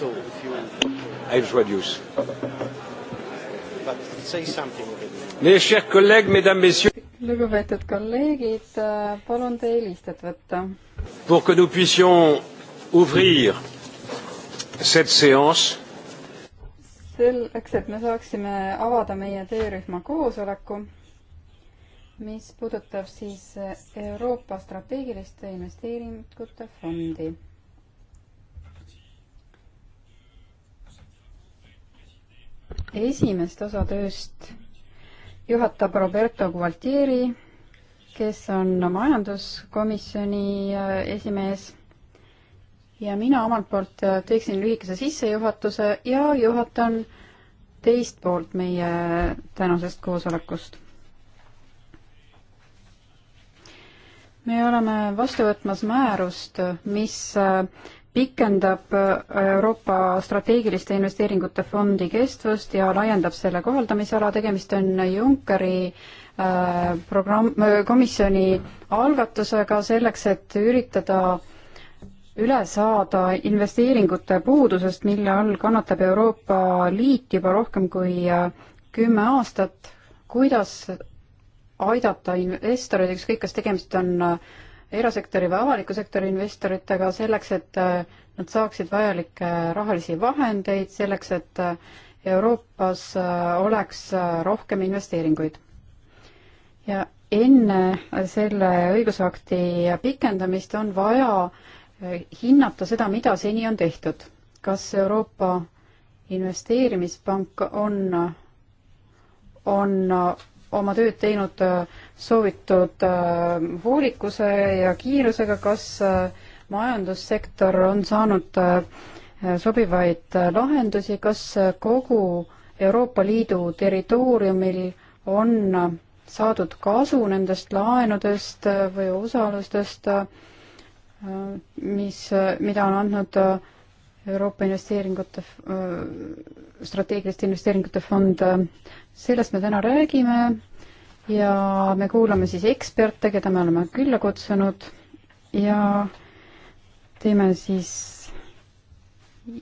So if you... I introduce. But say something already. lugupeetud kolleegid, palun teil istet võtta. Pour que nous puissions ouvrir cette séance. selleks, et me saaksime avada meie töörühma koosoleku, mis puudutab siis Euroopa strateegiliste investeeringute fondi esimest osa tööst juhatab Roberto Gualtieri, kes on majanduskomisjoni äh, esimees ja mina omalt poolt äh, teeksin lühikese sissejuhatuse ja juhatan teist poolt meie tänasest koosolekust. me oleme vastu võtmas määrust, mis äh, pikendab äh, Euroopa strateegiliste investeeringute fondi kestvust ja laiendab selle kohaldamisala, tegemist on Junckeri äh, programm, äh, komisjoni algatusega selleks, et üritada üle saada investeeringute puudusest, mille all kannatab Euroopa Liit juba rohkem kui kümme aastat, kuidas aidata investoreid, ükskõik kas tegemist on äh, erasektori või avaliku sektori investoritega selleks, et äh, nad saaksid vajalikke rahalisi vahendeid selleks, et äh, Euroopas äh, oleks rohkem investeeringuid. ja enne selle õigusakti pikendamist on vaja hinnata seda, mida seni on tehtud. kas Euroopa Investeerimispank on, on oma tööd teinud soovitud äh, hoolikuse ja kiirusega, kas äh, majandussektor on saanud äh, sobivaid lahendusi, kas kogu Euroopa Liidu territooriumil on saadud kasu nendest laenudest või osalustest, mis, mida on andnud Euroopa investeeringute, strateegiliste investeeringute fond, sellest me täna räägime ja me kuulame siis eksperte, keda me oleme külla kutsunud ja teeme siis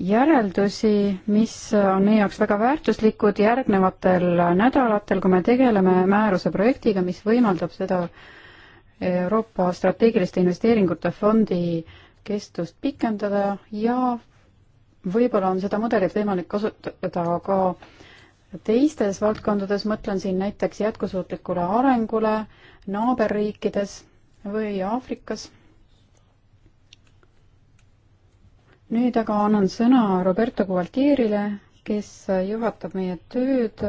järeldusi, mis on meie jaoks väga väärtuslikud järgnevatel nädalatel, kui me tegeleme määruse projektiga, mis võimaldab seda Euroopa strateegiliste investeeringute fondi kestust pikendada ja võib-olla on seda mudelit võimalik kasutada ka äh, teistes valdkondades, mõtlen siin näiteks jätkusuutlikule arengule naaberriikides või Aafrikas. nüüd aga annan sõna Roberto Gualtierile, kes juhatab meie tööd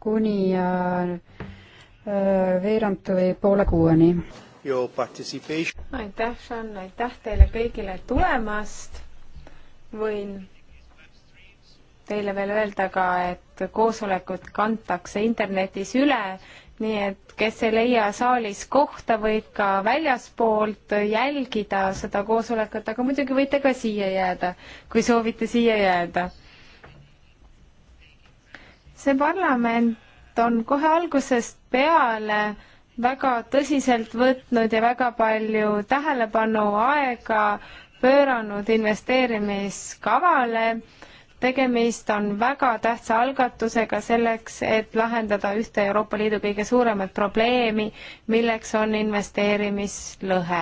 kuni äh, äh, veerand või poole kuueni. aitäh, Sean, aitäh teile kõigile tulemast. võin teile veel öelda ka, et koosolekud kantakse internetis üle, nii et kes ei leia saalis kohta, võib ka väljaspoolt jälgida seda koosolekut, aga muidugi võite ka siia jääda, kui soovite siia jääda. see parlament on kohe algusest peale väga tõsiselt võtnud ja väga palju tähelepanu aega pööranud investeerimiskavale tegemist on väga tähtsa algatusega selleks, et lahendada ühte Euroopa Liidu kõige suuremat probleemi, milleks on investeerimislõhe.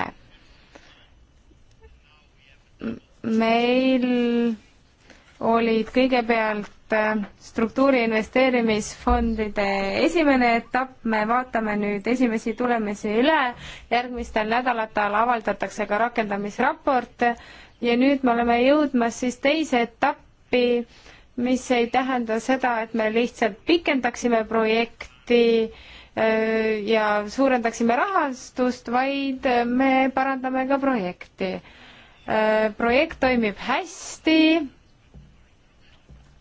meil olid kõigepealt äh, struktuuri investeerimisfondide esimene etapp, me vaatame nüüd esimesi tulemusi üle, järgmistel nädalatel avaldatakse ka rakendamisraport ja nüüd me oleme jõudmas siis teise etappi, etappi, mis ei tähenda seda, et me lihtsalt pikendaksime projekti äh, ja suurendaksime rahastust, vaid me parandame ka projekti. Äh, projekt toimib hästi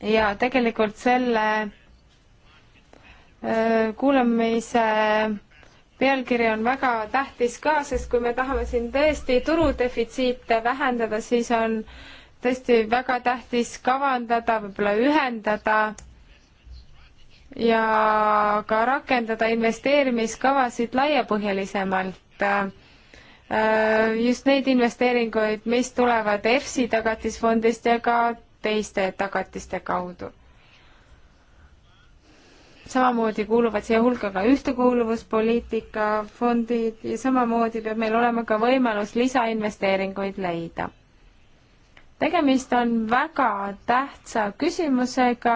ja tegelikult selle äh, kuulamise pealkiri on väga tähtis ka, sest kui me tahame siin tõesti turudefitsiite vähendada, siis on äh, tõesti väga tähtis kavandada, võib-olla ühendada ja ka rakendada investeerimiskavasid laiapõhjalisemalt. Äh, just neid investeeringuid, mis tulevad EFSI tagatisfondist ja ka teiste tagatiste kaudu. samamoodi kuuluvad siia hulka ka ühtekuuluvuspoliitika fondid ja samamoodi peab meil olema ka võimalus lisainvesteeringuid leida tegemist on väga tähtsa küsimusega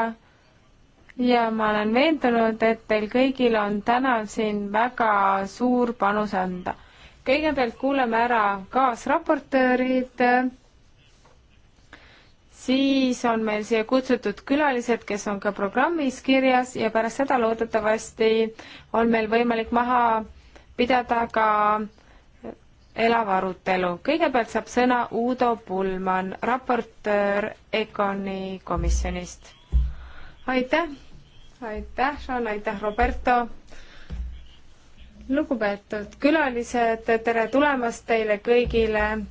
ja ma olen veendunud, et teil kõigil on täna siin väga suur panus anda. kõigepealt kuulame ära kaasraportöörid, siis on meil siia kutsutud külalised, kes on ka programmis kirjas ja pärast seda loodetavasti on meil võimalik maha pidada ka äh, elav arutelu. kõigepealt saab sõna Uudo Pulman, raportöör EKONi komisjonist. aitäh, aitäh, Sean, aitäh, Roberto. lugupeetud külalised, tere tulemast teile kõigile.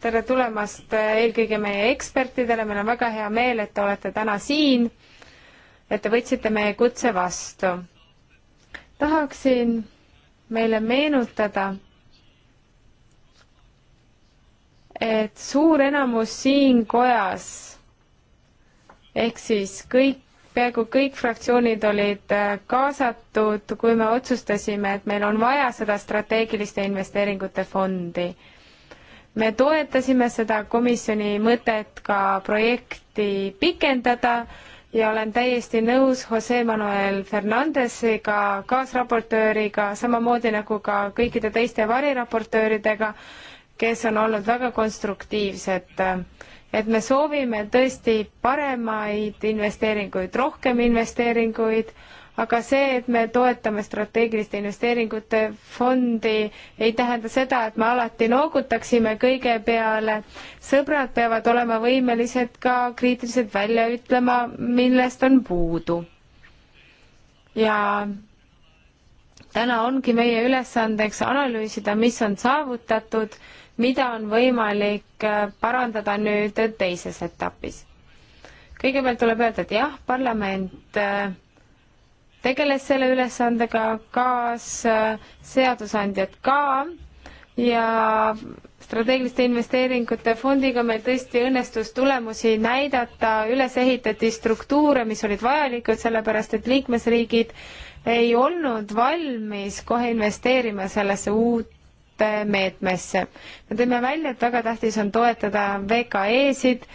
tere tulemast eelkõige meie ekspertidele, meil on väga hea meel, et te olete täna siin, et te võtsite meie kutse vastu. tahaksin meile meenutada et suur enamus siin kojas ehk siis kõik, peaaegu kõik fraktsioonid olid äh, kaasatud, kui me otsustasime, et meil on vaja seda strateegiliste investeeringute fondi. me toetasime seda komisjoni mõtet ka projekti pikendada ja olen täiesti nõus Jose Manuel Fernandesiga, kaasraportööriga, samamoodi nagu ka kõikide teiste variraportööridega kes on olnud väga konstruktiivsed, et me soovime tõesti paremaid investeeringuid, rohkem investeeringuid, aga see, et me toetame strateegiliste investeeringute fondi, ei tähenda seda, et me alati noogutaksime kõige peale. sõbrad peavad olema võimelised ka kriitiliselt välja ütlema, millest on puudu. ja täna ongi meie ülesandeks analüüsida, mis on saavutatud mida on võimalik äh, parandada nüüd teises etapis? kõigepealt tuleb öelda, et jah, parlament äh, tegeles selle ülesandega, kaasseadusandjad äh, ka ja strateegiliste investeeringute fondiga meil tõesti õnnestus tulemusi näidata, üles ehitati struktuure, mis olid vajalikud, sellepärast et liikmesriigid ei olnud valmis kohe investeerima sellesse uut meetmesse. me tõime välja, et väga tähtis on toetada VKE-sid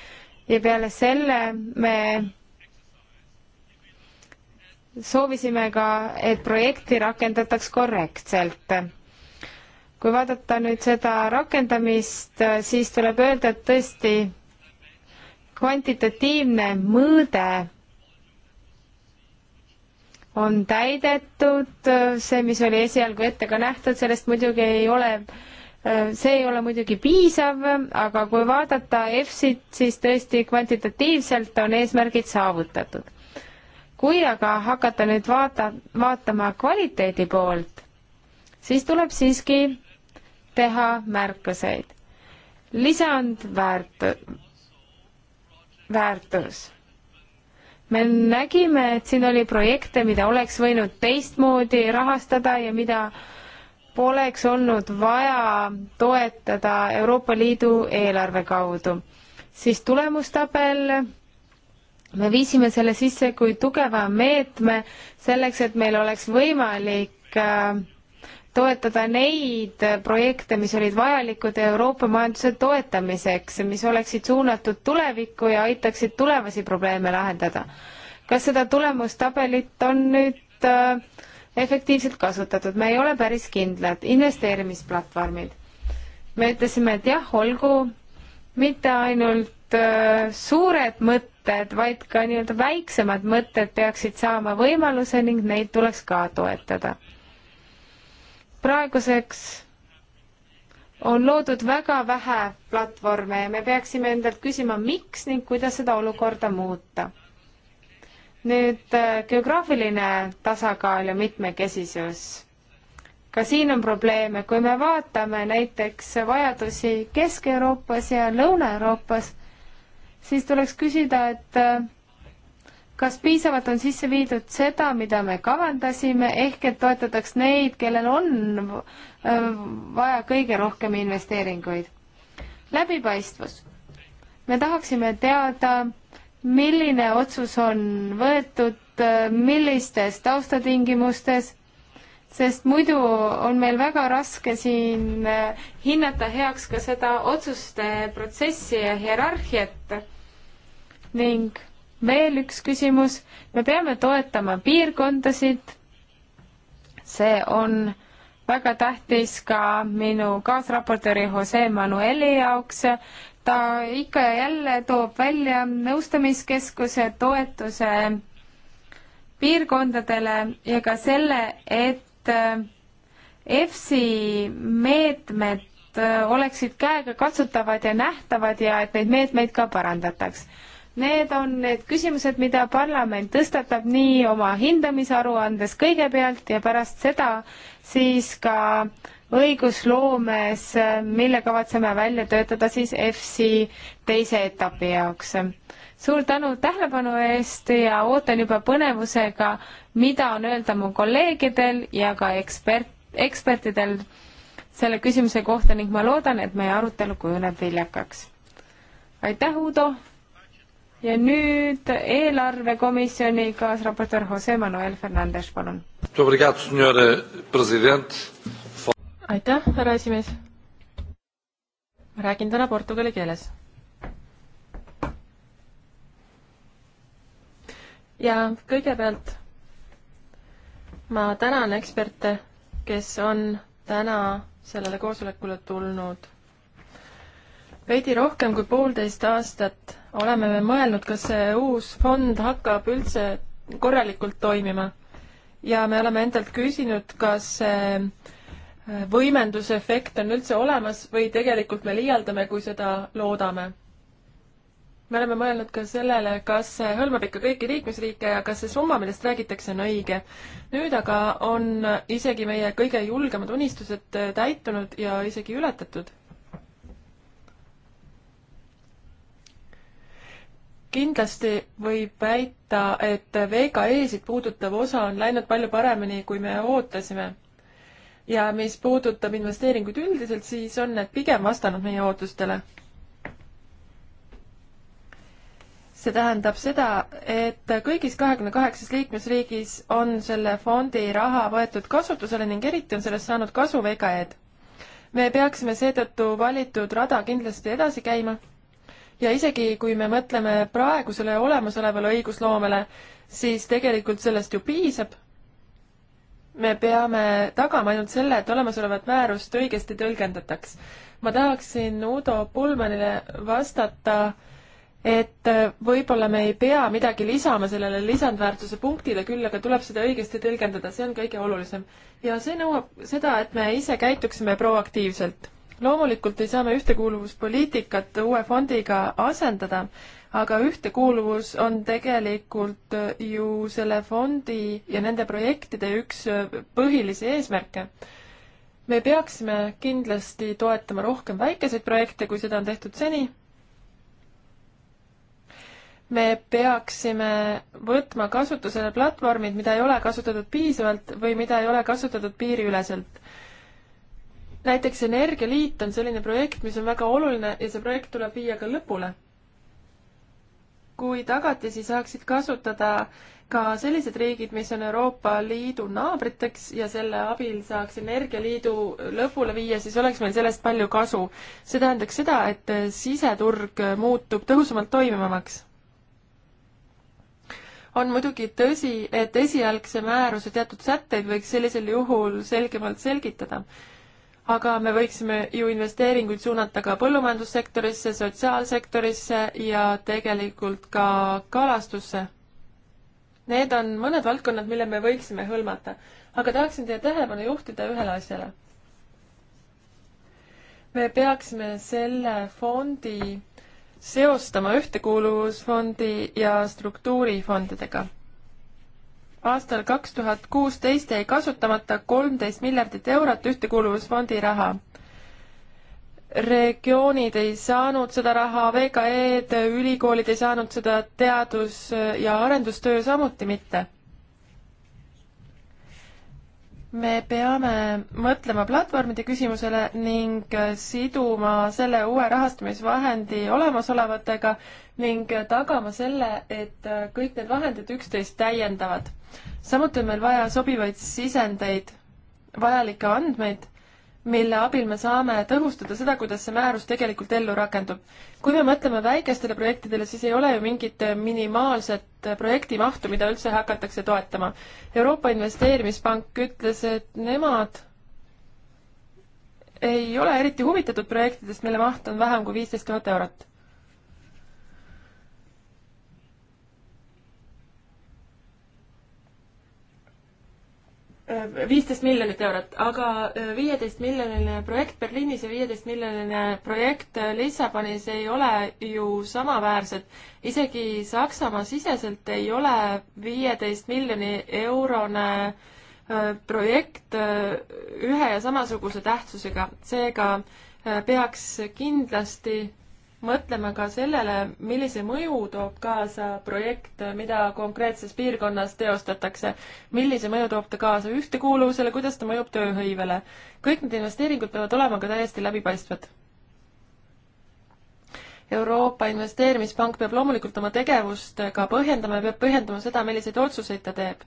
ja peale selle me soovisime ka, et projekti rakendataks korrektselt. kui vaadata nüüd seda rakendamist, siis tuleb öelda, et tõesti kvantitatiivne mõõde on täidetud, see, mis oli esialgu ette ka nähtud, sellest muidugi ei ole see ei ole muidugi piisav, aga kui vaadata EFSit, siis tõesti kvantitatiivselt on eesmärgid saavutatud. kui aga hakata nüüd vaata, vaatama kvaliteedi poolt, siis tuleb siiski teha märkuseid. lisandväärt-, väärtus me nägime, et siin oli projekte, mida oleks võinud teistmoodi rahastada ja mida poleks olnud vaja toetada Euroopa Liidu eelarve kaudu. siis tulemustabel, me viisime selle sisse kui tugeva meetme selleks, et meil oleks võimalik äh, toetada neid projekte, mis olid vajalikud Euroopa majanduse toetamiseks, mis oleksid suunatud tulevikku ja aitaksid tulevasi probleeme lahendada. kas seda tulemustabelit on nüüd äh, efektiivselt kasutatud, me ei ole päris kindlad, investeerimisplatvormid. me ütlesime, et jah, olgu, mitte ainult äh, suured mõtted, vaid ka nii-öelda väiksemad mõtted peaksid saama võimaluse ning neid tuleks ka toetada praeguseks on loodud väga vähe platvorme ja me peaksime endalt küsima, miks ning kuidas seda olukorda muuta. nüüd äh, geograafiline tasakaal ja mitmekesisus. ka siin on probleeme, kui me vaatame näiteks vajadusi Kesk-Euroopas ja Lõuna-Euroopas, siis tuleks küsida, et äh, kas piisavalt on sisse viidud seda, mida me kavandasime, ehk et toetataks neid, kellel on äh, vaja kõige rohkem investeeringuid? läbipaistvus. me tahaksime teada, milline otsus on võetud, äh, millistes taustatingimustes, sest muidu on meil väga raske siin äh, hinnata heaks ka seda otsuste protsessi ja hierarhiat ning veel üks küsimus, me peame toetama piirkondasid, see on väga tähtis ka minu kaasraportööri Jose Manueli jaoks, ta ikka ja jälle toob välja nõustamiskeskuse toetuse piirkondadele ja ka selle, et eh, EFSI meetmed eh, oleksid käega katsutavad ja nähtavad ja et neid meetmeid ka parandataks. Need on need küsimused, mida parlament tõstatab nii oma hindamisaruandes kõigepealt ja pärast seda siis ka õigusloomes, mille kavatseme välja töötada siis EFSI teise etapi jaoks. suur tänu tähelepanu eest ja ootan juba põnevusega, mida on öelda mu kolleegidel ja ka ekspert, ekspertidel selle küsimuse kohta ning ma loodan, et meie arutelu kujuneb viljakaks. aitäh, Uudo! ja nüüd eelarvekomisjoni kaasraportöör Jose Manuel Fernandes, palun. Eh, aitäh, härra esimees. ma räägin täna portugali keeles. ja kõigepealt ma tänan eksperte, kes on täna sellele koosolekule tulnud. veidi rohkem kui poolteist aastat oleme me mõelnud, kas see uus fond hakkab üldse korralikult toimima. ja me oleme endalt küsinud, kas see võimendusefekt on üldse olemas või tegelikult me liialdame, kui seda loodame. me oleme mõelnud ka sellele, kas see hõlmab ikka kõiki liikmesriike ja kas see summa, millest räägitakse, on õige. nüüd aga on isegi meie kõige julgemad unistused täitunud ja isegi ületatud kindlasti võib väita, et VKE-sid puudutav osa on läinud palju paremini, kui me ootasime. ja mis puudutab investeeringuid üldiselt, siis on need pigem vastanud meie ootustele. see tähendab seda, et kõigis kahekümne kaheksas liikmesriigis on selle fondi raha võetud kasutusele ning eriti on sellest saanud kasu VKE-d. me peaksime seetõttu valitud rada kindlasti edasi käima ja isegi, kui me mõtleme praegusele olemasolevale õigusloomele, siis tegelikult sellest ju piisab. me peame tagama ainult selle, et olemasolevat määrust õigesti tõlgendataks. ma tahaksin Udo Pulmanile vastata, et võib-olla me ei pea midagi lisama sellele lisandväärtuse punktile, küll aga tuleb seda õigesti tõlgendada, see on kõige olulisem. ja see nõuab seda, et me ise käituksime proaktiivselt loomulikult ei saa me ühtekuuluvuspoliitikat uue fondiga asendada, aga ühtekuuluvus on tegelikult ju selle fondi ja nende projektide üks põhilisi eesmärke. me peaksime kindlasti toetama rohkem väikeseid projekte, kui seda on tehtud seni me peaksime võtma kasutusele platvormid, mida ei ole kasutatud piisavalt või mida ei ole kasutatud piiriüleselt näiteks Energialiit on selline projekt, mis on väga oluline ja see projekt tuleb viia ka lõpule. kui tagatisi saaksid kasutada ka sellised riigid, mis on Euroopa Liidu naabriteks ja selle abil saaks Energialiidu lõpule viia, siis oleks meil sellest palju kasu. see tähendaks seda, et siseturg muutub tõhusamalt toimivamaks. on muidugi tõsi, et esialgse määruse teatud sätteid võiks sellisel juhul selgemalt selgitada aga me võiksime ju investeeringuid suunata ka põllumajandussektorisse, sotsiaalsektorisse ja tegelikult ka kalastusse. Need on mõned valdkonnad, mille me võiksime hõlmata, aga tahaksin teie tähelepanu juhtida ühele asjale. me peaksime selle fondi seostama ühtekuuluvusfondi ja struktuurifondidega aastal kaks tuhat kuusteist jäi kasutamata kolmteist miljardit eurot ühtekuuluvusfondi raha. regioonid ei saanud seda raha, VKE-d, ülikoolid ei saanud seda, teadus- ja arendustöö samuti mitte. me peame mõtlema platvormide küsimusele ning siduma selle uue rahastamisvahendi olemasolevatega ning tagama selle, et äh, kõik need vahendid üksteist täiendavad. samuti on meil vaja sobivaid sisendeid, vajalikke andmeid, mille abil me saame tõhustada seda, kuidas see määrus tegelikult ellu rakendub. kui me mõtleme väikestele projektidele, siis ei ole ju mingit minimaalset projektimahtu, mida üldse hakatakse toetama. Euroopa Investeerimispank ütles, et nemad ei ole eriti huvitatud projektidest, mille maht on vähem kui viisteist tuhat eurot viisteist miljonit eurot, aga äh, viieteist miljoniline projekt Berliinis ja viieteist miljoniline projekt äh, Lissabonis ei ole ju samaväärsed. isegi Saksamaa siseselt ei ole viieteist miljoni eurone äh, projekt ühe ja samasuguse tähtsusega, seega peaks kindlasti mõtlema ka sellele, millise mõju toob kaasa projekt, mida konkreetses piirkonnas teostatakse. millise mõju toob ta kaasa ühtekuuluvusele, kuidas ta mõjub tööhõivele. kõik need investeeringud peavad olema ka täiesti läbipaistvad. Euroopa Investeerimispank peab loomulikult oma tegevust ka põhjendama ja peab põhjendama seda, milliseid otsuseid ta teeb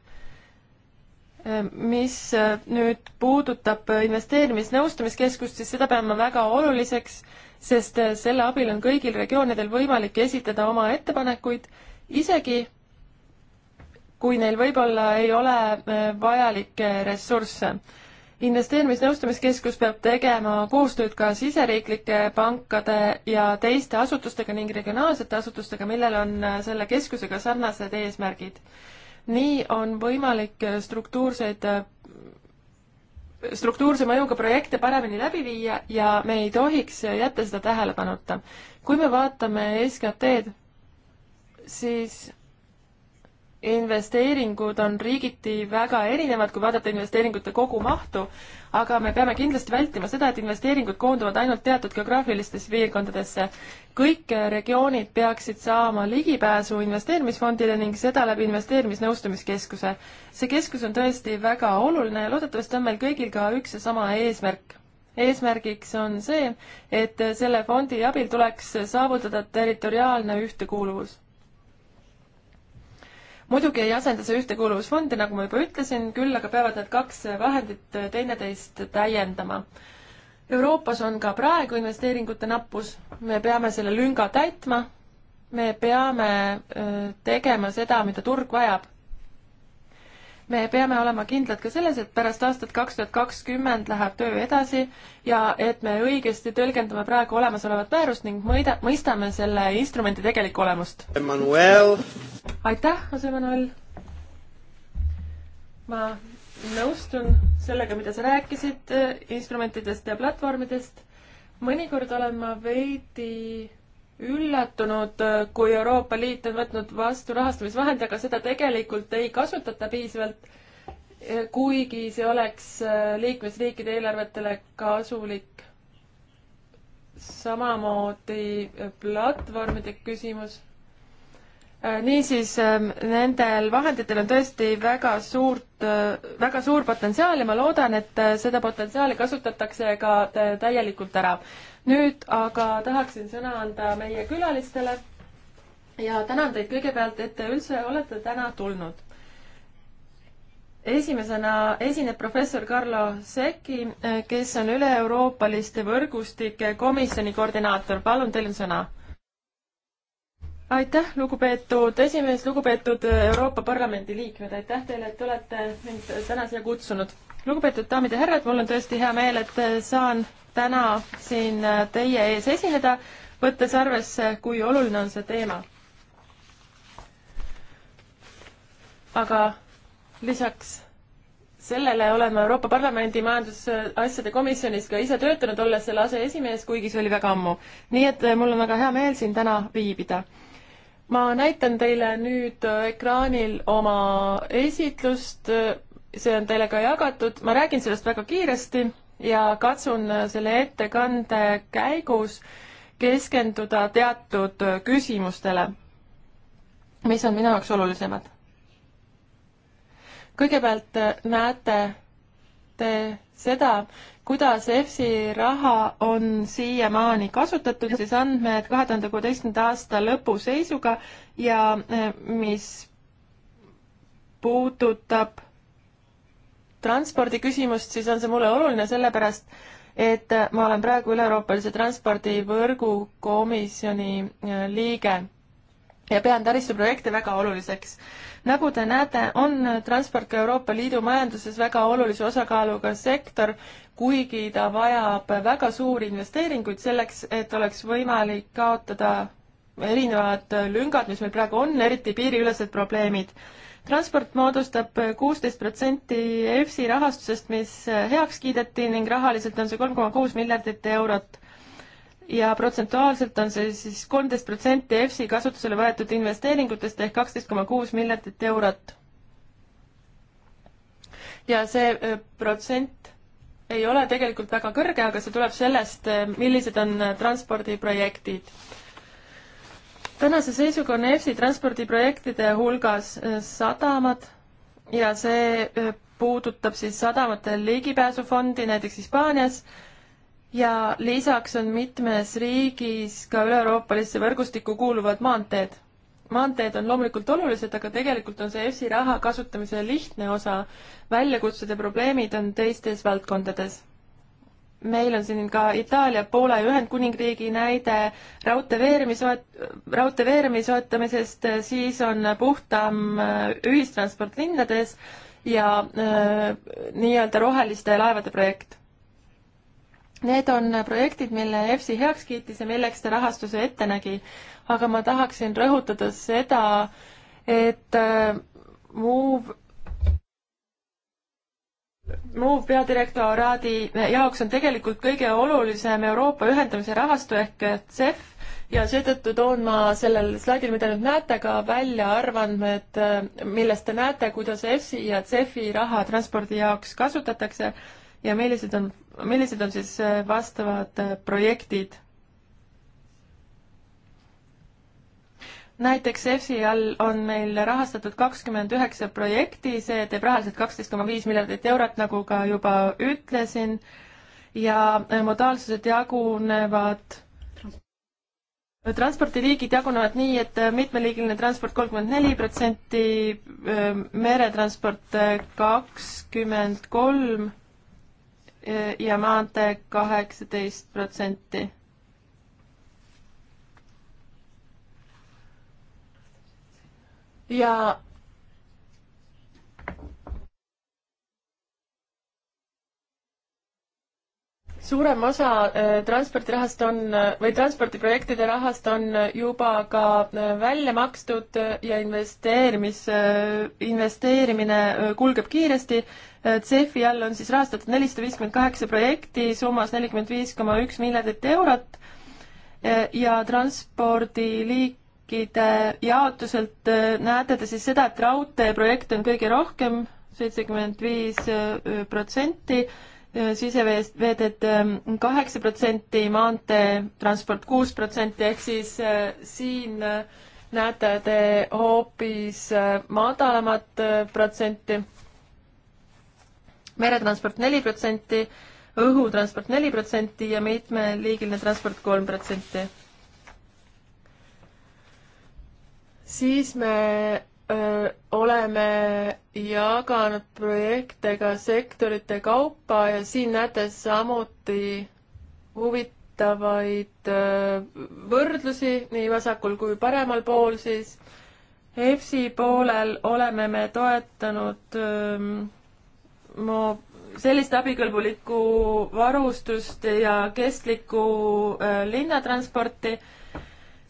mis nüüd puudutab investeerimisnõustamiskeskust, siis seda pean ma väga oluliseks sest äh, selle abil on kõigil regioonidel võimalik esitada oma ettepanekuid, isegi kui neil võib-olla ei ole äh, vajalikke ressursse. investeerimisnõustamiskeskus peab tegema koostööd ka siseriiklike pankade ja teiste asutustega ning regionaalsete asutustega, millel on äh, selle keskusega sarnased eesmärgid. nii on võimalik struktuurseid struktuurse mõjuga projekte paremini läbi viia ja me ei tohiks jätta seda tähelepanuta. kui me vaatame SKT-d, siis investeeringud on riigiti väga erinevad, kui vaadata investeeringute kogumahtu, aga me peame kindlasti vältima seda, et investeeringud koonduvad ainult teatud geograafilistesse piirkondadesse. kõik regioonid peaksid saama ligipääsu investeerimisfondile ning seda läbi investeerimisnõustamiskeskuse. see keskus on tõesti väga oluline ja loodetavasti on meil kõigil ka üks ja sama eesmärk eesmärgiks on see, et selle fondi abil tuleks saavutada territoriaalne ühtekuuluvus muidugi ei asenda see ühtekuuluvusfondi, nagu ma juba ütlesin, küll aga peavad need kaks vahendit teineteist täiendama. Euroopas on ka praegu investeeringute nappus, me peame selle lünga täitma, me peame äh, tegema seda, mida turg vajab me peame olema kindlad ka selles, et pärast aastat kaks tuhat kakskümmend läheb töö edasi ja et me õigesti tõlgendame praegu olemasolevat määrust ning mõida, mõistame selle instrumendi tegelikku olemust. aitäh, Jose Manuel! ma nõustun sellega, mida sa rääkisid eh, instrumentidest ja platvormidest. mõnikord olen ma veidi üllatunud, kui Euroopa Liit on võtnud vastu rahastamisvahendi, aga seda tegelikult ei kasutata piisavalt, kuigi see oleks äh, liikmesriikide eelarvetele kasulik. samamoodi platvormide küsimus Äh, niisiis, ähm, nendel vahenditel on tõesti väga suurt, äh, väga suur potentsiaal ja ma loodan, et äh, seda potentsiaali kasutatakse ka täielikult ära. nüüd aga tahaksin sõna anda meie külalistele ja tänan teid kõigepealt, et te üldse olete täna tulnud. esimesena esineb professor Carlo Secchi, kes on üle-euroopaliste võrgustike komisjoni koordinaator. palun, teil on sõna aitäh, lugupeetud esimees, lugupeetud Euroopa Parlamendi liikmed, aitäh teile, et olete mind täna siia kutsunud. lugupeetud daamid ja härrad, mul on tõesti hea meel, et saan täna siin teie ees esineda, võttes arvesse, kui oluline on see teema. aga lisaks sellele olen ma Euroopa Parlamendi majandusasjade komisjonis ka ise töötanud, olles selle aseesimees, kuigi see oli väga ammu. nii et mul on väga hea meel siin täna viibida ma näitan teile nüüd äh, ekraanil oma esitlust, see on teile ka jagatud, ma räägin sellest väga kiiresti ja katsun äh, selle ettekande käigus keskenduda teatud äh, küsimustele, mis on minu jaoks olulisemad. kõigepealt näete te seda, kuidas EFSI raha on siiamaani kasutatud, siis andmed kahe tuhande kuueteistkümnenda aasta lõpu seisuga ja eh, mis puudutab transpordiküsimust, siis on see mulle oluline, sellepärast et eh, ma olen praegu Üle-Euroopalise Transpordivõrgu Komisjoni eh, liige ja pean taristuprojekte väga oluliseks nagu te näete, on transport ka Euroopa Liidu majanduses väga olulise osakaaluga sektor, kuigi ta vajab väga suuri investeeringuid selleks, et oleks võimalik kaotada erinevad lüngad, mis meil praegu on, eriti piiriülesed probleemid transport moodustab kuusteist protsenti EFSI rahastusest, mis heaks kiideti ning rahaliselt on see kolm koma kuus miljardit eurot ja protsentuaalselt on see siis kolmteist protsenti EFSI kasutusele võetud investeeringutest ehk kaksteist koma kuus miljardit eurot. ja see äh, protsent ei ole tegelikult väga kõrge, aga see tuleb sellest, äh, millised on äh, transpordiprojektid. tänase seisuga on EFSI transpordiprojektide hulgas sadamad ja see puudutab siis sadamate ligipääsufondi näiteks Hispaanias ja lisaks on mitmes riigis ka üle-euroopalisse võrgustikku kuuluvad maanteed. maanteed on loomulikult olulised, aga tegelikult on see EFSI raha kasutamise lihtne osa. väljakutsed ja probleemid on teistes valdkondades. meil on siin ka Itaalia, Poola ja Ühendkuningriigi näide raudtee veeremi soet-, raudtee veeremi soetamisest, siis on puhtam äh, ühistransport linnades ja äh, nii-öelda roheliste laevade projekt Need on projektid, mille EFSI heaks kiitis ja milleks ta rahastuse ette nägi. aga ma tahaksin rõhutada seda, et äh, Move Move peadirektoraadi jaoks on tegelikult kõige olulisem Euroopa ühendamise rahastu ehk CEF ja seetõttu toon ma sellel slaidil, mida nüüd näete, ka välja arvandmed, äh, millest te näete, kuidas EFSI ja CEF-i raha transpordi jaoks kasutatakse ja millised on, millised on siis äh, vastavad äh, projektid? näiteks EFSI all on meil rahastatud kakskümmend üheksa projekti, see teeb rahaliselt kaksteist koma viis miljardit eurot, nagu ka juba ütlesin, ja äh, modaalsused jagunevad transpordiliigid jagunevad nii, et mitmeliigiline transport kolmkümmend neli protsenti, meretransport kakskümmend kolm Äh, ja maantee kaheksateist protsenti. ja suurem osa äh, transpordirahast on äh, või transpordiprojektide rahast on äh, juba ka välja makstud ja investeerimis, investeerimine kulgeb kiiresti. CEF-i all on siis rahastatud nelisada viiskümmend kaheksa projekti summas nelikümmend viis koma üks miljardit eurot ja transpordiliikide jaotuselt näete te siis seda, et raudteeprojekte on kõige rohkem, seitsekümmend viis protsenti Äh, siseveeteed ähm, kaheksa protsenti, maanteetransport kuus protsenti, ehk siis äh, siin äh, näete te hoopis madalamat protsenti. meretransport neli protsenti, õhutransport neli protsenti ja mitmeliigiline transport kolm protsenti. siis me öö, oleme jaganud projekte ka sektorite kaupa ja siin näete samuti huvitavaid öö, võrdlusi nii vasakul kui paremal pool siis. EFSi poolel oleme me toetanud öö, mo-, sellist abikõlbulikku varustust ja kestlikku linnatransporti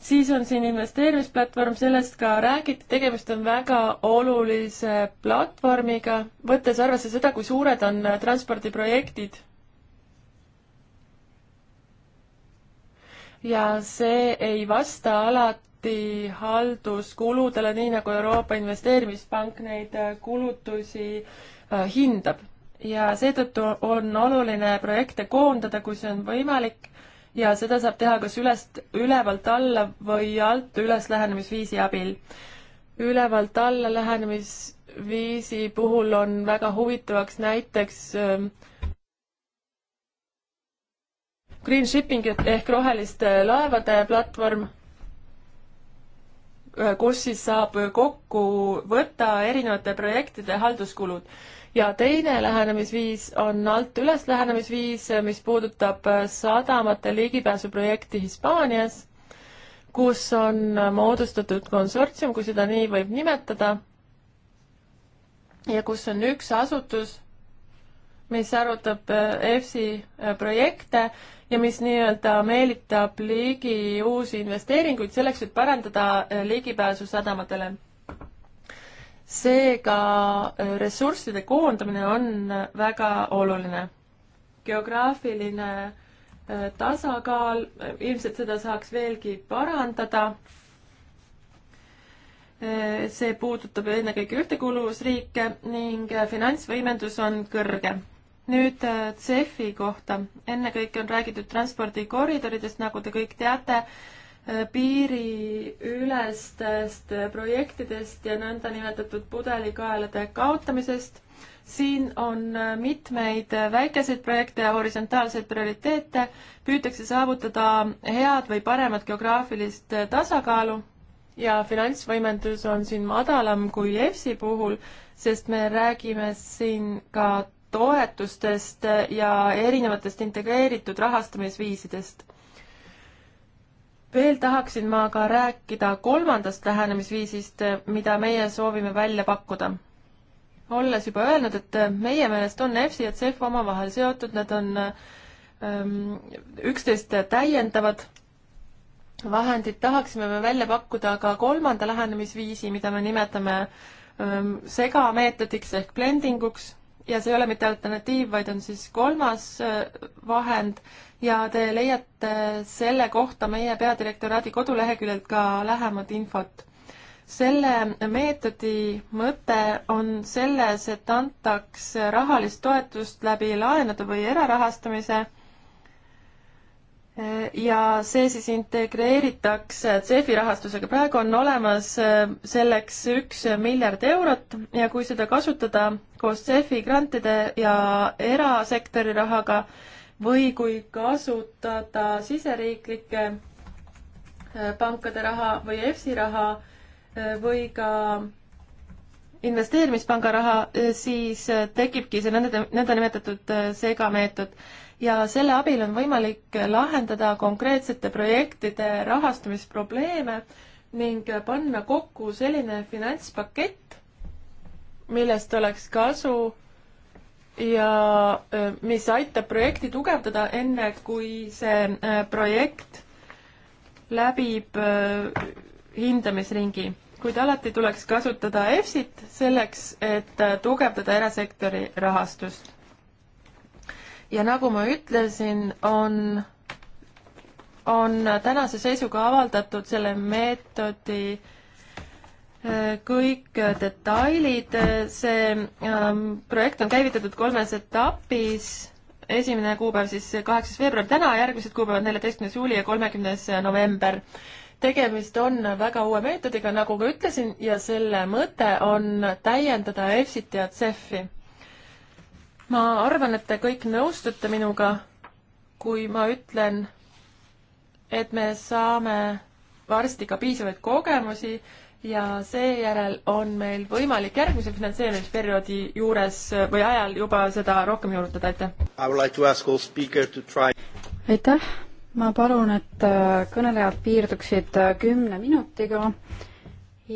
siis on siin investeerimisplatvorm, sellest ka räägiti, tegemist on väga olulise platvormiga, võttes arvesse seda, kui suured on äh, transpordiprojektid. ja see ei vasta alati halduskuludele, nii nagu Euroopa Investeerimispank neid äh, kulutusi äh, hindab. ja seetõttu on oluline projekte koondada, kui see on võimalik ja seda saab teha kas ülest, ülevalt alla või alt üles lähenemisviisi abil. ülevalt alla lähenemisviisi puhul on väga huvitavaks näiteks ähm, Green Shipping ehk roheliste laevade platvorm, äh, kus siis saab kokku võtta erinevate projektide halduskulud ja teine lähenemisviis on alt üles lähenemisviis, mis puudutab äh, sadamate ligipääsuprojekti Hispaanias, kus on äh, moodustatud konsortsium, kui seda nii võib nimetada, ja kus on üks asutus, mis arutab äh, EFSI projekte ja mis nii-öelda meelitab ligi uusi investeeringuid selleks, et parandada ligipääsu sadamatele seega äh, ressursside koondamine on väga oluline. geograafiline äh, tasakaal, äh, ilmselt seda saaks veelgi parandada. see puudutab ennekõike ühtekuuluvusriike ning finantsvõimendus on kõrge. nüüd CEF-i kohta. ennekõike on räägitud transpordikoridoridest, nagu te kõik teate piiriülestest projektidest ja nõndanimetatud pudelikaelade kaotamisest. siin on mitmeid väikeseid projekte ja horisontaalseid prioriteete, püütakse saavutada head või paremat geograafilist tasakaalu ja finantsvõimendus on siin madalam kui EFSI puhul, sest me räägime siin ka toetustest ja erinevatest integreeritud rahastamisviisidest veel tahaksin ma ka rääkida kolmandast lähenemisviisist, mida meie soovime välja pakkuda. olles juba öelnud, et meie meelest on EFSI ja CEF omavahel seotud, nad on ähm, üksteist täiendavad vahendid, tahaksime me välja pakkuda ka kolmanda lähenemisviisi, mida me nimetame ähm, segameetodiks ehk blendinguks ja see ei ole mitte alternatiiv, vaid on siis kolmas äh, vahend ja te leiate selle kohta meie peadirektoraadi koduleheküljelt ka lähemat infot. selle meetodi mõte on selles, et antaks rahalist toetust läbi laenude või erarahastamise ja see siis integreeritakse CEF-i rahastusega. praegu on olemas eh, selleks üks miljard eurot ja kui seda kasutada koos CEF-i grantide ja erasektori rahaga või kui kasutada siseriiklike eh, pankade raha või EFSI raha eh, või ka investeerimispanga raha, siis tekibki see nõnda, nõndanimetatud segameetod ja selle abil on võimalik lahendada konkreetsete projektide rahastamisprobleeme ning panna kokku selline finantspakett, millest oleks kasu ja e, mis aitab projekti tugevdada, enne kui see e, projekt läbib e, hindamisringi. kuid alati tuleks kasutada EFSit selleks, et tugevdada erasektori rahastust ja nagu ma ütlesin, on, on tänase seisuga avaldatud selle meetodi äh, kõik detailid, see ähm, projekt on käivitatud kolmes etapis, esimene kuupäev siis kaheksas veebruar täna, järgmised kuupäevad neljateistkümnes juuli ja kolmekümnes november tegemist on väga uue meetodiga, nagu ka ütlesin, ja selle mõte on täiendada EFSit ja CEF-i ma arvan, et te kõik nõustute minuga, kui ma ütlen, et me saame varsti ka piisavaid kogemusi ja seejärel on meil võimalik järgmise finantseerimisperioodi juures või ajal juba seda rohkem juurutada, aitäh! aitäh, ma palun, et äh, kõnelejad piirduksid äh, kümne minutiga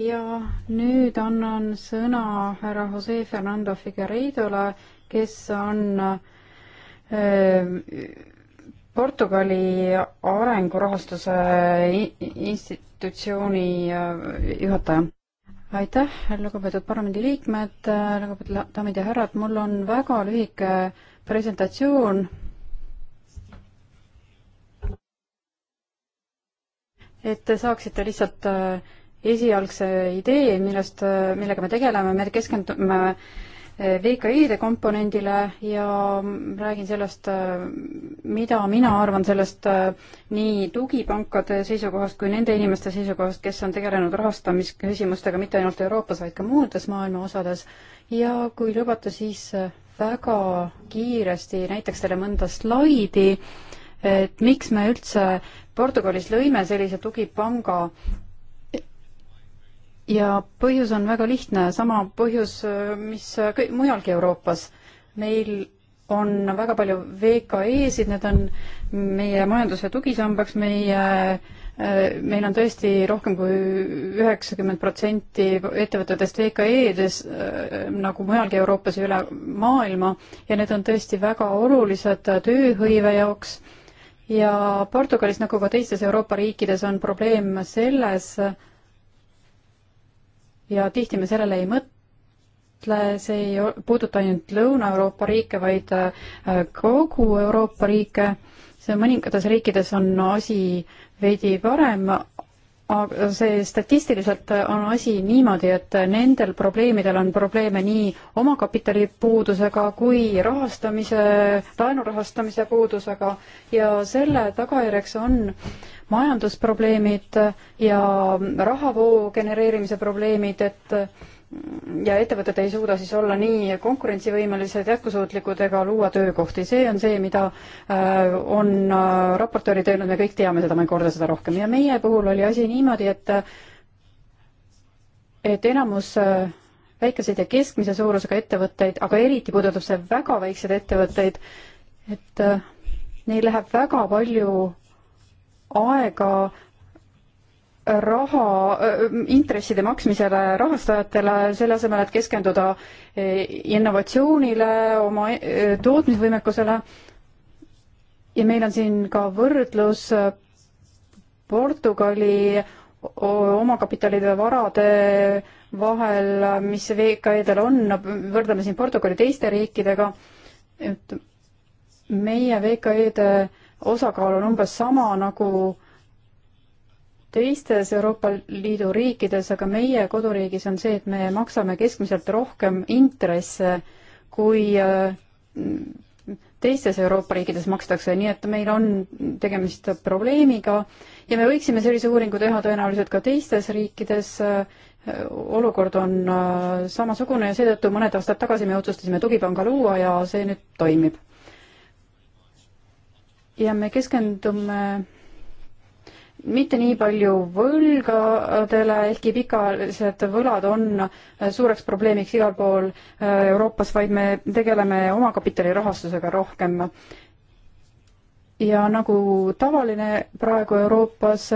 ja nüüd annan sõna härra Jose Fernando Figueiredole, kes on Portugali arengurahastuse institutsiooni juhataja. aitäh, lugupeetud parlamendiliikmed, lugupeetud daamid ja härrad, mul on väga lühike presentatsioon. et te saaksite lihtsalt esialgse idee, millest, millega me tegeleme, me keskendume äh, VKI-de komponendile ja räägin sellest, mida mina arvan sellest nii tugipankade seisukohast kui nende inimeste seisukohast, kes on tegelenud rahastamisküsimustega mitte ainult Euroopas, vaid ka muudes maailma osades. ja kui lubate, siis väga kiiresti näiteks teile mõnda slaidi, et miks me üldse Portugalis lõime sellise tugipanga ja põhjus on väga lihtne, sama põhjus, äh, mis äh, mujalgi Euroopas. meil on väga palju VKE-sid, need on meie majanduse tugisambaks, meie äh, meil on tõesti rohkem kui üheksakümmend protsenti ettevõtetest VKE-des nagu mujalgi Euroopas ja üle maailma ja need on tõesti väga olulised tööhõive jaoks. ja Portugalis nagu ka teistes Euroopa riikides on probleem selles, ja tihti me sellele ei mõtle, see ei puuduta ainult Lõuna-Euroopa riike, vaid äh, kogu Euroopa riike, see mõningates riikides on asi veidi parem, aga see statistiliselt on asi niimoodi, et nendel probleemidel on probleeme nii omakapitali puudusega kui rahastamise, laenu rahastamise puudusega ja selle tagajärjeks on äh, majandusprobleemid ja rahavoo genereerimise probleemid, et ja ettevõtted ei suuda siis olla nii konkurentsivõimelised, jätkusuutlikud ega luua töökohti. see on see, mida äh, on äh, raportöörid öelnud, me kõik teame seda, ma ei korda seda rohkem. ja meie puhul oli asi niimoodi, et et enamus äh, väikeseid ja keskmise suurusega ettevõtteid, aga eriti puudutab see väga väikseid ettevõtteid, et neil läheb väga palju aega raha, intresside maksmisele rahastajatele, selle asemel, et keskenduda eh, innovatsioonile, oma eh, tootmisvõimekusele. ja meil on siin ka võrdlus eh, Portugali omakapitalide varade vahel, mis VKE-del on, võrdleme siin Portugali teiste riikidega, et meie VKE-de osakaal on umbes sama nagu teistes Euroopa Liidu riikides, aga meie koduriigis on see, et me maksame keskmiselt rohkem intresse kui äh, teistes Euroopa riikides makstakse, nii et meil on tegemist probleemiga ja me võiksime sellise uuringu teha tõenäoliselt ka teistes riikides. Äh, olukord on äh, samasugune ja seetõttu mõned aastad tagasi me otsustasime tugipanga luua ja see nüüd toimib ja me keskendume mitte nii palju võlgadele, ehkki pikaajalised võlad on suureks probleemiks igal pool äh, Euroopas, vaid me tegeleme omakapitali rahastusega rohkem. ja nagu tavaline praegu Euroopas,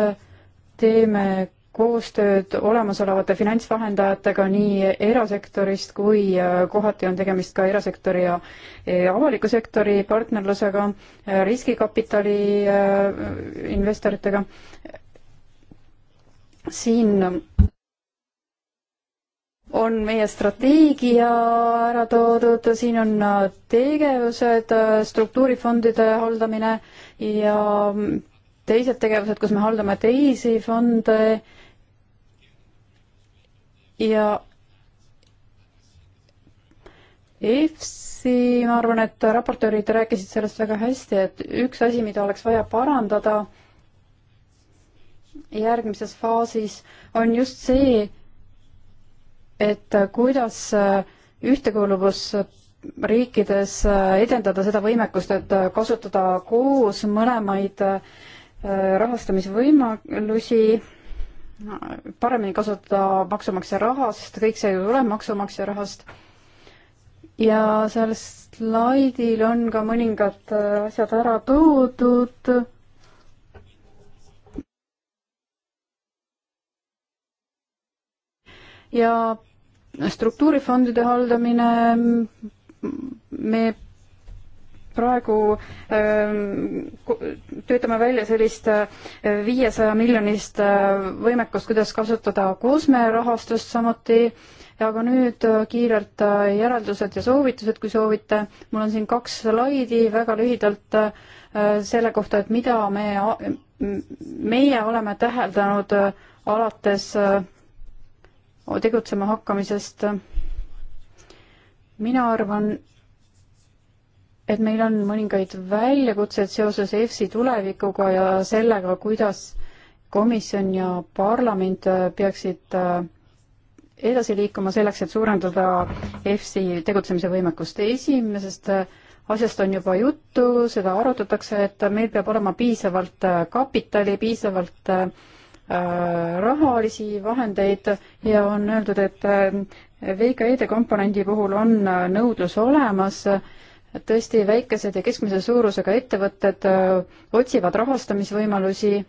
teeme koostööd olemasolevate finantsvahendajatega nii erasektorist kui äh, kohati on tegemist ka erasektori ja avaliku sektori partnerlusega, äh, riskikapitali äh, investoritega. siin on meie strateegia ära toodud, siin on tegevused, struktuurifondide haldamine ja mm, teised tegevused, kus me haldame teisi fonde ja EFSi, ma arvan, et raportöörid rääkisid sellest väga hästi, et üks asi, mida oleks vaja parandada järgmises faasis, on just see, et kuidas ühtekuuluvusriikides edendada seda võimekust, et kasutada koos mõlemaid äh, rahastamisvõimalusi paremini kasutada maksumaksja raha, sest kõik see ju tuleb maksumaksja rahast. ja seal slaidil on ka mõningad äh, asjad ära toodud. ja struktuurifondide haldamine, me praegu ähm, töötame välja sellist äh, viiesaja miljonist äh, võimekust, kuidas kasutada kosme rahastust samuti, aga nüüd äh, kiirelt järeldused ja soovitused, kui soovite. mul on siin kaks slaidi väga lühidalt selle kohta, et mida me, meie oleme täheldanud alates tegutsema hakkamisest. mina arvan, et meil on mõningaid väljakutseid seoses EFSI tulevikuga ja sellega, kuidas komisjon ja parlament äh, peaksid äh, edasi liikuma selleks, et suurendada EFSI tegutsemise võimekust. esimesest äh, asjast on juba juttu, seda arutatakse, et meil peab olema piisavalt kapitali, piisavalt äh, rahalisi vahendeid ja on öeldud, et VKE-de komponendi puhul on nõudlus olemas äh, tõesti väikesed ja keskmise suurusega ettevõtted äh, otsivad rahastamisvõimalusi.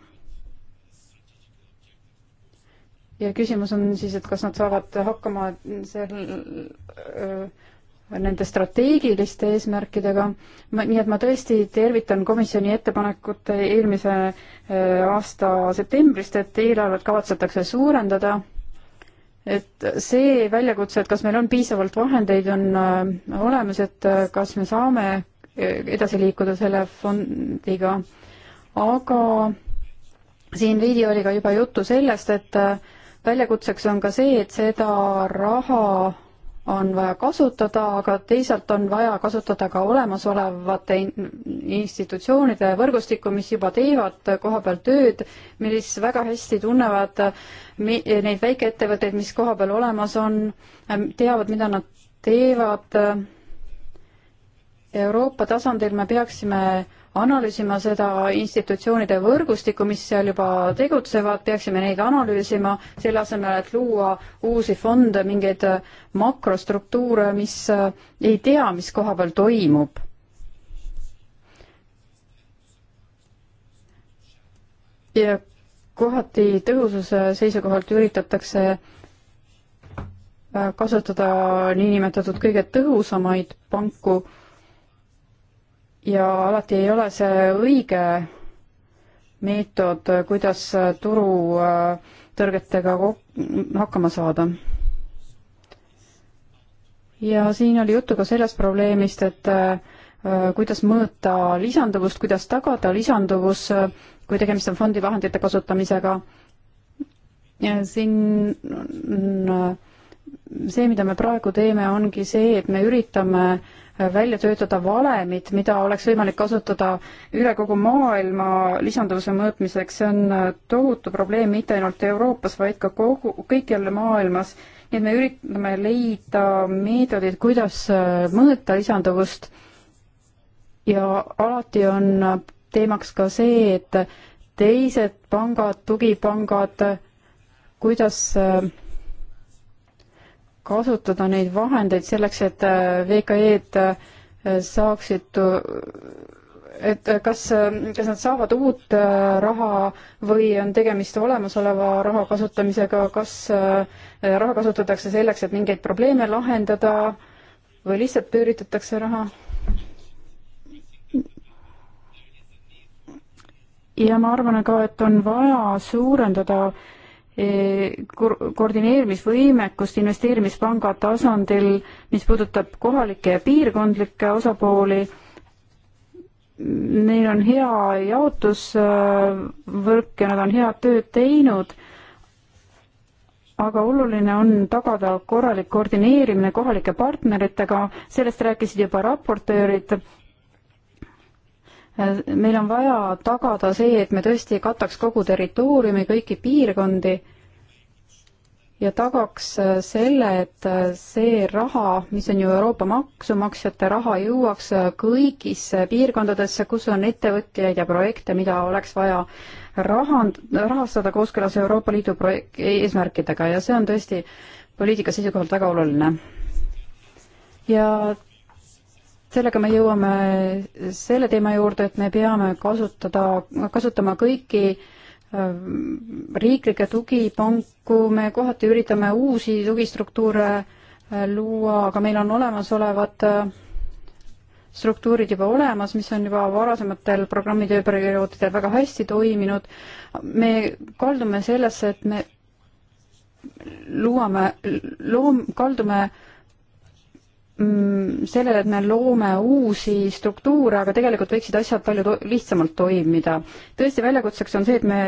ja küsimus on siis, et kas nad saavad hakkama seal äh, nende strateegiliste eesmärkidega. nii et ma tõesti tervitan komisjoni ettepanekut eelmise äh, aasta septembrist, et eelarvet kavatsetakse suurendada et see väljakutse, et kas meil on piisavalt vahendeid, on äh, olemas, et äh, kas me saame äh, edasi liikuda selle fondiga, aga siin veidi oli ka juba juttu sellest, et väljakutseks on ka see, et seda raha on vaja kasutada, aga teisalt on vaja kasutada ka olemasolevate institutsioonide võrgustikku, mis juba teevad koha peal tööd, mis väga hästi tunnevad neid väikeettevõtteid, mis kohapeal olemas on, ähm, teavad, mida nad teevad. Euroopa tasandil me peaksime analüüsima seda institutsioonide võrgustikku, mis seal juba tegutsevad, peaksime neid analüüsima, selle asemel, et luua uusi fonde, mingeid äh, makrostruktuure, mis äh, ei tea, mis koha peal toimub. ja kohati tõhususe seisukohalt üritatakse äh, kasutada niinimetatud kõige tõhusamaid panku ja alati ei ole see õige meetod, kuidas turutõrgetega äh, hakkama saada. ja siin oli juttu ka sellest probleemist, et äh, kuidas mõõta lisanduvust, kuidas tagada lisanduvus kui tegemist on fondivahendite kasutamisega. siin mm, see, mida me praegu teeme, ongi see, et me üritame välja töötada valemid, mida oleks võimalik kasutada üle kogu maailma lisanduvuse mõõtmiseks, see on tohutu probleem mitte ainult Euroopas, vaid ka kogu, kõikjal maailmas. nii et me üritame leida meetodid, kuidas mõõta lisanduvust ja alati on teemaks ka see, et teised pangad, tugipangad, kuidas äh, kasutada neid vahendeid selleks, et äh, VKE-d äh, saaksid, et kas, kas nad saavad uut raha või on tegemist olemasoleva raha kasutamisega, kas raha kasutatakse selleks, et mingeid probleeme lahendada või lihtsalt pööritatakse raha? ja ma arvan ka, et on vaja suurendada eh, koordineerimisvõimekust investeerimispanga tasandil, mis puudutab kohalikke ja piirkondlikke osapooli. Neil on hea jaotusvõrk ja nad on head tööd teinud, aga oluline on tagada korralik koordineerimine kohalike partneritega, sellest rääkisid juba raportöörid meil on vaja tagada see, et me tõesti kataks kogu territooriumi, kõiki piirkondi ja tagaks selle, et see raha, mis on ju Euroopa maksumaksjate raha, jõuaks kõigisse piirkondadesse, kus on ettevõtjaid ja projekte, mida oleks vaja rahand-, rahastada kooskõlas Euroopa Liidu projek-, eesmärkidega ja see on tõesti poliitika seisukohalt väga oluline. ja sellega me jõuame selle teema juurde, et me peame kasutada, kasutama kõiki äh, riiklikke tugipanku, me kohati üritame uusi tugistruktuure äh, luua, aga meil on olemasolevad äh, struktuurid juba olemas, mis on juba varasematel programmi tööperioodidel väga hästi toiminud. me kaldume sellesse, et me luuame, loom-, kaldume äh, Mm, sellele, et me loome uusi struktuure, aga tegelikult võiksid asjad palju to lihtsamalt toimida. tõesti, väljakutseks on see, et me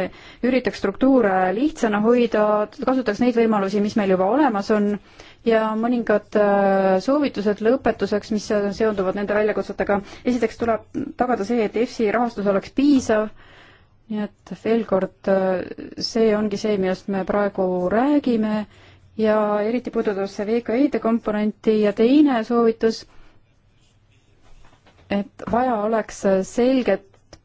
üritaks struktuure lihtsana hoida, kasutaks neid võimalusi, mis meil juba olemas on, ja mõningad äh, soovitused lõpetuseks, mis seonduvad nende väljakutsetega. esiteks tuleb tagada see, et EFSI rahastus oleks piisav, nii et veel kord, äh, see ongi see, millest me praegu räägime ja eriti puudutas see VKI-de komponenti ja teine soovitus, et vaja oleks selget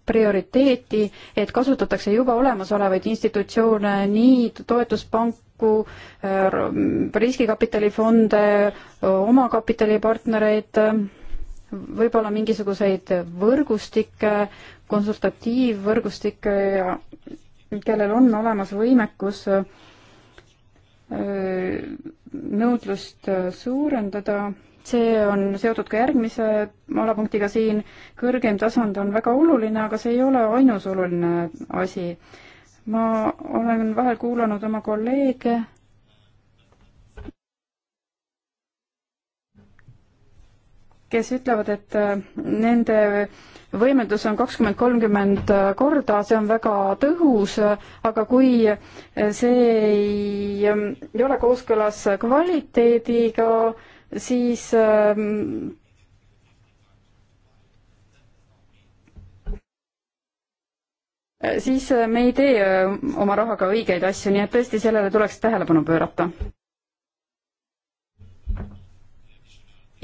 prioriteeti, et kasutatakse juba olemasolevaid institutsioone, nii toetuspanku, äh, riskikapitalifonde, äh, omakapitalipartnereid, võib-olla mingisuguseid võrgustikke, konsultatiivvõrgustikke ja kellel on olemas võimekus äh, nõudlust suurendada, see on seotud ka järgmise alapunktiga siin, kõrgem tasand on väga oluline, aga see ei ole ainus oluline asi. ma olen vahel kuulanud oma kolleege, kes ütlevad, et äh, nende võimendus on kakskümmend, kolmkümmend äh, korda, see on väga tõhus, äh, aga kui see ei, ähm, ei ole kooskõlas kvaliteediga, siis ähm, siis me ei tee oma rahaga õigeid asju, nii et tõesti sellele tuleks tähelepanu pöörata.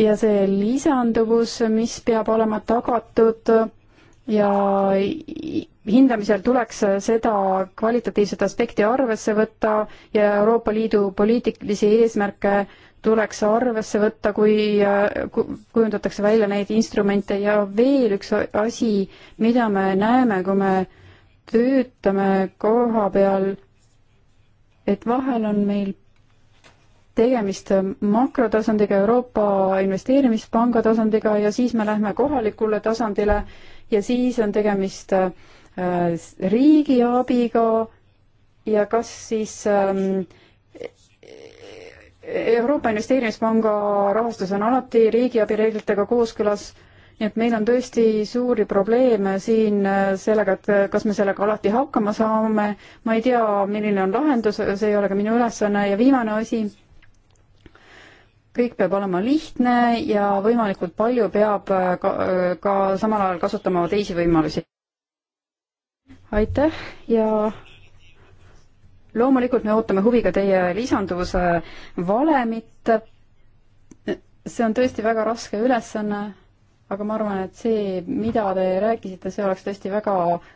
ja see lisanduvus, mis peab olema tagatud ja hindamisel tuleks seda kvalitatiivset aspekti arvesse võtta ja Euroopa Liidu poliitilisi eesmärke tuleks arvesse võtta, kui kujundatakse välja neid instrumente ja veel üks asi, mida me näeme, kui me töötame koha peal, et vahel on meil tegemist makrotasandiga, Euroopa Investeerimispanga tasandiga ja siis me lähme kohalikule tasandile ja siis on tegemist äh, riigiabiga ja kas siis ähm, Euroopa Investeerimispanga rahastus on alati riigiabi reeglitega kooskõlas nii et meil on tõesti suuri probleeme siin äh, sellega, et äh, kas me sellega alati hakkama saame, ma ei tea, milline on lahendus, see ei ole ka minu ülesanne ja viimane asi, kõik peab olema lihtne ja võimalikult palju peab äh, ka, äh, ka samal ajal kasutama teisi võimalusi. aitäh ja loomulikult me ootame huviga teie lisanduvuse valemit. see on tõesti väga raske ülesanne, aga ma arvan, et see, mida te rääkisite, see oleks tõesti väga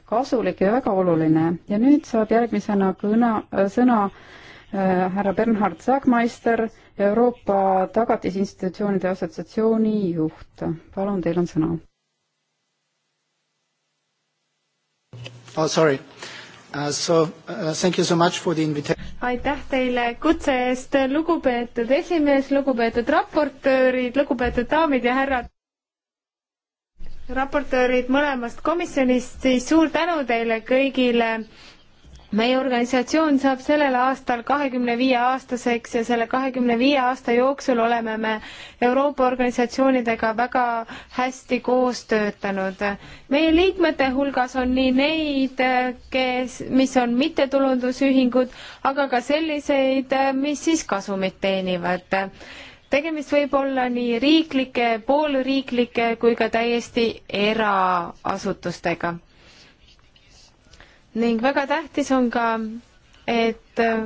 kasulik ja väga oluline. ja nüüd saab järgmisena kõne, äh, sõna härra Bernhard Sagmeister Euroopa Tagatisinstitutsioonide Assotsiatsiooni juht. palun, teil on sõna. Oh, sorry. Uh, so, uh, thank you so much for the invitation. aitäh teile kutse eest, lugupeetud esimees, lugupeetud raportöörid, lugupeetud daamid ja härrad. raportöörid mõlemast komisjonist, siis suur tänu teile kõigile meie organisatsioon saab sellel aastal kahekümne viie aastaseks ja selle kahekümne viie aasta jooksul oleme me Euroopa organisatsioonidega väga hästi koos töötanud. meie liikmete hulgas on nii neid, kes, mis on mittetulundusühingud, aga ka selliseid, mis siis kasumit teenivad tegemist võib olla nii riiklike, poolriiklike kui ka täiesti eraasutustega ning väga tähtis on ka, et äh,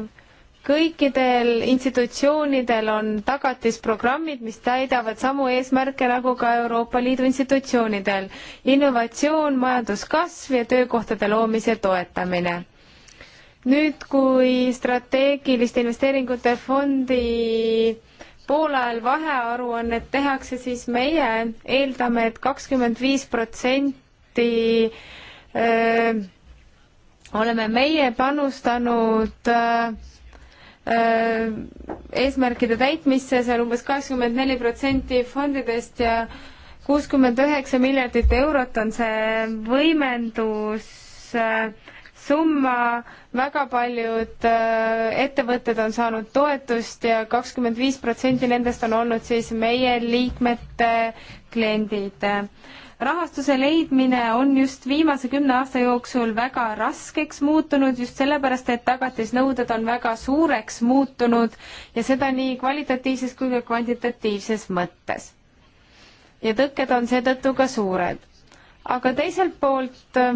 kõikidel institutsioonidel on tagatisprogrammid, mis täidavad samu eesmärke nagu ka Euroopa Liidu institutsioonidel. innovatsioon, majanduskasv ja töökohtade loomise toetamine. nüüd, kui strateegiliste investeeringute fondi poolajal vahearuannet tehakse, siis meie eeldame et, et kakskümmend viis protsenti äh, oleme meie panustanud äh, äh, eesmärkide täitmisse, see on umbes kakskümmend neli protsenti fondidest ja kuuskümmend üheksa miljardit eurot on see võimendussumma äh,, väga paljud äh, ettevõtted on saanud toetust ja kakskümmend viis protsenti nendest on olnud siis meie liikmete kliendid rahastuse leidmine on just viimase kümne aasta jooksul väga raskeks muutunud just sellepärast, et tagatisnõuded on väga suureks muutunud ja seda nii kvalitatiivses kui ka kvantitatiivses mõttes. ja tõkked on seetõttu ka suured. aga teiselt poolt äh,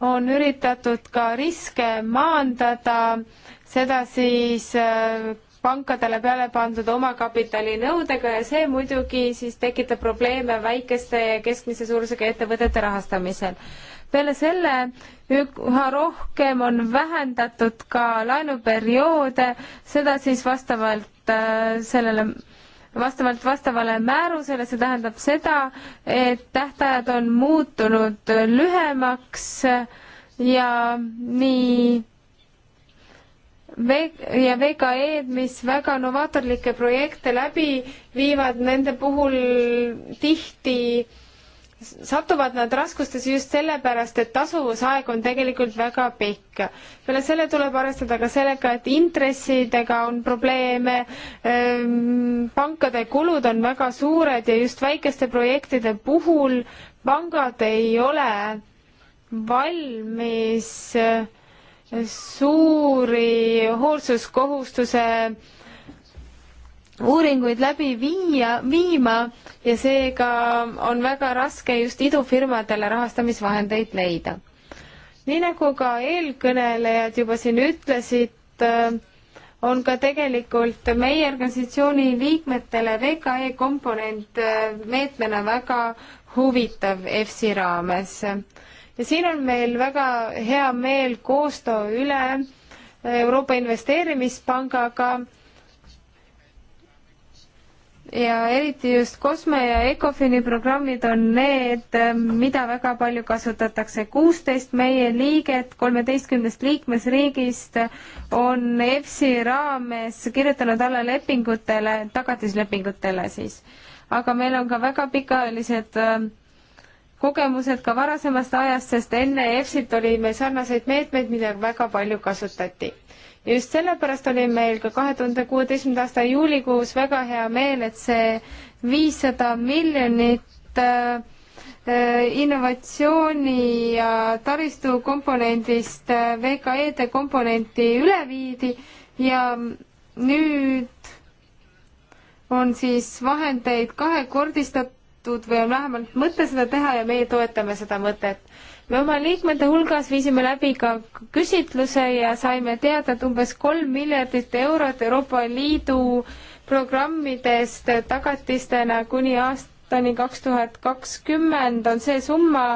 on üritatud ka riske maandada, seda siis äh, pankadele peale pandud omakapitalinõudega ja see muidugi siis tekitab probleeme väikeste ja keskmise suurusega ettevõtete rahastamisel. peale selle üha rohkem on vähendatud ka laenuperioode, seda siis vastavalt äh, sellele vastavalt vastavale määrusele, see tähendab seda, et tähtajad on muutunud lühemaks ja nii ja VKE-d, mis väga novaatorlikke projekte läbi viivad, nende puhul tihti satuvad nad raskustesse just sellepärast, et tasuvusaeg on tegelikult väga pikk. peale selle tuleb arvestada ka sellega, et intressidega on probleeme, ehm, pankade kulud on väga suured ja just väikeste projektide puhul pangad ei ole valmis öö, suuri hoolsuskohustuse uuringuid läbi viia, viima ja seega on väga raske just idufirmadele rahastamisvahendeid leida. nii nagu ka eelkõnelejad juba siin ütlesid, äh, on ka tegelikult meie organisatsiooni liikmetele VKE komponent äh, meetmena väga huvitav EFSI raames ja siin on meil väga hea meel koostöö üle Euroopa Investeerimispangaga ja eriti just COSME ja ECOFIN-i programmid on need, mida väga palju kasutatakse. kuusteist meie liiget kolmeteistkümnest liikmesriigist on EFSI raames kirjutanud alla lepingutele, tagatislepingutele siis. aga meil on ka väga pikaajalised äh, kogemused ka varasemast ajast, sest enne EFSit oli meil sarnaseid meetmeid, mida väga palju kasutati. just sellepärast oli meil ka kahe tuhande kuueteistkümnenda aasta juulikuus väga hea meel, et see viissada miljonit äh, äh innovatsiooni ja taristu komponendist äh, VKE-de komponenti üle viidi ja nüüd on siis vahendeid kahekordistatud huvitatud või on vähemalt mõte seda teha ja meie toetame seda mõtet. me oma liikmete hulgas viisime läbi ka küsitluse ja saime teada, et umbes kolm miljardit eurot Euroopa Liidu programmidest tagatistena kuni aastani kaks tuhat kakskümmend on see summa,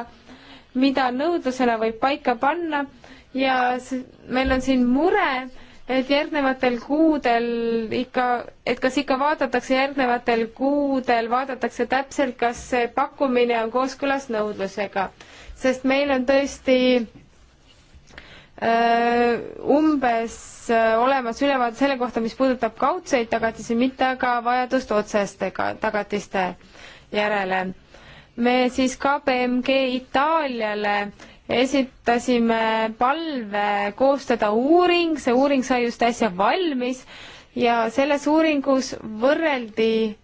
mida nõudlusena võib paika panna ja meil on siin mure et järgnevatel kuudel ikka, et kas ikka vaadatakse järgnevatel kuudel, vaadatakse täpselt, kas see pakkumine on kooskõlas nõudlusega, sest meil on tõesti öö, äh, umbes äh, olemas ülevaade selle kohta, mis puudutab kaudseid tagatisi, mitte aga vajadust otseste tagatiste järele. me siis KPMG Itaaliale esitasime palve koostada uuring, see uuring sai just äsja valmis ja selles uuringus võrreldi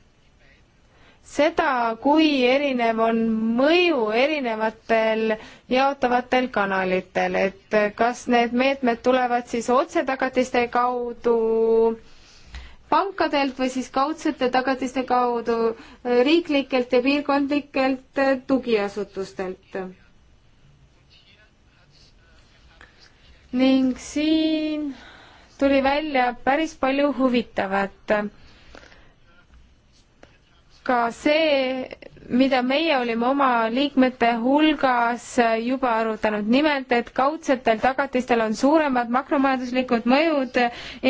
seda, kui erinev on mõju erinevatel jaotavatel kanalitel, et kas need meetmed tulevad siis otsetagatiste kaudu pankadelt või siis kaudsete tagatiste kaudu riiklikelt ja piirkondlikelt tugiasutustelt ning siin tuli välja päris palju huvitavat. ka see, mida meie olime oma liikmete hulgas juba arutanud, nimelt et kaudsetel tagatistel on suuremad makromajanduslikud mõjud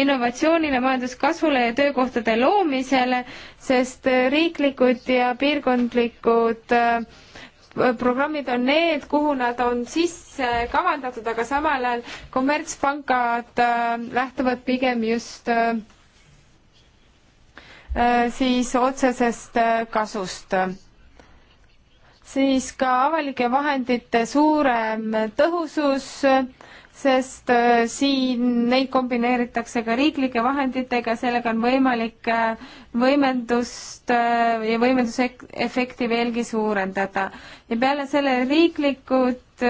innovatsioonile, majanduskasvule ja töökohtade loomisele, sest riiklikud ja piirkondlikud äh, Äh, programmid on need, kuhu nad on sisse kavandatud, aga samal ajal kommertspangad äh, lähtuvad pigem just äh, siis otsesest kasust. siis ka avalike vahendite suurem tõhusus sest äh, siin neid kombineeritakse ka riiklike vahenditega, sellega on võimalik äh, võimendust äh, ja võimendusefekti veelgi suurendada. ja peale selle riiklikud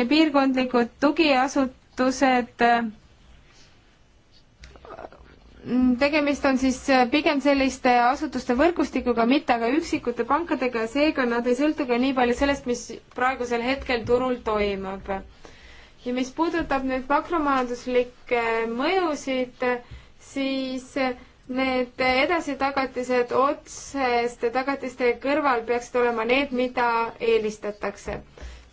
ja piirkondlikud tugiasutused tegemist on siis pigem selliste asutuste võrgustikuga, mitte aga üksikute pankadega, seega nad ei sõltu ka nii palju sellest, mis praegusel hetkel turul toimub ja mis puudutab nüüd makromajanduslikke mõjusid, siis need edasitagatised otseste tagatiste kõrval peaksid olema need, mida eelistatakse.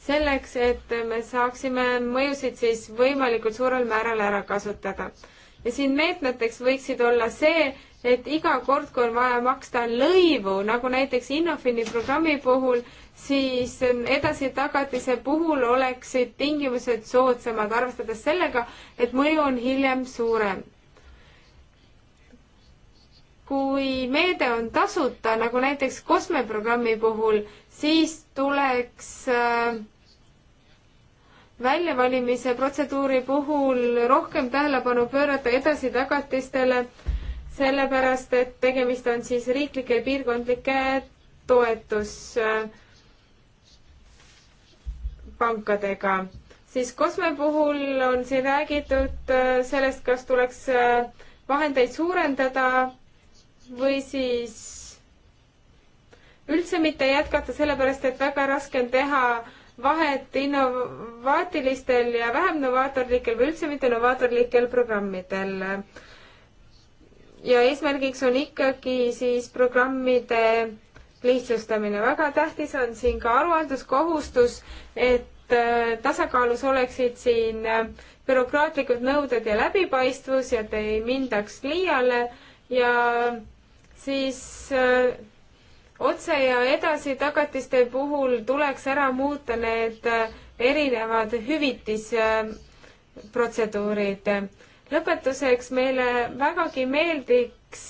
selleks, et me saaksime mõjusid siis võimalikult suurel määral ära kasutada. ja siin meetmeteks võiksid olla see, et iga kord, kui on vaja maksta lõivu, nagu näiteks Innofini programmi puhul, siis ähm, edasitagatise puhul oleksid tingimused soodsamad, arvestades sellega, et mõju on hiljem suurem. kui meede on tasuta, nagu näiteks COSME programmi puhul, siis tuleks äh, väljavalimise protseduuri puhul rohkem tähelepanu pöörata edasitagatistele, sellepärast et tegemist on siis riiklike piirkondlike toetus äh, pankadega, siis Kosme puhul on siin räägitud äh, sellest, kas tuleks äh, vahendeid suurendada või siis üldse mitte jätkata, sellepärast et väga raske on teha vahet innovaatilistel ja vähem novaatorlikel või üldse mitte novaatorlikel programmidel. ja eesmärgiks on ikkagi siis programmide lihtsustamine. väga tähtis on siin ka aruandluskohustus, et Äh, tasakaalus oleksid siin äh, bürokraatlikud nõuded ja läbipaistvus ja et ei mindaks liiale ja siis äh, otse ja edasi tagatiste puhul tuleks ära muuta need erinevad hüvitisprotseduurid. lõpetuseks meile vägagi meeldiks,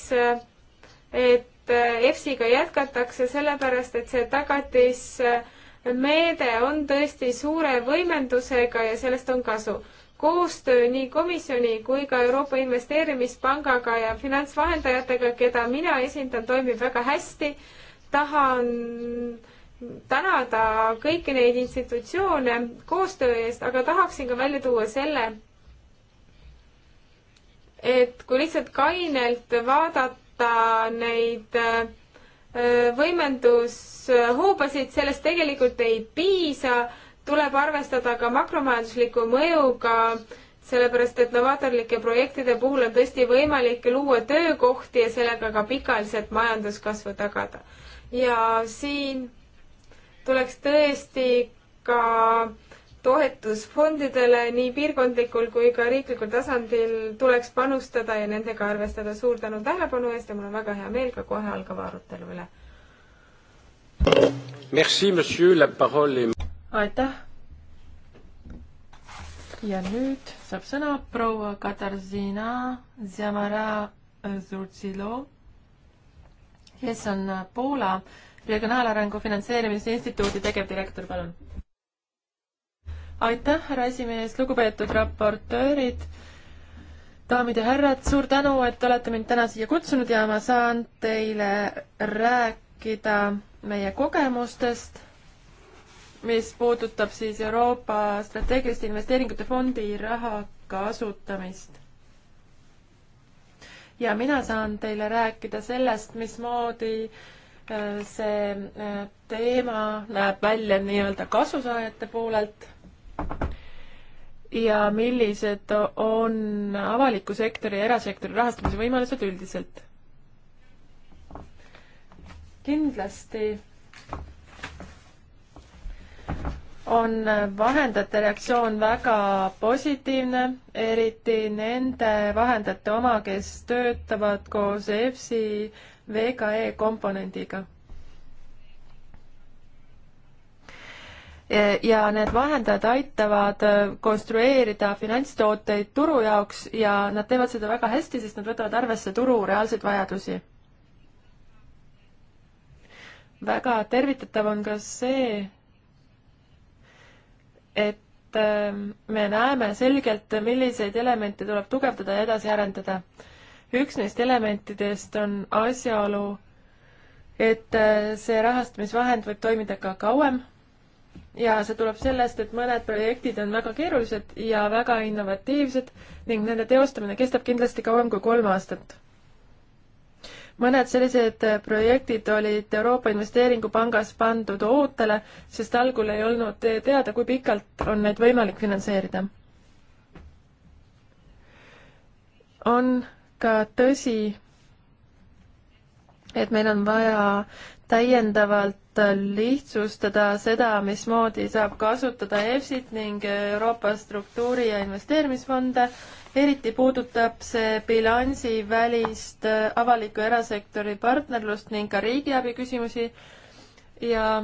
et EFSiga jätkatakse, sellepärast et see tagatis äh, meede on tõesti suure võimendusega ja sellest on kasu. koostöö nii komisjoni kui ka Euroopa Investeerimispangaga ja finantsvahendajatega, keda mina esindan, toimib väga hästi. tahan tänada kõiki neid institutsioone koostöö eest, aga tahaksin ka välja tuua selle, et kui lihtsalt kainelt vaadata neid äh, võimendushoobasid, sellest tegelikult ei piisa, tuleb arvestada ka makromajandusliku mõjuga, sellepärast et novaatorlike projektide puhul on tõesti võimalik luua töökohti ja sellega ka pikaajaliselt majanduskasvu tagada. ja siin tuleks tõesti ka toetusfondidele nii piirkondlikul kui ka riiklikul tasandil tuleks panustada ja nendega arvestada. suur tänu tähelepanu eest ja mul on väga hea meel ka kohe algava arutelu üle. Merci, monsieur, la parole est... aitäh. ja nüüd saab sõna proua Katarzyna Zamara Zurtsilo, kes on Poola regionaalarengu finantseerimise instituudi tegevdirektor, palun aitäh, härra esimees, lugupeetud raportöörid, daamid ja härrad, suur tänu, et olete mind täna siia kutsunud ja ma saan teile rääkida meie kogemustest, mis puudutab siis Euroopa strateegiliste investeeringute fondi raha kasutamist ja mina saan teile rääkida sellest, mismoodi äh, see äh, teema näeb välja nii-öelda kasusaajate poolelt ja millised on avaliku sektori ja erasektori rahastamise võimalused üldiselt? kindlasti on vahendajate reaktsioon väga positiivne, eriti nende vahendajate oma, kes töötavad koos EFSI VKE komponendiga ja need vahendajad aitavad äh, konstrueerida finantstooteid turu jaoks ja nad teevad seda väga hästi, sest nad võtavad arvesse turu reaalseid vajadusi. väga tervitatav on ka see, et ähm, me näeme selgelt, milliseid elemente tuleb tugevdada ja edasi arendada. üks neist elementidest on asjaolu, et äh, see rahastamisvahend võib toimida ka kauem ja see tuleb sellest, et mõned projektid on väga keerulised ja väga innovatiivsed ning nende teostamine kestab kindlasti kauem kui kolm aastat. mõned sellised äh, projektid olid Euroopa Investeeringupangas pandud ootele, sest algul ei olnud teada, kui pikalt on neid võimalik finantseerida. on ka tõsi, et meil on vaja täiendavalt lihtsustada seda, mismoodi saab kasutada EFSit ning Euroopa struktuuri- ja investeerimisfonde. eriti puudutab see bilansivälist äh, avaliku erasektori partnerlust ning ka riigiabi küsimusi ja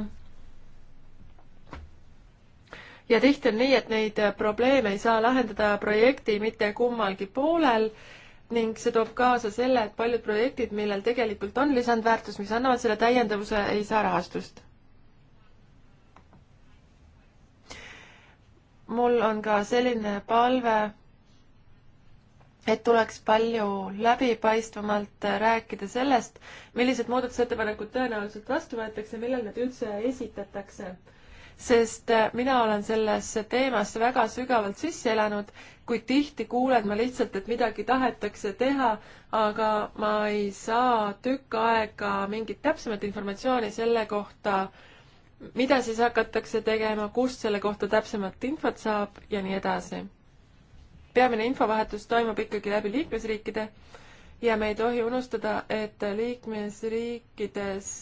ja tihti on nii, et neid äh, probleeme ei saa lahendada projekti mitte kummalgi poolel ning see toob kaasa selle, et paljud projektid, millel tegelikult on lisandväärtus, mis annavad selle täiendavuse, ei saa rahastust. mul on ka selline palve, et tuleks palju läbipaistvamalt rääkida sellest, millised muudatusettepanekud tõenäoliselt vastu võetakse, millal need üldse esitatakse sest äh, mina olen sellesse teemasse väga sügavalt sisse elanud, kuid tihti kuulen ma lihtsalt, et midagi tahetakse teha, aga ma ei saa tükk aega mingit täpsemat informatsiooni selle kohta, mida siis hakatakse tegema, kust selle kohta täpsemat infot saab ja nii edasi. peamine infovahetus toimub ikkagi läbi liikmesriikide ja me ei tohi unustada, et liikmesriikides,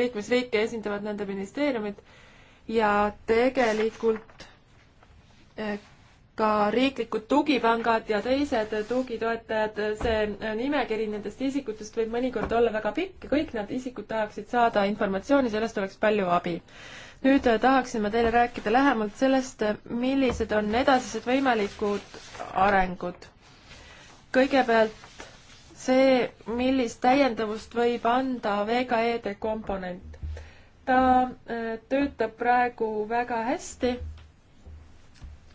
liikmesriike esindavad nende ministeeriumid ja tegelikult eh, ka riiklikud tugipangad ja teised tugitoetajad, see eh, nimekiri nendest isikutest võib mõnikord olla väga pikk ja kõik need isikud tahaksid saada informatsiooni, sellest oleks palju abi. nüüd eh, tahaksin ma teile rääkida lähemalt sellest, millised on edasised võimalikud arengud. kõigepealt see, millist täiendavust võib anda VKE-de komponent ta äh, töötab praegu väga hästi,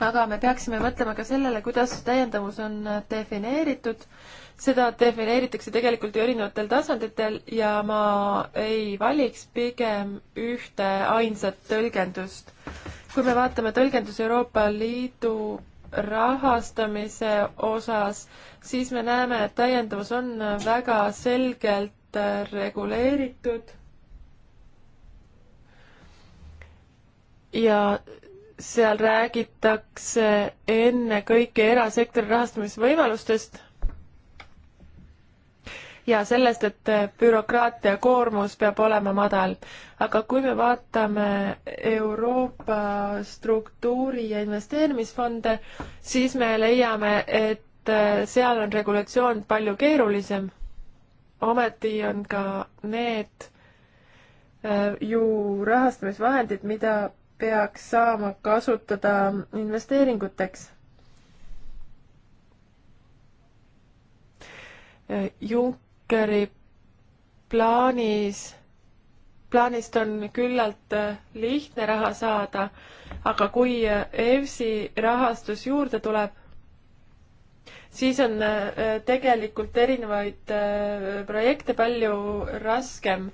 aga me peaksime mõtlema ka sellele, kuidas täiendavus on äh, defineeritud. seda defineeritakse tegelikult ju erinevatel tasanditel ja ma ei valiks pigem ühte ainsat tõlgendust. kui me vaatame tõlgendus Euroopa Liidu rahastamise osas, siis me näeme, et täiendavus on väga selgelt äh, reguleeritud ja seal räägitakse ennekõike erasektori rahastamisvõimalustest ja sellest, et bürokraatia koormus peab olema madal. aga kui me vaatame Euroopa struktuuri- ja investeerimisfonde, siis me leiame, et seal on regulatsioon palju keerulisem. ometi on ka need äh, ju rahastamisvahendid, mida peaks saama kasutada investeeringuteks. Junckeri plaanis, plaanist on küllalt lihtne raha saada, aga kui EFSI rahastus juurde tuleb, siis on äh, tegelikult erinevaid äh, projekte palju raskem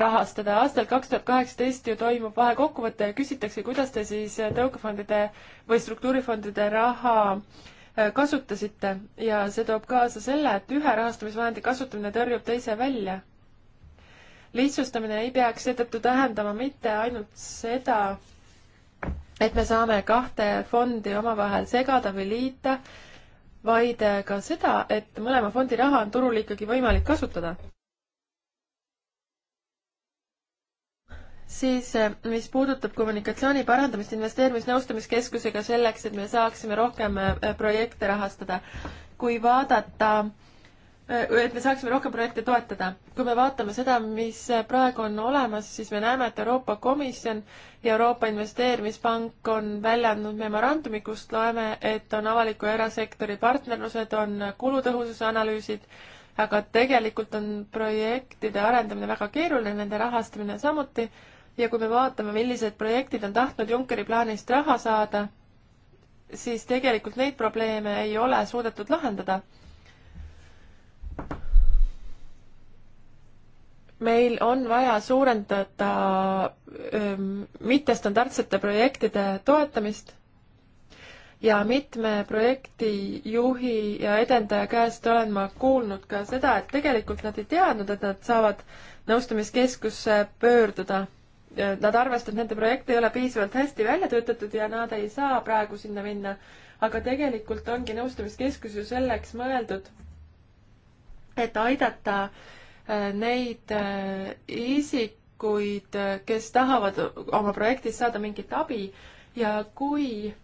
rahastada. aastal kaks tuhat kaheksateist ju toimub vahekokkuvõte ja küsitakse, kuidas te siis äh, tõukefondide või struktuurifondide raha kasutasite ja see toob kaasa selle, et ühe rahastamisvahendi kasutamine tõrjub teise välja. lihtsustamine ei peaks seetõttu tähendama mitte ainult seda, et me saame kahte fondi omavahel segada või liita, vaid äh, ka seda, et mõlema fondi raha on turul ikkagi võimalik kasutada. siis, äh, mis puudutab kommunikatsiooni parandamist investeerimisnõustamiskeskusega selleks, et me saaksime rohkem äh, projekte rahastada, kui vaadata äh, et me saaksime rohkem projekte toetada. kui me vaatame seda, mis äh, praegu on olemas, siis me näeme, et Euroopa Komisjon ja Euroopa Investeerimispank on välja andnud memorandumi, kust loeme, et on avaliku ja erasektori partnerlused, on kulutõhususe analüüsid, aga tegelikult on projektide arendamine väga keeruline, nende rahastamine samuti, ja kui me vaatame, millised projektid on tahtnud Junckeri plaanist raha saada, siis tegelikult neid probleeme ei ole suudetud lahendada meil on vaja suurendada ähm, mittestandardsete projektide toetamist ja mitme projektijuhi ja edendaja käest olen ma kuulnud ka seda, et tegelikult nad ei teadnud, et nad saavad nõustamiskeskusse pöörduda. Nad arvestavad, et nende projekt ei ole piisavalt hästi välja töötatud ja nad ei saa praegu sinna minna. aga tegelikult ongi nõustamiskeskus ju selleks mõeldud, et aidata äh, neid äh, isikuid, kes tahavad oma projektis saada mingit abi ja kui,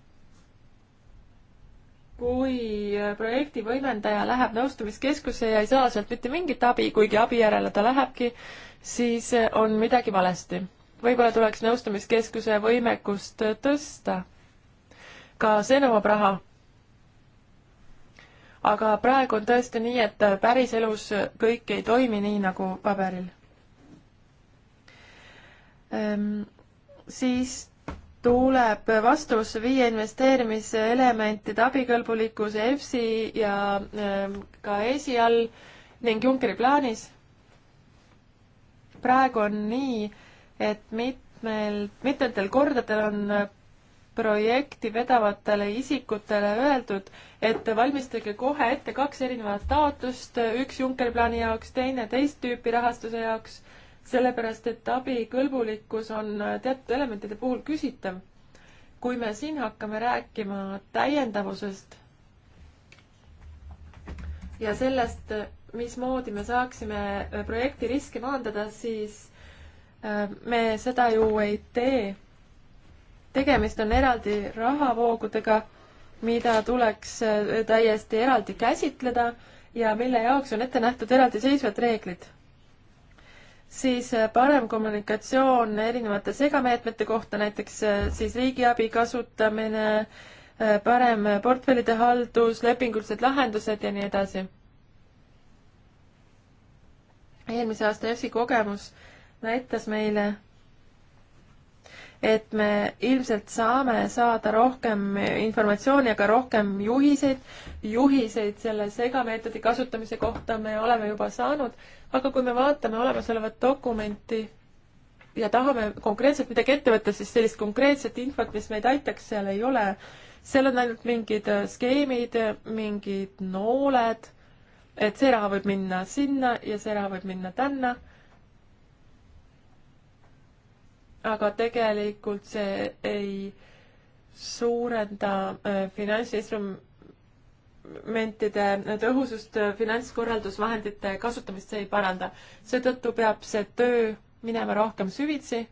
kui projekti võimendaja läheb nõustamiskeskusse ja ei saa sealt mitte mingit abi, kuigi abi järele ta lähebki, siis on midagi valesti. võib-olla tuleks nõustamiskeskuse võimekust tõsta. ka see nõuab raha aga praegu on tõesti nii, et päriselus kõik ei toimi nii nagu paberil ähm,. siis tuleb vastus viie investeerimiselementide abikõlbulikkuse EFSI ja ähm, ka ESI all ning Junckeri plaanis. praegu on nii, et mitmel, mitmetel kordadel on projekti vedavatele isikutele öeldud, et valmistage kohe ette kaks erinevat taotlust, üks Junckeri plaani jaoks, teine teist tüüpi rahastuse jaoks, sellepärast et abikõlbulikkus on teatud elementide puhul küsitav. kui me siin hakkame rääkima täiendavusest ja sellest, mismoodi me saaksime projekti riske maandada, siis äh, me seda ju ei tee tegemist on eraldi rahavoogudega, mida tuleks äh, täiesti eraldi käsitleda ja mille jaoks on ette nähtud eraldiseisvad reeglid. siis äh, parem kommunikatsioon erinevate segameetmete kohta, näiteks äh, siis riigiabi kasutamine, parem portfellide haldus, lepingulised lahendused ja nii edasi. eelmise aasta EFSI kogemus näitas meile, et me ilmselt saame saada rohkem informatsiooni, aga rohkem juhiseid, juhiseid selle segameetodi kasutamise kohta me oleme juba saanud, aga kui me vaatame olemasolevat dokumenti ja tahame konkreetselt midagi ette võtta, siis sellist konkreetset infot, mis meid aitaks, seal ei ole. seal on ainult mingid äh, skeemid, mingid nooled, et see raha võib minna sinna ja see raha võib minna tänna aga tegelikult see ei suurenda äh, finantsinstrumentide tõhusust, äh, finantskorraldusvahendite kasutamist see ei paranda. seetõttu peab see töö minema rohkem süvitsi.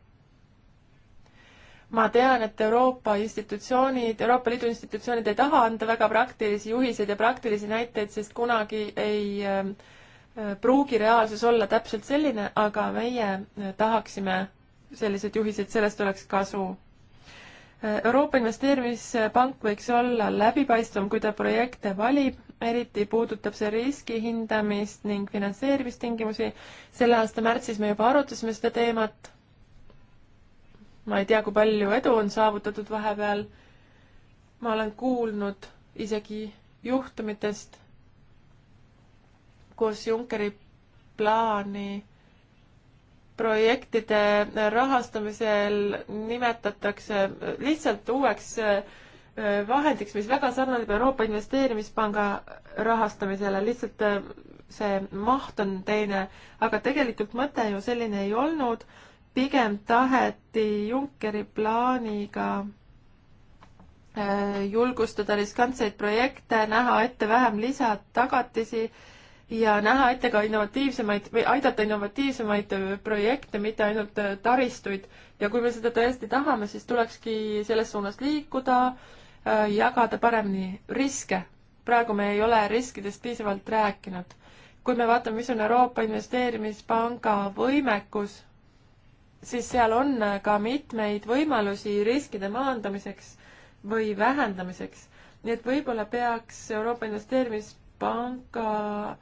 ma tean, et Euroopa institutsioonid, Euroopa Liidu institutsioonid ei taha anda väga praktilisi juhiseid ja praktilisi näiteid, sest kunagi ei äh, pruugi reaalsus olla täpselt selline, aga meie tahaksime sellised juhised, sellest oleks kasu. Euroopa Investeerimispank võiks olla läbipaistvam, kui ta projekte valib, eriti puudutab see riski hindamist ning finantseerimistingimusi. selle aasta märtsis me juba arutasime seda teemat. ma ei tea, kui palju edu on saavutatud vahepeal. ma olen kuulnud isegi juhtumitest, kus Junckeri plaani projektide rahastamisel nimetatakse lihtsalt uueks äh, vahendiks, mis väga sarnaneb Euroopa Investeerimispanga rahastamisele, lihtsalt äh, see maht on teine, aga tegelikult mõte ju selline ei olnud, pigem taheti Junckeri plaaniga äh, julgustada riskantseid projekte, näha ette vähem lisatagatisi ja näha ette ka innovatiivsemaid või aidata innovatiivsemaid äh, projekte, mitte ainult äh, taristuid. ja kui me seda tõesti tahame, siis tulekski selles suunas liikuda, äh, jagada paremini riske. praegu me ei ole riskidest piisavalt rääkinud. kui me vaatame, mis on Euroopa Investeerimispanga võimekus, siis seal on ka mitmeid võimalusi riskide maandamiseks või vähendamiseks. nii et võib-olla peaks Euroopa Investeerimispank panka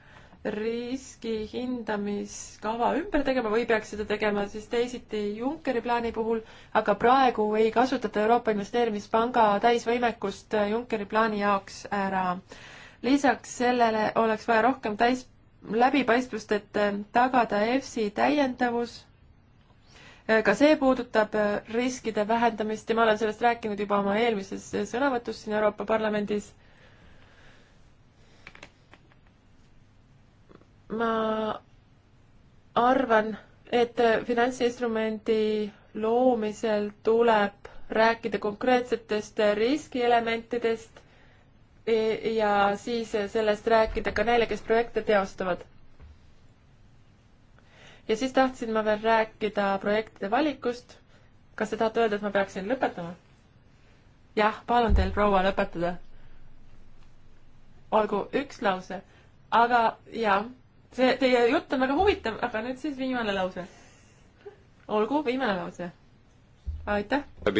riski hindamiskava ümber tegema või peaks seda tegema siis teisiti Junckeri plaani puhul, aga praegu ei kasutata Euroopa Investeerimispanga täisvõimekust Junckeri plaani jaoks ära. lisaks sellele oleks vaja rohkem täis, läbipaistvust, et äh, tagada EFSI täiendavus. Äh, ka see puudutab äh, riskide vähendamist ja ma olen sellest rääkinud juba oma eelmises sõnavõtus siin Euroopa Parlamendis ma arvan, et finantsinstrumendi loomisel tuleb rääkida konkreetsetest riskielementidest e, ja siis sellest rääkida ka neile, kes projekte teostavad. ja siis tahtsin ma veel rääkida projektide valikust. kas te tahate öelda, et ma peaksin lõpetama? jah, palun teil, proua, lõpetada. olgu, üks lause, aga jah see teie jutt on väga huvitav, aga nüüd siis viimane lause. olgu, viimane lause. aitäh. E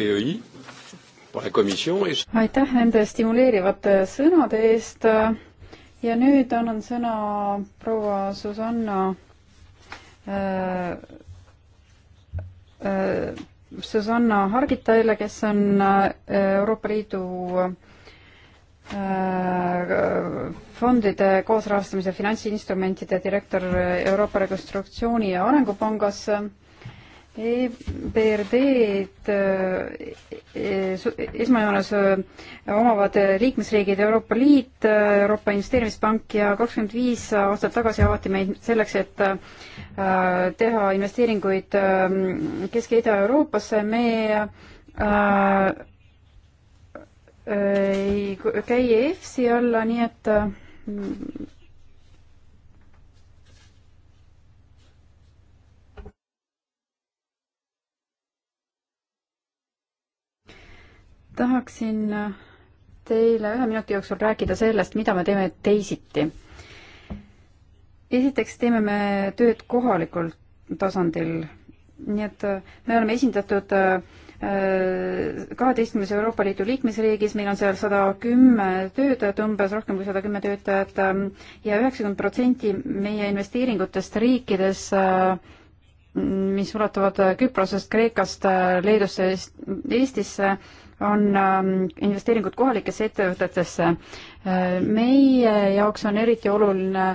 aitäh nende stimuleerivate sõnade eest. ja nüüd annan sõna proua Susanna äh,. Äh, Susanna Hargitaile, kes on äh, Euroopa Liidu Äh, fondide koosrahastamise finantsinstrumentide direktor Euroopa Rekonstruktsiooni- ja Arengupangas EBRD-d äh, e, esmajoones äh, omavad liikmesriigid Euroopa Liit, Euroopa Investeerimispank ja kakskümmend viis aastat tagasi avati meid selleks, et teha investeeringuid ähm, Kesk- ja Ida-Euroopasse. me ei käi EFSi alla, nii et mm. tahaksin teile ühe minuti jooksul rääkida sellest, mida me teeme teisiti. esiteks teeme me tööd kohalikul tasandil, nii et me oleme esindatud äh, Äh, kaheteistkümnes Euroopa Liidu liikmesriigis, meil on seal sada kümme töötajat umbes, rohkem kui sada kümme töötajat ähm, ja üheksakümmend protsenti meie investeeringutest riikides, äh, mis ulatuvad Küprosest, Kreekast, äh, Leedusse, Eestisse, on ähm, investeeringud kohalikesse ettevõtetesse. meie jaoks on eriti oluline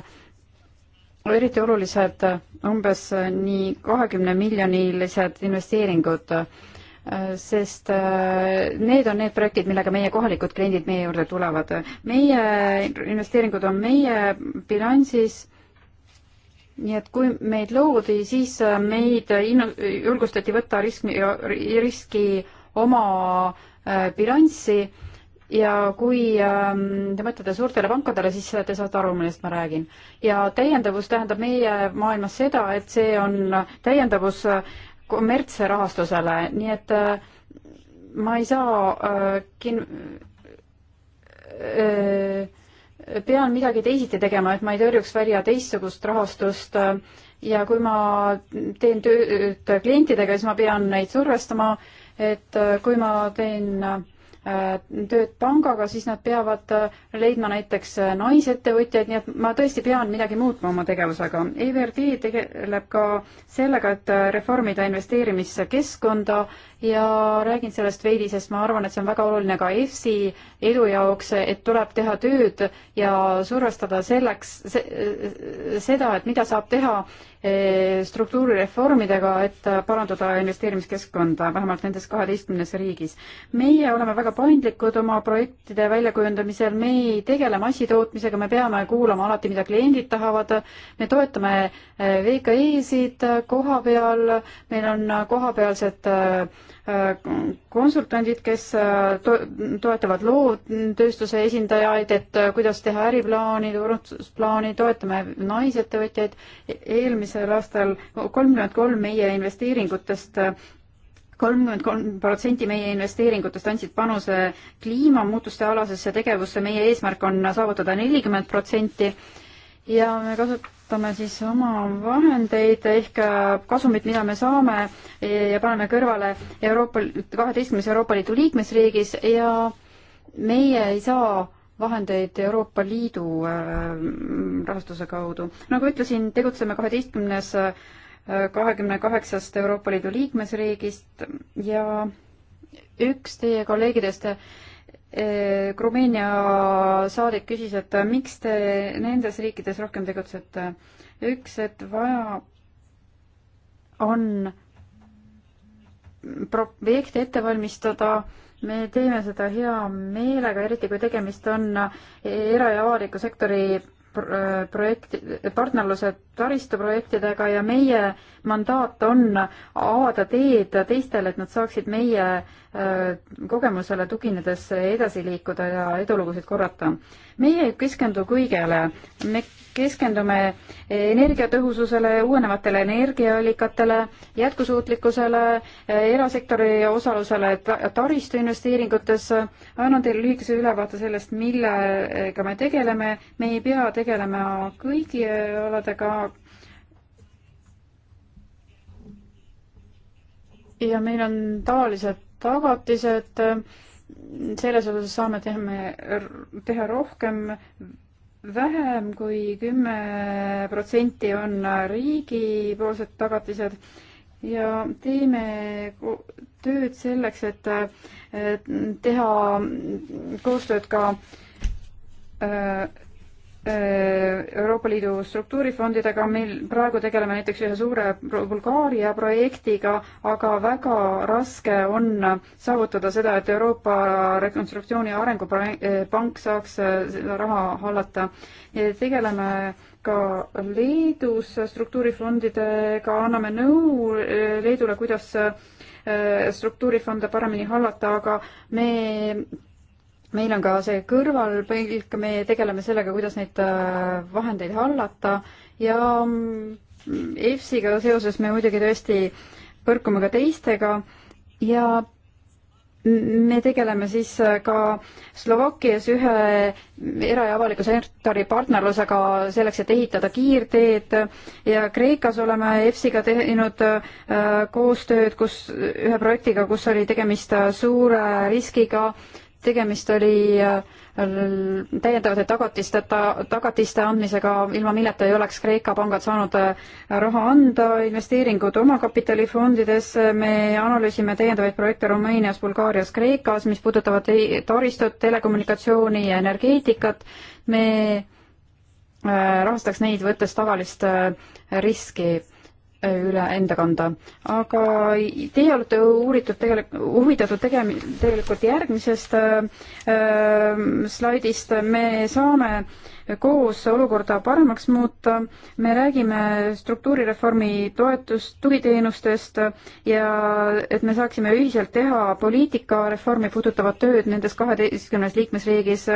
eriti olulised umbes nii kahekümne miljonilised investeeringud sest äh, need on need projektid, millega meie kohalikud kliendid meie juurde tulevad. meie investeeringud on meie bilansis, nii et kui meid loodi, siis äh, meid innu-, julgustati võtta riski, riski oma äh, bilanssi ja kui ähm, te mõtlete suurtele pankadele, siis te saate aru, millest ma räägin. ja täiendavus tähendab meie maailmas seda, et see on täiendavus äh, kommertsrahastusele, nii et äh, ma ei saa äh, kin-, äh, pean midagi teisiti tegema, et ma ei tõrjuks välja teistsugust rahastust ja kui ma teen tööd klientidega, siis ma pean neid survestama, et kui ma teen Äh, tööd pangaga, siis nad peavad äh, leidma näiteks äh, naisettevõtjaid, nii et ma tõesti pean midagi muutma oma tegevusega. EBRD tegeleb ka sellega, et reformida investeerimiskeskkonda ja räägin sellest veidi, sest ma arvan, et see on väga oluline ka EFSI edu jaoks, et tuleb teha tööd ja survestada selleks se, seda, et mida saab teha struktuurireformidega, et parandada investeerimiskeskkonda vähemalt nendes kaheteistkümnes riigis. meie oleme väga paindlikud oma projektide väljakujundamisel, me ei tegele massitootmisega, me peame kuulama alati, mida kliendid tahavad, me toetame eh, VKE-sid eh, koha peal, meil on eh, kohapealsed konsultandid, kes to-, toetavad loovtööstuse esindajaid, et kuidas teha äriplaani, turundusplaani, toetame naisettevõtjaid, e-, eelmisel aastal kolmkümmend kolm meie investeeringutest kolmkümmend kolm protsenti meie investeeringutest andsid panuse kliimamuutuste alasesse tegevusse, meie eesmärk on saavutada nelikümmend protsenti ja me kasutame siis oma vahendeid ehk kasumit, mida me saame ja paneme kõrvale Euroopa, kaheteistkümnes Euroopa Liidu liikmesriigis ja meie ei saa vahendeid Euroopa Liidu äh, rahastuse kaudu. nagu ütlesin, tegutseme kaheteistkümnes 12 kahekümne kaheksast Euroopa Liidu liikmesriigist ja üks teie kolleegidest eh, Rumeenia saadik küsis, et miks te nendes riikides rohkem tegutsete. üks, et vaja on projekte ette valmistada, me teeme seda hea meelega, eriti kui tegemist on era- ja avaliku sektori Äh, projekti, partnerluse taristuprojektidega ja meie mandaat on avada teed teistele, et nad saaksid meie äh, kogemusele tuginedes edasi liikuda ja edulugusid korrata meie ei keskendu kõigele, me keskendume energiatõhususele, uuenevatele energiaallikatele, jätkusuutlikkusele, erasektori osalusele taristu investeeringutes. annan teile lühikese ülevaate sellest, millega me tegeleme. me ei pea tegelema kõigi aladega. ja meil on tavalised tagatised selles osas saame teha, teha rohkem, vähem kui kümme protsenti on riigipoolsed tagatised ja teeme tööd selleks, et teha koostööd ka äh, Äh, Euroopa Liidu struktuurifondidega, meil praegu tegeleme näiteks ühe suure Bulgaaria projektiga, aga väga raske on saavutada seda, et Euroopa Rekonstruktsiooni ja Arengupank äh, saaks äh, seda raha hallata. tegeleme ka Leedus struktuurifondidega, anname nõu Leedule, kuidas struktuurifonde paremini hallata, aga me meil on ka see kõrvalpõlk, me tegeleme sellega, kuidas neid äh, vahendeid hallata ja mm, EFSiga seoses me muidugi tõesti põrkume ka teistega ja me tegeleme siis äh, ka Slovakkias ühe era- ja avaliku sektori partnerlusega selleks, et ehitada kiirteed ja Kreekas oleme EFSiga teinud äh, koostööd, kus ühe projektiga, kus oli tegemist suure riskiga äh, tegemist oli äh, täiendavate tagatisteta, tagatiste andmisega, ilma milleta ei oleks Kreeka pangad saanud äh, raha anda, investeeringud omakapitalifondidesse, me analüüsime täiendavaid projekte Rumeenias, Bulgaarias, Kreekas, mis puudutavad taristut, telekommunikatsiooni ja energeetikat, me äh, rahastaks neid, võttes tavalist riski üle enda kanda. aga teie olete uuritud tegelik-, huvitatud tegemi-, tegelikult järgmisest äh, äh, slaidist, me saame koos olukorda paremaks muuta, me räägime struktuurireformi toetust, tugiteenustest ja et me saaksime ühiselt teha poliitikareformi puudutavat tööd nendes kaheteistkümnes liikmesriigis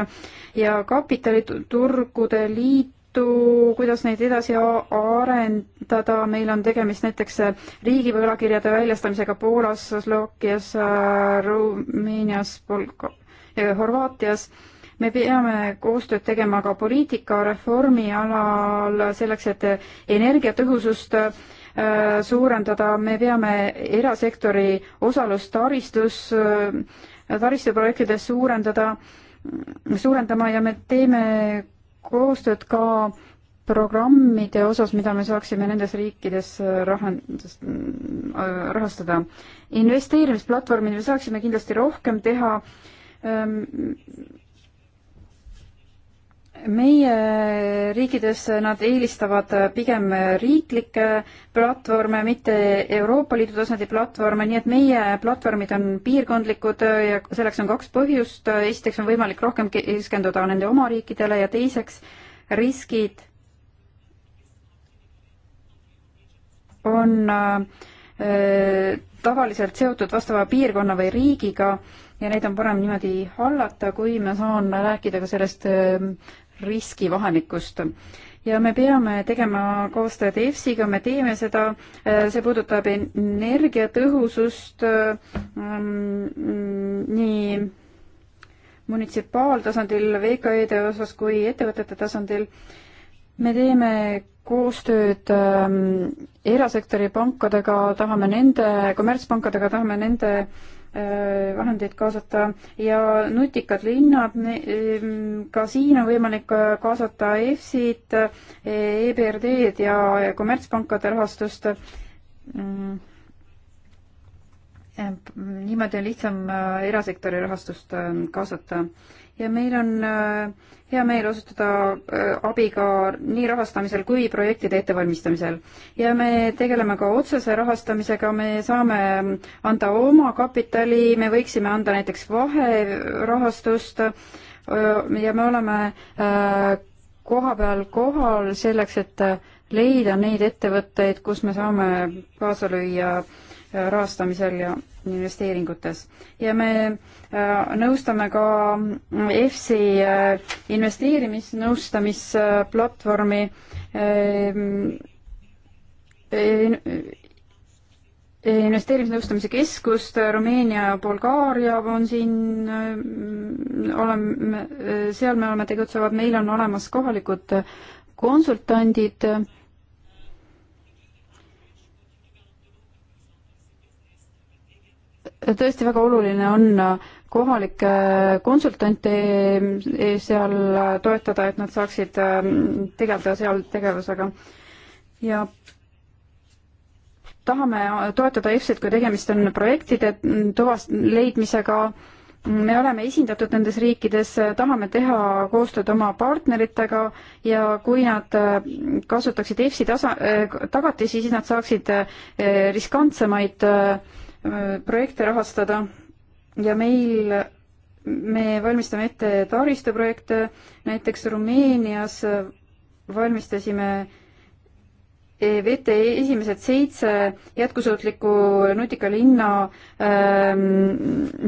ja kapitaliturgude liit Liitu, kuidas neid edasi arendada, meil on tegemist näiteks riigivõlakirjade väljastamisega Poolas, Slovakkias, Rumeenias, Polka-, Horvaatias. me peame koostööd tegema ka poliitikareformi alal selleks, et energiatõhusust äh, suurendada, me peame erasektori osalust taristus, äh, taristuprojektides suurendada suurendama ja me teeme koostööd ka programmide osas, mida me saaksime nendes riikides äh, rahandust, mm, äh, rahastada. investeerimisplatvormid me saaksime kindlasti rohkem teha. Ähm, meie riikides nad eelistavad pigem riiklikke platvorme, mitte Euroopa Liidu tasandi platvorme, nii et meie platvormid on piirkondlikud ja selleks on kaks põhjust. esiteks on võimalik rohkem keskenduda nende oma riikidele ja teiseks riskid on äh, tavaliselt seotud vastava piirkonna või riigiga ja neid on parem niimoodi hallata, kui ma saan rääkida ka sellest äh, riskivahemikust ja me peame tegema koostööd EFSiga, me teeme seda, äh, see puudutab energiatõhusust ähm, nii munitsipaaltasandil, VKE-de osas kui ettevõtete tasandil. me teeme koostööd ähm, erasektori pankadega, tahame nende, kommertspankadega, tahame nende äh, Äh, vahendeid kaasata ja nutikad linnad, ehm, ka siin on võimalik äh, kaasata EFSit, äh, EBRD-d ja kommertspankade rahastust. Mm. niimoodi on lihtsam erasektori rahastust kaasata ja meil on äh, hea meel osutada äh, abi ka nii rahastamisel kui projektide ettevalmistamisel. ja me tegeleme ka otsese rahastamisega, me saame anda oma kapitali, me võiksime anda näiteks vaherahastust äh, ja me oleme koha peal kohal selleks, et leida neid ettevõtteid, kus me saame kaasa lüüa rahastamisel ja investeeringutes ja me äh, nõustame ka äh, EFSI äh, investeerimisnõustamisplatvormi ähm, e, e, investeerimisnõustamise keskust, Rumeenia ja Bulgaaria on siin, oleme, seal me oleme tegutsevad, meil on olemas kohalikud konsultandid tõesti väga oluline on kohalikke konsultante seal toetada, et nad saaksid ähm, tegeleda seal tegevusega. ja tahame toetada EFSit, kui tegemist on projektide tuvast-, leidmisega, me oleme esindatud nendes riikides, tahame teha koostööd oma partneritega ja kui nad äh, kasutaksid EFSi tasa, äh, tagatisi, siis nad saaksid äh, riskantsemaid äh, projekte rahastada ja meil, me valmistame ette taristuprojekte, näiteks Rumeenias valmistasime VTE esimesed seitse jätkusuutliku nutika linna ähm,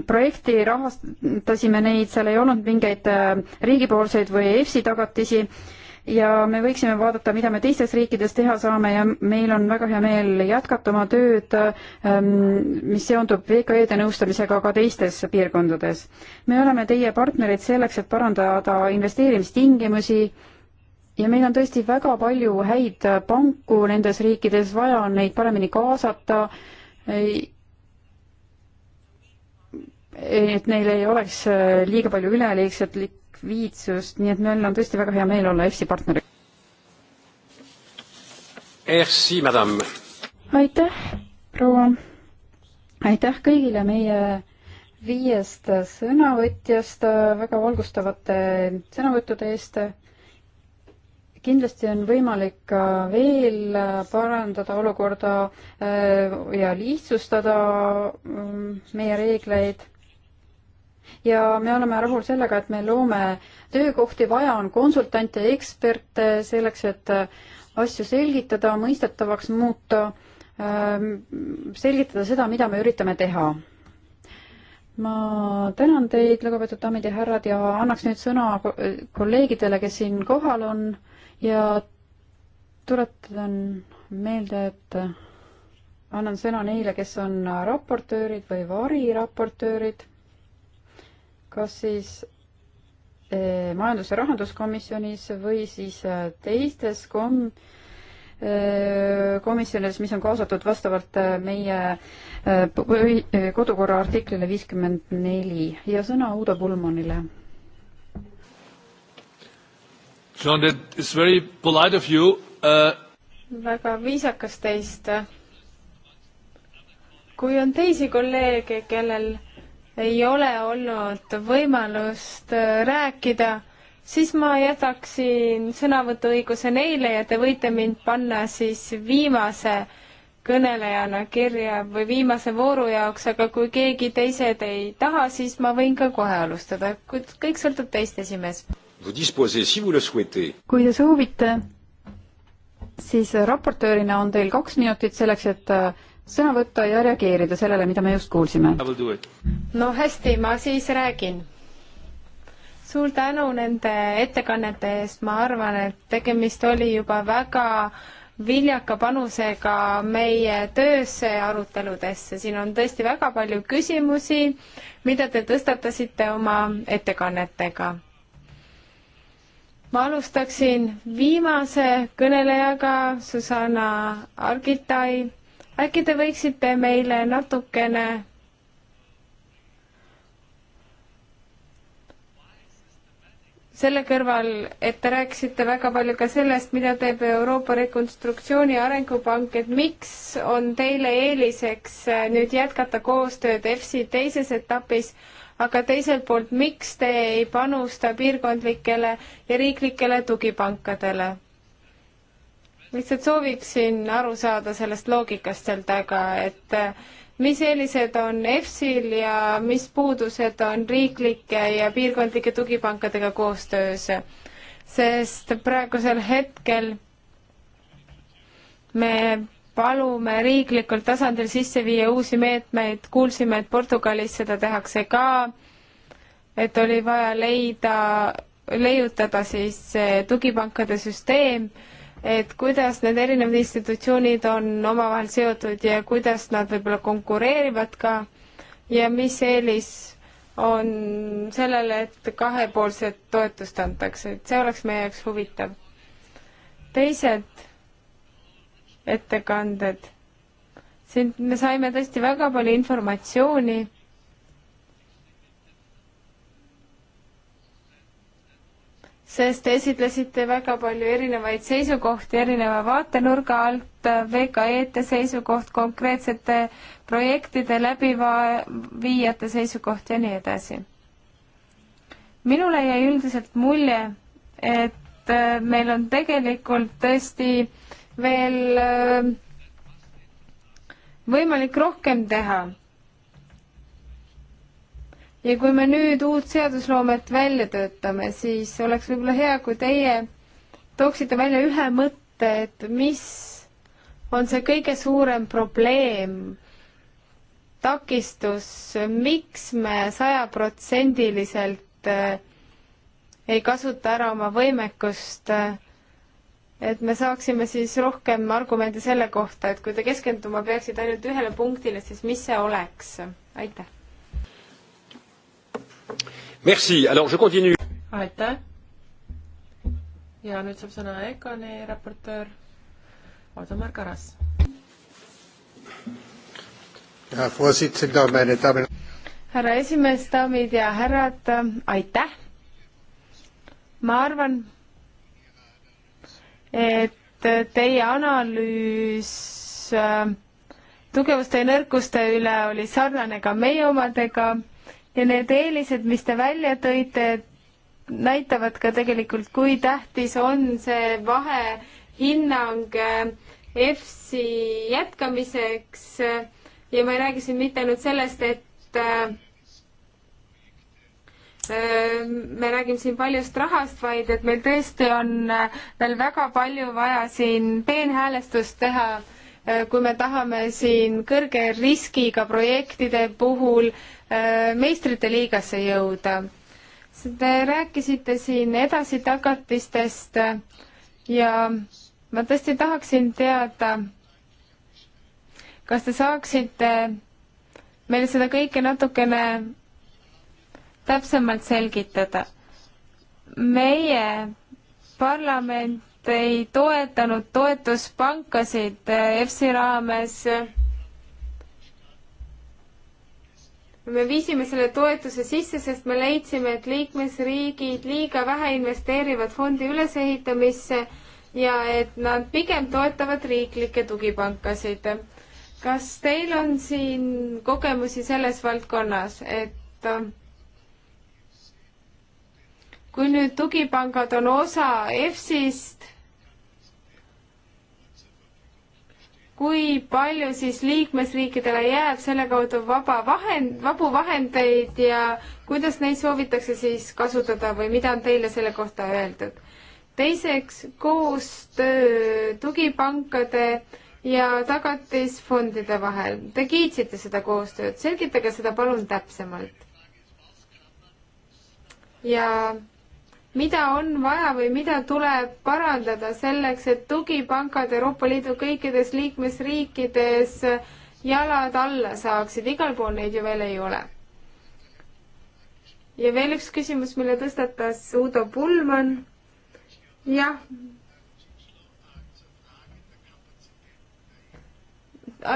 projekti, rahastasime neid, seal ei olnud mingeid äh, riigipoolseid või EFSI tagatisi äh, ja me võiksime vaadata, mida me teistes riikides teha saame ja meil on väga hea meel jätkata oma tööd, ähm, mis seondub VKE-de nõustamisega ka teistes piirkondades. me oleme teie partnerid selleks, et parandada investeerimistingimusi ja meil on tõesti väga palju häid panku nendes riikides, vaja on neid paremini kaasata, et neil ei oleks äh, liiga palju üleliigset likviidsust, nii et meil on tõesti väga hea meel olla EFSI partner. Merci, madame! aitäh, proua! aitäh kõigile meie viiest sõnavõtjast väga valgustavate sõnavõttude eest. kindlasti on võimalik veel parandada olukorda äh, ja lihtsustada mm, meie reegleid ja me oleme rahul sellega, et me loome töökohti, vaja on konsultante, eksperte selleks, et äh, asju selgitada, mõistetavaks muuta, ähm, selgitada seda, mida me üritame teha. ma tänan teid, lugupeetud daamid ja härrad, ja annaks nüüd sõna kolleegidele, kes siin kohal on ja tuletan meelde, et äh, annan sõna neile, kes on raportöörid või variraportöörid kas siis eh, majandus- ja rahanduskomisjonis või siis eh, teistes kom-, eh, komisjonides, mis on kaasatud vastavalt meie kodukorra artiklile viiskümmend neli ja sõna Uudo Pulmanile. John, that is very polite of you uh.... väga viisakas teist. kui on teisi kolleege, kellel ei ole olnud võimalust äh, rääkida, siis ma jätaksin sõnavõtuõiguse neile ja te võite mind panna siis viimase kõnelejana kirja või viimase vooru jaoks, aga kui keegi teised ei taha, siis ma võin ka kohe alustada, kõik sõltub teist, esimees. kui te soovite, siis raportöörina on teil kaks minutit selleks, et äh, sõna võtta ja reageerida sellele, mida me just kuulsime. no hästi, ma siis räägin. suur tänu nende ettekannete eest, ma arvan, et tegemist oli juba väga viljaka panusega meie töösse ja aruteludesse. siin on tõesti väga palju küsimusi, mida te tõstatasite oma ettekannetega. ma alustaksin viimase kõnelejaga, Susanna Argitai äkki te võiksite meile natukene selle kõrval, et te rääkisite väga palju ka sellest, mida teeb Euroopa Rekonstruktsiooni Arengupank, et miks on teile eeliseks äh, nüüd jätkata koostööd EFSI teises etapis, aga teiselt poolt, miks te ei panusta piirkondlikele ja riiklikele tugipankadele? lihtsalt sooviksin aru saada sellest loogikast seal taga, et eh, mis eelised on EFSil ja mis puudused on riiklike ja piirkondlike tugipankadega koostöös, sest praegusel hetkel me palume riiklikul tasandil sisse viia uusi meetmeid, kuulsime, et Portugalis seda tehakse ka, et oli vaja leida, leiutada siis tugipankade süsteem et kuidas need erinevad institutsioonid on omavahel seotud ja kuidas nad võib-olla konkureerivad ka ja mis eelis on sellele, et kahepoolset toetust antakse, et see oleks meie jaoks huvitav. teised ettekanded, siin me saime tõesti väga palju informatsiooni sest te esitlesite väga palju erinevaid seisukohti erineva vaatenurga alt, VKE-te seisukoht, konkreetsete projektide läbiviijate seisukoht ja nii edasi. minule jäi üldiselt mulje, et äh, meil on tegelikult tõesti veel äh, võimalik rohkem teha ja kui me nüüd uut seadusloomet välja töötame, siis oleks võib-olla hea, kui teie tooksite välja ühe mõtte, et mis on see kõige suurem probleem, takistus, miks me sajaprotsendiliselt äh, ei kasuta ära oma võimekust, äh, et me saaksime siis rohkem argumente selle kohta, et kui te keskenduma peaksite ainult ühele punktile, siis mis see oleks? aitäh! Merci, alors je continue. aitäh. ja nüüd saab sõna EKONi raportöör Valdemar Karas. härra esimees, daamid ja härrad, aitäh. ma arvan, et teie analüüs äh, tugevuste ja nõrkuste üle oli sarnane ka meie omadega ja need eelised, mis te välja tõite, näitavad ka tegelikult, kui tähtis on see vahehinnang eh, EFSi jätkamiseks ja ma ei räägi siin mitte ainult sellest, et eh, eh, me räägime siin paljust rahast, vaid et meil tõesti on veel väga palju vaja siin peenhäälestust teha Äh, kui me tahame siin kõrge riskiga projektide puhul äh, meistrite liigasse jõuda. Te rääkisite siin edasitagatistest äh, ja ma tõesti tahaksin teada, kas te saaksite meile seda kõike natukene täpsemalt selgitada? meie parlament ei toetanud toetuspankasid eh, EFSI raames. me viisime selle toetuse sisse, sest me leidsime, et liikmesriigid liiga vähe investeerivad fondi ülesehitamisse ja et nad pigem toetavad riiklikke tugipankasid. kas teil on siin kogemusi selles valdkonnas, et eh, kui nüüd tugipangad on osa EFSist, kui palju siis liikmesriikidele jääb selle kaudu vaba vahend, vabu vahendeid ja kuidas neid soovitakse siis kasutada või mida on teile selle kohta öeldud? teiseks, koostöö tugipankade ja tagatisfondide vahel. Te kiitsite seda koostööd, selgitage seda palun täpsemalt. ja mida on vaja või mida tuleb parandada selleks, et tugipangad Euroopa Liidu kõikides liikmesriikides jalad alla saaksid, igal pool neid ju veel ei ole. ja veel üks küsimus, mille tõstatas Udo Pulman. jah.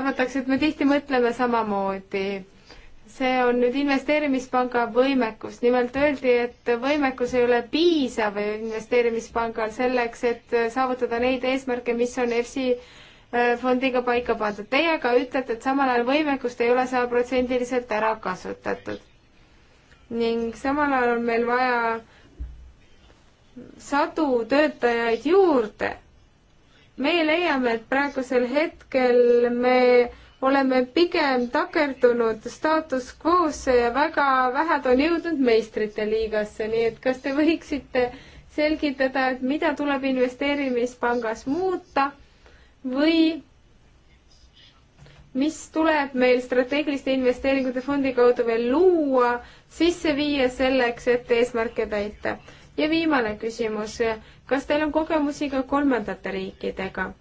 arvatakse, et me tihti mõtleme samamoodi see on nüüd investeerimispanga võimekus. nimelt öeldi, et võimekus ei ole piisav investeerimispangal selleks, et saavutada neid eesmärke, mis on EFSI äh, fondiga paika pandud. Teie aga ütlete, et samal ajal võimekust ei ole sajaprotsendiliselt ära kasutatud. ning samal ajal on meil vaja sadu töötajaid juurde. meie leiame, et praegusel hetkel me oleme pigem takerdunud staatus quo'sse ja väga vähed on jõudnud meistrite liigasse, nii et kas te võiksite selgitada, et mida tuleb investeerimispangas muuta või mis tuleb meil strateegiliste investeeringute fondi kaudu veel luua, sisse viia selleks, et eesmärke täita? ja viimane küsimus, kas teil on kogemusi ka kolmandate riikidega?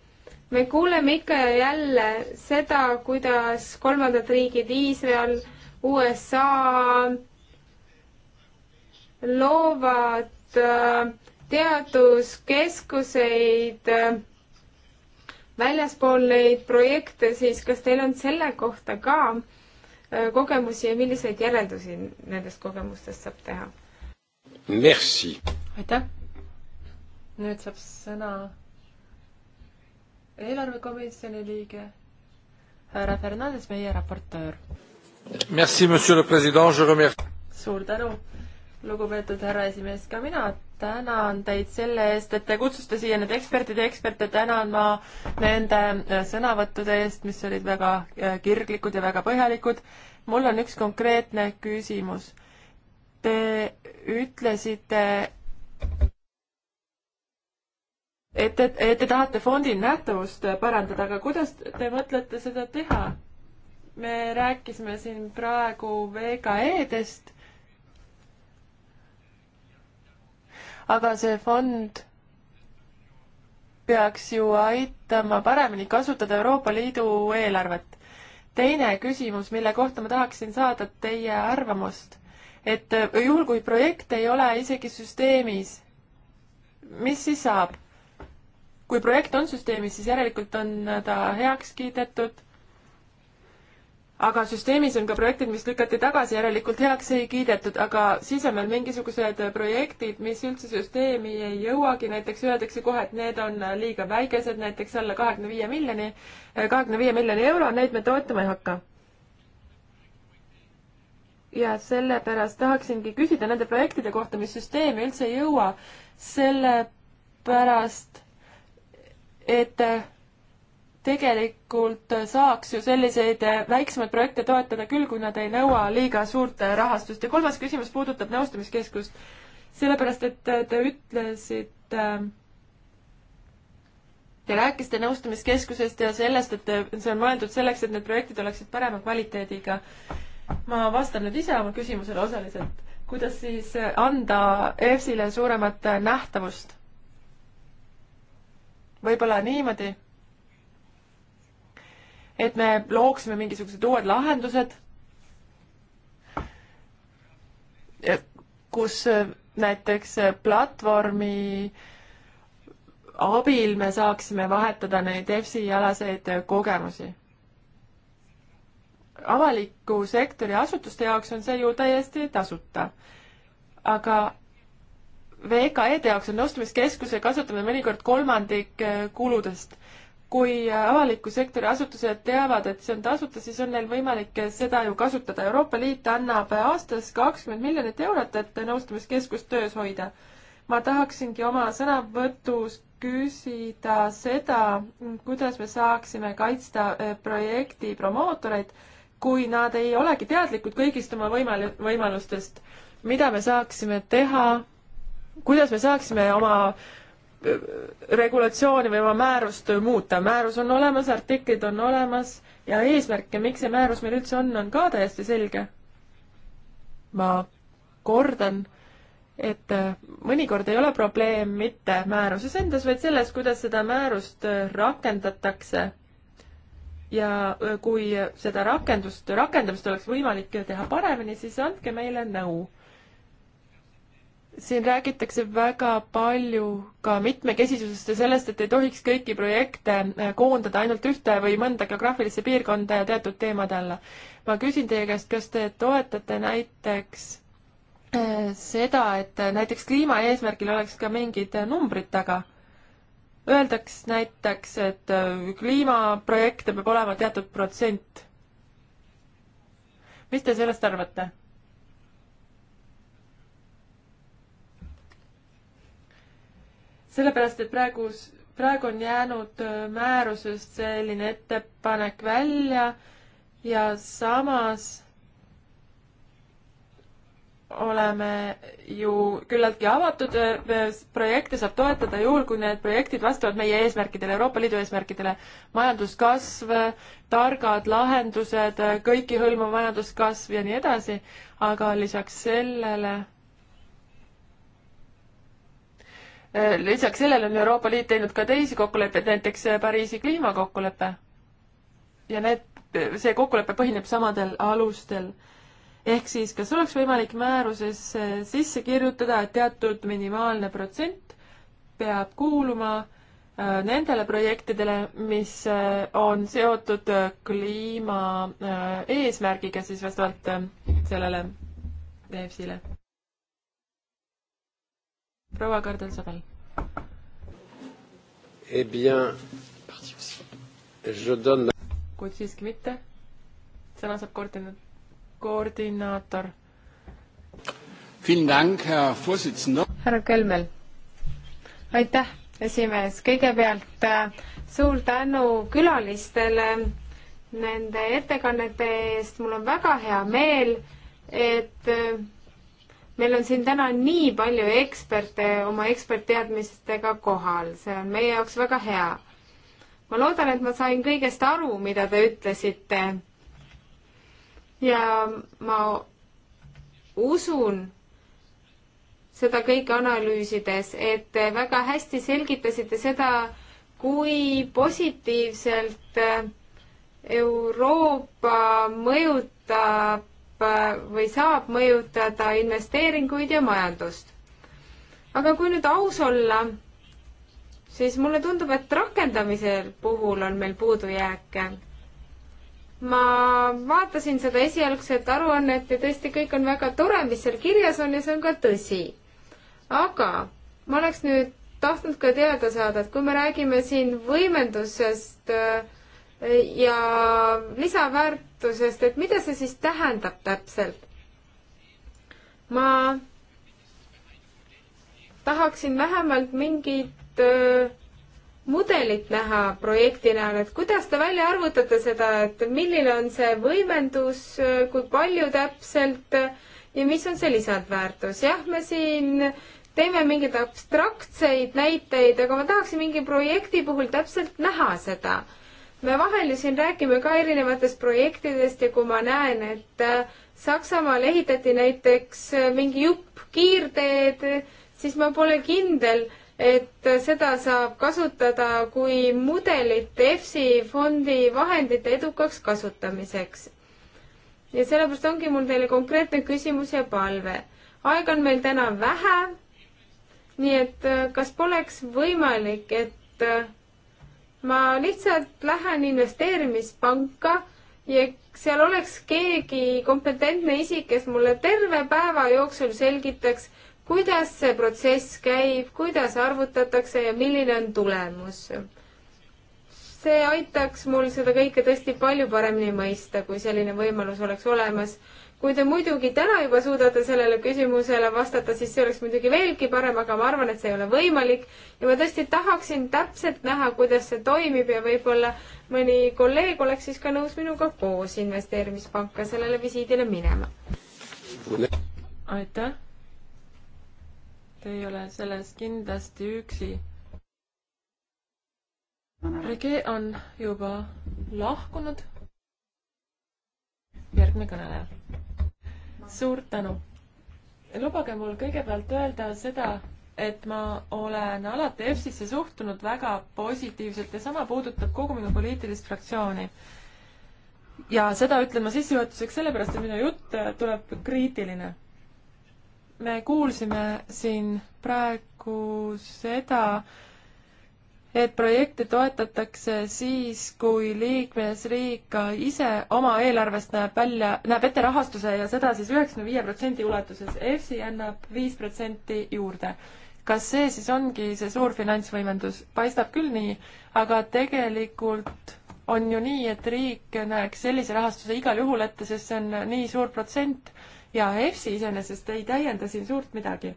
me kuuleme ikka ja jälle seda, kuidas kolmandad riigid, Iisrael, USA loovad äh, teaduskeskuseid äh, väljaspool neid projekte, siis kas teil on selle kohta ka äh, kogemusi ja milliseid järeldusi nendest kogemustest saab teha? aitäh! nüüd saab sõna eelarvekomisjoni liige härra Fernandes, meie raportöör. Merci, monsieur le president, je remercie. suur tänu, lugupeetud härra esimees, ka mina tänan teid selle eest, et te kutsusite siia need eksperdid ja eksperte tänan ma nende äh, sõnavõttude eest, mis olid väga äh, kirglikud ja väga põhjalikud. mul on üks konkreetne küsimus. Te ütlesite, et, et, et te tahate fondi nähtavust parandada, aga kuidas te mõtlete seda teha? me rääkisime siin praegu VKE-dest, aga see fond peaks ju aitama paremini kasutada Euroopa Liidu eelarvet. teine küsimus, mille kohta ma tahaksin saada teie arvamust, et juhul, kui projekt ei ole isegi süsteemis, mis siis saab? kui projekt on süsteemis, siis järelikult on ta heaks kiidetud. aga süsteemis on ka projektid, mis lükati tagasi, järelikult heaks ei kiidetud, aga siis on meil mingisugused projektid, mis üldse süsteemi ei jõuagi, näiteks öeldakse kohe, et need on liiga väikesed, näiteks alla kahekümne viie miljoni, eh, kahekümne viie miljoni euro, neid me toetama ei hakka ja sellepärast tahaksingi küsida nende projektide kohta, mis süsteemi üldse ei jõua, sellepärast et tegelikult saaks ju selliseid väiksemaid projekte toetada küll, kui nad ei nõua liiga suurt rahastust. ja kolmas küsimus puudutab nõustamiskeskust. sellepärast, et te ütlesite, te rääkisite nõustamiskeskusest ja sellest, et see on mõeldud selleks, et need projektid oleksid parema kvaliteediga. ma vastan nüüd ise oma küsimusele osaliselt. kuidas siis anda EFSile suuremat nähtavust? võib-olla niimoodi, et me looksime mingisugused uued lahendused, kus näiteks platvormi abil me saaksime vahetada neid EFSI jalaseid kogemusi. avaliku sektori asutuste jaoks on see ju täiesti tasuta. aga VKE-de jaoks on nõustamiskeskuse kasutamine mõnikord kolmandik äh, kuludest. kui äh, avaliku sektori asutused teavad, et see on tasuta, siis on neil võimalik äh, seda ju kasutada. Euroopa Liit annab aastas kakskümmend miljonit eurot, et nõustamiskeskust töös hoida. ma tahaksingi oma sõnavõtus küsida seda, mm, kuidas me saaksime kaitsta projekti promootoreid, kui nad ei olegi teadlikud kõigist oma võimal-, võimalustest. mida me saaksime teha kuidas me saaksime oma äh, regulatsiooni või oma määrust muuta, määrus on olemas, artiklid on olemas ja eesmärk ja miks see määrus meil üldse on, on ka täiesti selge. ma kordan, et äh, mõnikord ei ole probleem mitte määruses endas, vaid selles, kuidas seda määrust äh, rakendatakse. ja kui seda rakendust, rakendamist oleks võimalik teha paremini, siis andke meile nõu siin räägitakse väga palju ka mitmekesisusest ja sellest, et ei tohiks kõiki projekte äh, koondada ainult ühte või mõnda geograafilisse piirkonda ja teatud teemade alla. ma küsin teie käest, kas te toetate näiteks äh, seda, et näiteks kliimaeesmärgil oleks ka mingid numbrid taga? Öeldaks näiteks, et äh, kliimaprojekte peab olema teatud protsent. mis te sellest arvate? sellepärast, et praegu, praegu on jäänud äh, määrusest selline ettepanek välja ja samas oleme ju küllaltki avatud, äh, äh, projekte saab toetada juhul, kui need projektid vastavad meie eesmärkidele, Euroopa Liidu eesmärkidele. majanduskasv, targad lahendused, kõikihõlmav majanduskasv ja nii edasi, aga lisaks sellele Äh, lisaks sellele on Euroopa Liit teinud ka teisi kokkuleppeid, näiteks äh, Pariisi kliimakokkulepe. ja need, see kokkulepe põhineb samadel alustel. ehk siis, kas oleks võimalik määrusesse sisse kirjutada, et teatud minimaalne protsent peab kuuluma äh, nendele projektidele, mis on seotud kliima eesmärgiga siis vastavalt sellele EFSile? proua Kardel Sabel. Eh bien, je donne... kuid siiski mitte. sõna saab koordina-, koordinaator. härra Kölmel. aitäh, esimees. kõigepealt äh, suur tänu külalistele nende ettekannete eest, mul on väga hea meel, et äh, meil on siin täna nii palju eksperte oma ekspertteadmistega kohal, see on meie jaoks väga hea. ma loodan, et ma sain kõigest aru, mida te ütlesite. ja ma usun seda kõike analüüsides, et väga hästi selgitasite seda, kui positiivselt Euroopa mõjutab Äh, või saab mõjutada investeeringuid ja majandust. aga kui nüüd aus olla, siis mulle tundub, et rakendamise puhul on meil puudujääke. ma vaatasin seda esialgset aruannet ja tõesti, kõik on väga tore, mis seal kirjas on ja see on ka tõsi. aga ma oleks nüüd tahtnud ka teada saada, et kui me räägime siin võimendusest äh, ja lisaväärt, algatusest, et mida see siis tähendab täpselt? ma tahaksin vähemalt mingit öö, äh, mudelit näha projekti näol, et kuidas te välja arvutate seda, et milline on see võimendus, äh, kui palju täpselt äh, ja mis on see lisandväärtus? jah, me siin teeme mingeid abstraktseid näiteid, aga ma tahaksin mingi projekti puhul täpselt näha seda me vahel ju siin räägime ka erinevatest projektidest ja kui ma näen, et äh, Saksamaal ehitati näiteks äh, mingi jupp kiirteed, siis ma pole kindel, et äh, seda saab kasutada kui mudelit EFSI fondi vahendite edukaks kasutamiseks. ja sellepärast ongi mul teile konkreetne küsimus ja palve. aega on meil täna vähe, nii et kas poleks võimalik, et ma lihtsalt lähen investeerimispanka ja seal oleks keegi kompetentne isik, kes mulle terve päeva jooksul selgitaks, kuidas see protsess käib, kuidas arvutatakse ja milline on tulemus. see aitaks mul seda kõike tõesti palju paremini mõista, kui selline võimalus oleks olemas kui te muidugi täna juba suudate sellele küsimusele vastata, siis see oleks muidugi veelgi parem, aga ma arvan, et see ei ole võimalik. ja ma tõesti tahaksin täpselt näha, kuidas see toimib ja võib-olla mõni kolleeg oleks siis ka nõus minuga koos investeerimispanka sellele visiidile minema. aitäh. Te ei ole selles kindlasti üksi. Rege on juba lahkunud järgmine kõneleja suur tänu! lubage mul kõigepealt öelda seda, et ma olen alati EFSisse suhtunud väga positiivselt ja sama puudutab kogu minu poliitilist fraktsiooni. ja seda ütlen ma sissejuhatuseks sellepärast, et minu jutt tuleb kriitiline. me kuulsime siin praegu seda, et projekte toetatakse siis, kui liikmesriik ka ise oma eelarvest näeb välja, näeb ette rahastuse ja seda siis üheksakümne viie protsendi ulatuses. EFSI annab viis protsenti juurde. kas see siis ongi see suur finantsvõimendus? paistab küll nii, aga tegelikult on ju nii, et riik näeks sellise rahastuse igal juhul ette, sest see on nii suur protsent ja EFSI iseenesest ei täienda siin suurt midagi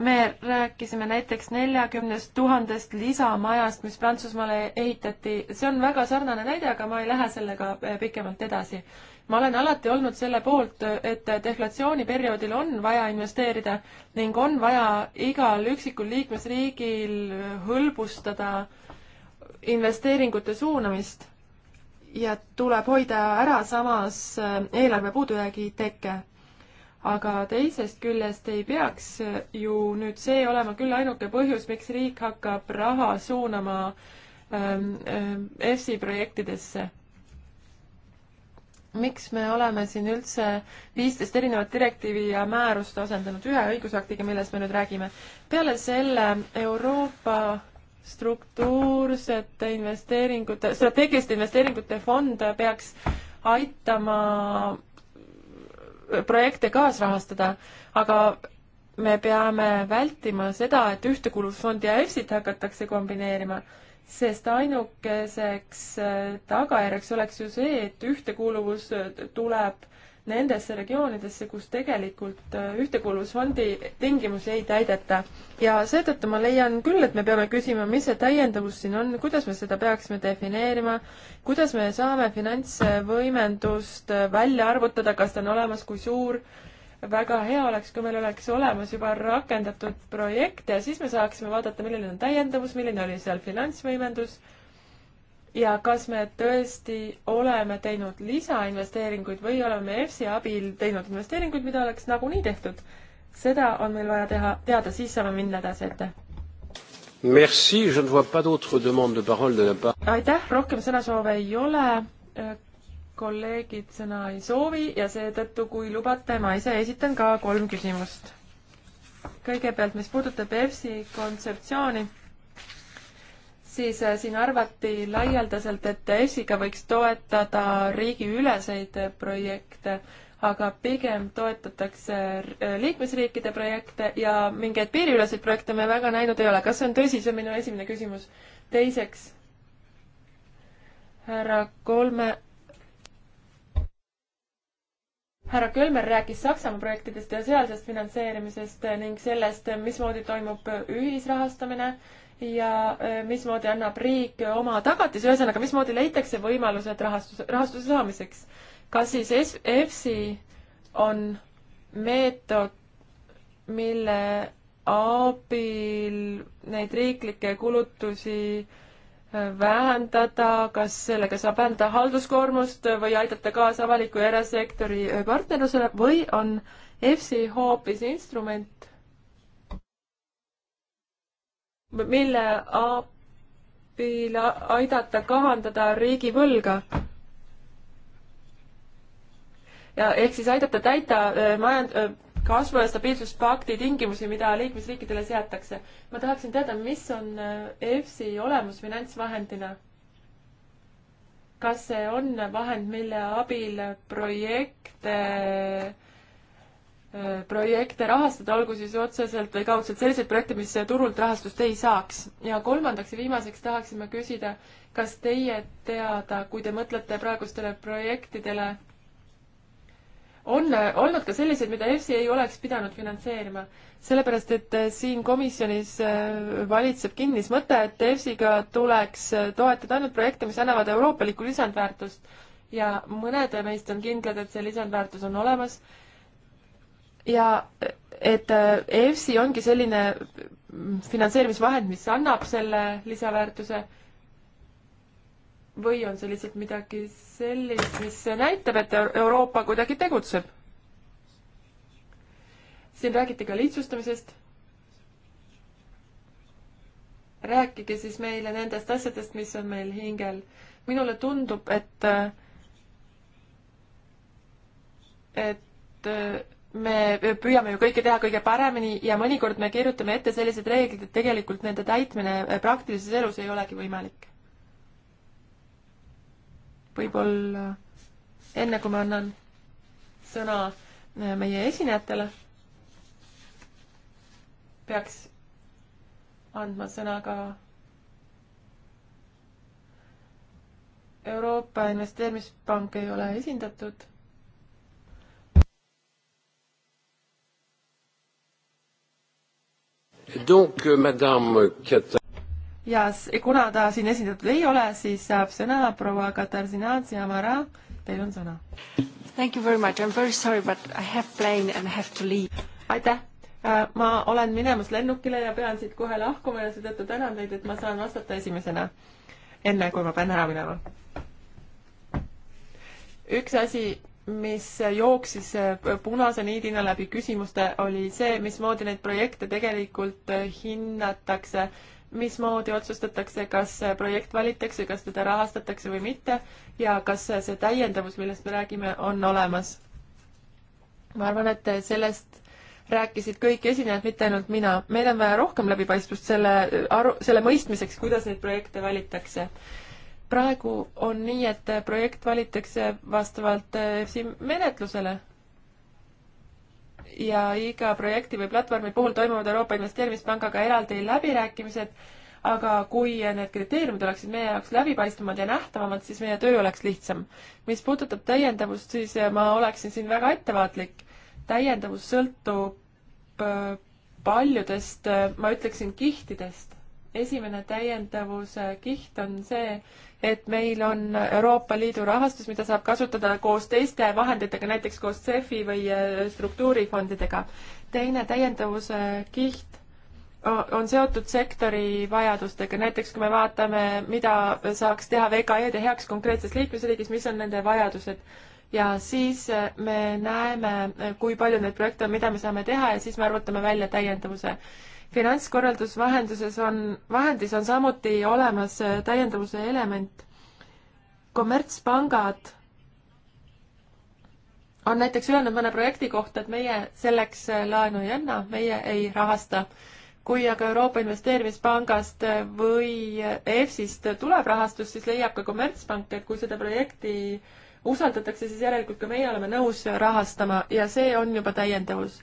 me rääkisime näiteks neljakümnest tuhandest lisamajast, mis Prantsusmaale ehitati, see on väga sarnane näide, aga ma ei lähe sellega eh, pikemalt edasi. ma olen alati olnud selle poolt, et deflatsiooniperioodil on vaja investeerida ning on vaja igal üksikul liikmesriigil hõlbustada investeeringute suunamist ja tuleb hoida ära samas eh, eelarve puudujäägi teke aga teisest küljest ei peaks ju nüüd see olema küll ainuke põhjus, miks riik hakkab raha suunama ähm, ähm, EFSI projektidesse. miks me oleme siin üldse viisteist erinevat direktiivi ja määrust asendanud ühe õigusaktiga, millest me nüüd räägime? peale selle Euroopa struktuursete investeeringute, strateegiliste investeeringute fond peaks aitama projekte kaasrahastada, aga me peame vältima seda, et Ühtekuuluvusfondi ja EFSit hakatakse kombineerima, sest ainukeseks tagajärjeks oleks ju see, et ühtekuuluvus tuleb nendesse regioonidesse, kus tegelikult äh, Ühtekuuluvusfondi tingimusi ei täideta. ja seetõttu ma leian küll, et me peame küsima, mis see täiendavus siin on, kuidas me seda peaksime defineerima, kuidas me saame finantsvõimendust äh, välja arvutada, kas ta on olemas, kui suur, väga hea oleks, kui meil oleks olemas juba rakendatud projekt ja siis me saaksime vaadata, milline on täiendavus, milline oli seal finantsvõimendus ja kas me tõesti oleme teinud lisainvesteeringuid või oleme EFSI abil teinud investeeringuid, mida oleks nagunii tehtud. seda on meil vaja teha, teada, siis saame minna edasi ette. Merci, je ne vois pas d'autres demandes de parole de la part. aitäh, rohkem sõnasoove ei ole. Äh, kolleegid sõna ei soovi ja seetõttu, kui lubate, ma ise esitan ka kolm küsimust. kõigepealt, mis puudutab EFSI kontseptsiooni siis äh, siin arvati laialdaselt, et ESIga võiks toetada riigiüleseid projekte, aga pigem toetatakse äh, liikmesriikide projekte ja mingeid piiriüleseid projekte me väga näinud ei ole. kas see on tõsi, see on minu esimene küsimus. teiseks, härra Kolme, härra Kölmer rääkis Saksamaa projektidest ja sealsest finantseerimisest ning sellest, mismoodi toimub ühisrahastamine ja äh, mismoodi annab riik oma tagatise, ühesõnaga, mismoodi leitakse võimalused rahastus, rahastuse saamiseks. kas siis EFSI on meetod, mille abil neid riiklikke kulutusi äh, vähendada, kas sellega saab vähendada halduskoormust või aidata kaasa avaliku ja erasektori äh, partnerlusele või on EFSI hoopis instrument, mille abil aidata kahandada riigivõlga. ja ehk siis aidata täita äh, majand-, äh, kasvu- ja stabiilsuspakti tingimusi, mida liikmesriikidele seatakse. ma tahaksin teada, mis on äh, EFSI olemus finantsvahendina? kas see on vahend, mille abil projekte projekte rahastada, olgu siis otseselt või kaudselt selliseid projekte, mis turult rahastust ei saaks. ja kolmandaks ja viimaseks tahaksime küsida, kas teie teada, kui te mõtlete praegustele projektidele, on olnud ka selliseid, mida EFSI ei oleks pidanud finantseerima? sellepärast, et siin komisjonis äh, valitseb kinnismõte, et EFSI-ga tuleks äh, toetada ainult projekte, mis annavad euroopalikku lisandväärtust ja mõned meist on kindlad, et see lisandväärtus on olemas ja et äh, EFSI ongi selline finantseerimisvahend, mis annab selle lisaväärtuse või on see lihtsalt midagi sellist, mis näitab, et Euroopa kuidagi tegutseb? siin räägiti ka lihtsustamisest. rääkige siis meile nendest asjadest, mis on meil hingel. minule tundub, et, et me püüame ju kõike teha kõige paremini ja mõnikord me kirjutame ette sellised reeglid, et tegelikult nende täitmine äh, praktilises elus ei olegi võimalik. võib-olla äh, enne, kui ma annan sõna äh, meie esinejatele, peaks andma sõna ka Euroopa Investeerimispank ei ole esindatud Donc, euh, madame Katar. ja e kuna ta siin esindatud ei ole, siis saab sõna proua Katarzyna Tsiamara, teil on sõna. Thank you very much, I am very sorry, but I have plane and have to leave. aitäh, äh, ma olen minemas lennukile ja pean siit kohe lahkuma ja seetõttu tänan teid, et ma saan vastata esimesena, enne kui ma pean ära minema. üks asi, mis jooksis punase niidina läbi küsimuste, oli see, mismoodi neid projekte tegelikult hinnatakse, mismoodi otsustatakse, kas projekt valitakse, kas teda rahastatakse või mitte ja kas see täiendavus, millest me räägime, on olemas. ma arvan, et sellest rääkisid kõik esinejad, mitte ainult mina. meil on vaja rohkem läbipaistvust selle aru, selle mõistmiseks, kuidas neid projekte valitakse praegu on nii, et projekt valitakse vastavalt siin äh, menetlusele ja iga projekti või platvormi puhul toimuvad Euroopa Investeerimispangaga eraldi läbirääkimised, aga kui need kriteeriumid oleksid meie jaoks läbipaistvamad ja nähtavamad, siis meie töö oleks lihtsam. mis puudutab täiendavust, siis äh, ma oleksin siin väga ettevaatlik. täiendavus sõltub äh, paljudest, ma ütleksin, kihtidest. esimene täiendavuse kiht on see, et meil on Euroopa Liidu rahastus, mida saab kasutada koos teiste vahenditega, näiteks koos CEF-i või äh, struktuurifondidega. teine täiendavuse kiht on seotud sektori vajadustega, näiteks kui me vaatame, mida saaks teha VKE-de heaks konkreetses liikmesriigis, mis on nende vajadused ja siis äh, me näeme, äh, kui palju neid projekte on, mida me saame teha ja siis me arvutame välja täiendavuse finantskorraldusvahenduses on, vahendis on samuti olemas äh, täiendavuse element. kommertspangad on näiteks öelnud mõne projekti kohta, et meie selleks äh, laenu ei anna, meie ei rahasta. kui aga Euroopa Investeerimispangast äh, või EFSist tuleb rahastus, siis leiab ka kommertspank, et kui seda projekti usaldatakse, siis järelikult ka meie oleme nõus rahastama ja see on juba täiendavus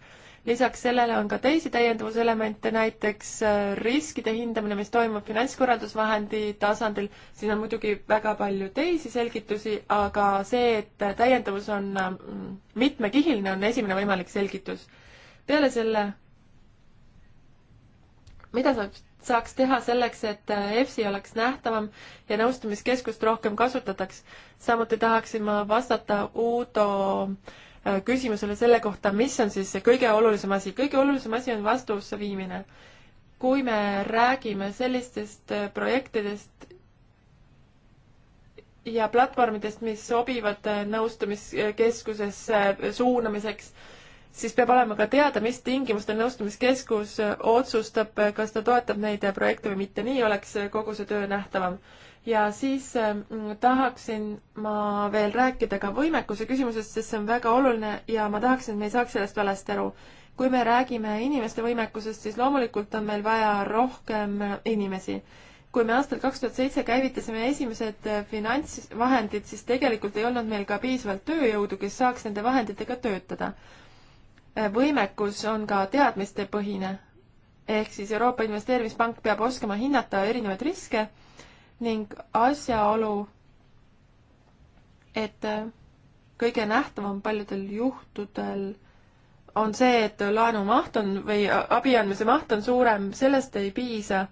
lisaks sellele on ka teisi täienduvuselemente, näiteks äh, riskide hindamine, mis toimub finantskorraldusvahendi tasandil, siin on muidugi väga palju teisi selgitusi, aga see, et täienduvus on äh, mitmekihiline, on esimene võimalik selgitus. peale selle, mida saab saaks teha selleks, et äh, EFSI oleks nähtavam ja nõustamiskeskust rohkem kasutataks. samuti tahaksin ma vastata Uudo äh, küsimusele selle kohta, mis on siis see kõige olulisem asi. kõige olulisem asi on vastuvusse viimine. kui me räägime sellistest äh, projektidest ja platvormidest, mis sobivad äh, nõustamiskeskusesse äh, suunamiseks, siis peab olema ka teada, mis tingimustel nõustamiskeskus otsustab, kas ta toetab neid projekte või mitte. nii oleks kogu see töö nähtavam ja siis äh, mm, tahaksin ma veel rääkida ka võimekuse küsimusest, sest see on väga oluline ja ma tahaksin, et me ei saaks sellest valesti aru. kui me räägime inimeste võimekusest, siis loomulikult on meil vaja rohkem äh, inimesi. kui me aastal kaks tuhat seitse käivitasime esimesed äh, finantsvahendid, siis tegelikult ei olnud meil ka piisavalt tööjõudu, kes saaks nende vahenditega töötada. võimekus on ka teadmistepõhine ehk siis Euroopa Investeerimispank peab oskama hinnata erinevaid riske ning asjaolu, et kõige nähtavam paljudel juhtudel on see, et laenu maht on või abi andmise maht on suurem, sellest ei piisa.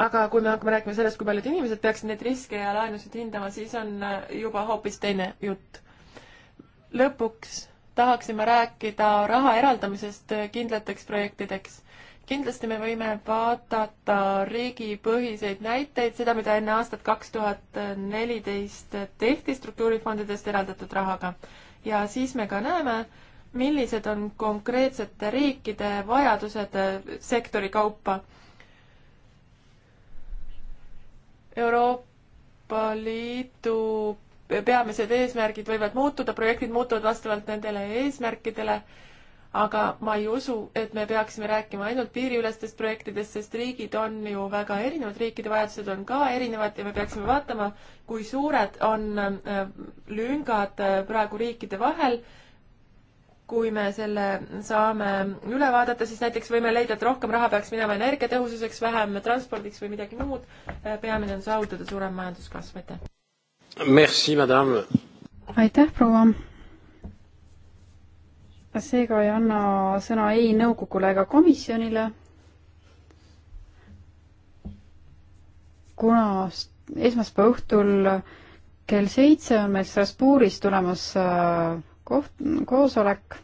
aga kui me hakkame rääkima sellest, kui paljud inimesed peaksid neid riske ja laenusid hindama, siis on juba hoopis teine jutt. lõpuks tahaksin ma rääkida raha eraldamisest kindlateks projektideks kindlasti me võime vaadata riigipõhiseid näiteid, seda, mida enne aastat kaks tuhat neliteist tehti struktuurifondidest eraldatud rahaga. ja siis me ka näeme, millised on konkreetsete riikide vajadused sektori kaupa. Euroopa Liidu peamised eesmärgid võivad muutuda, projektid muutuvad vastavalt nendele eesmärkidele aga ma ei usu, et me peaksime rääkima ainult piiriülestest projektidest, sest riigid on ju väga erinevad, riikide vajadused on ka erinevad ja me peaksime vaatama, kui suured on äh, lüngad äh, praegu riikide vahel. kui me selle saame üle vaadata, siis näiteks võime leida, et rohkem raha peaks minema energiatõhususeks, vähem transpordiks või midagi muud. Äh, peamine on saavutada suurem majanduskasv, aitäh. Merci, madame. aitäh, proua seega ei anna sõna ei nõukogule ega komisjonile, kuna esmaspäeva õhtul kell seitse on meil Strasbourgis tulemas äh, koht, koosolek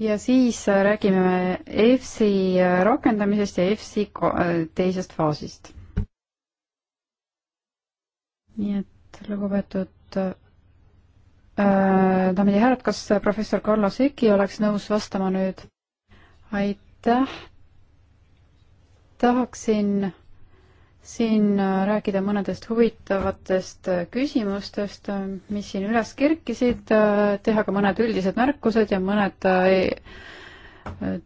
ja siis räägime me EFSI äh, rakendamisest ja EFSI äh, teisest faasist. nii et lugupeetud Äh, daamid ja härrad, kas professor Karlo Seki oleks nõus vastama nüüd? aitäh. tahaksin siin äh, rääkida mõnedest huvitavatest äh, küsimustest, mis siin üles kerkisid, teha ka mõned üldised märkused ja mõned e-,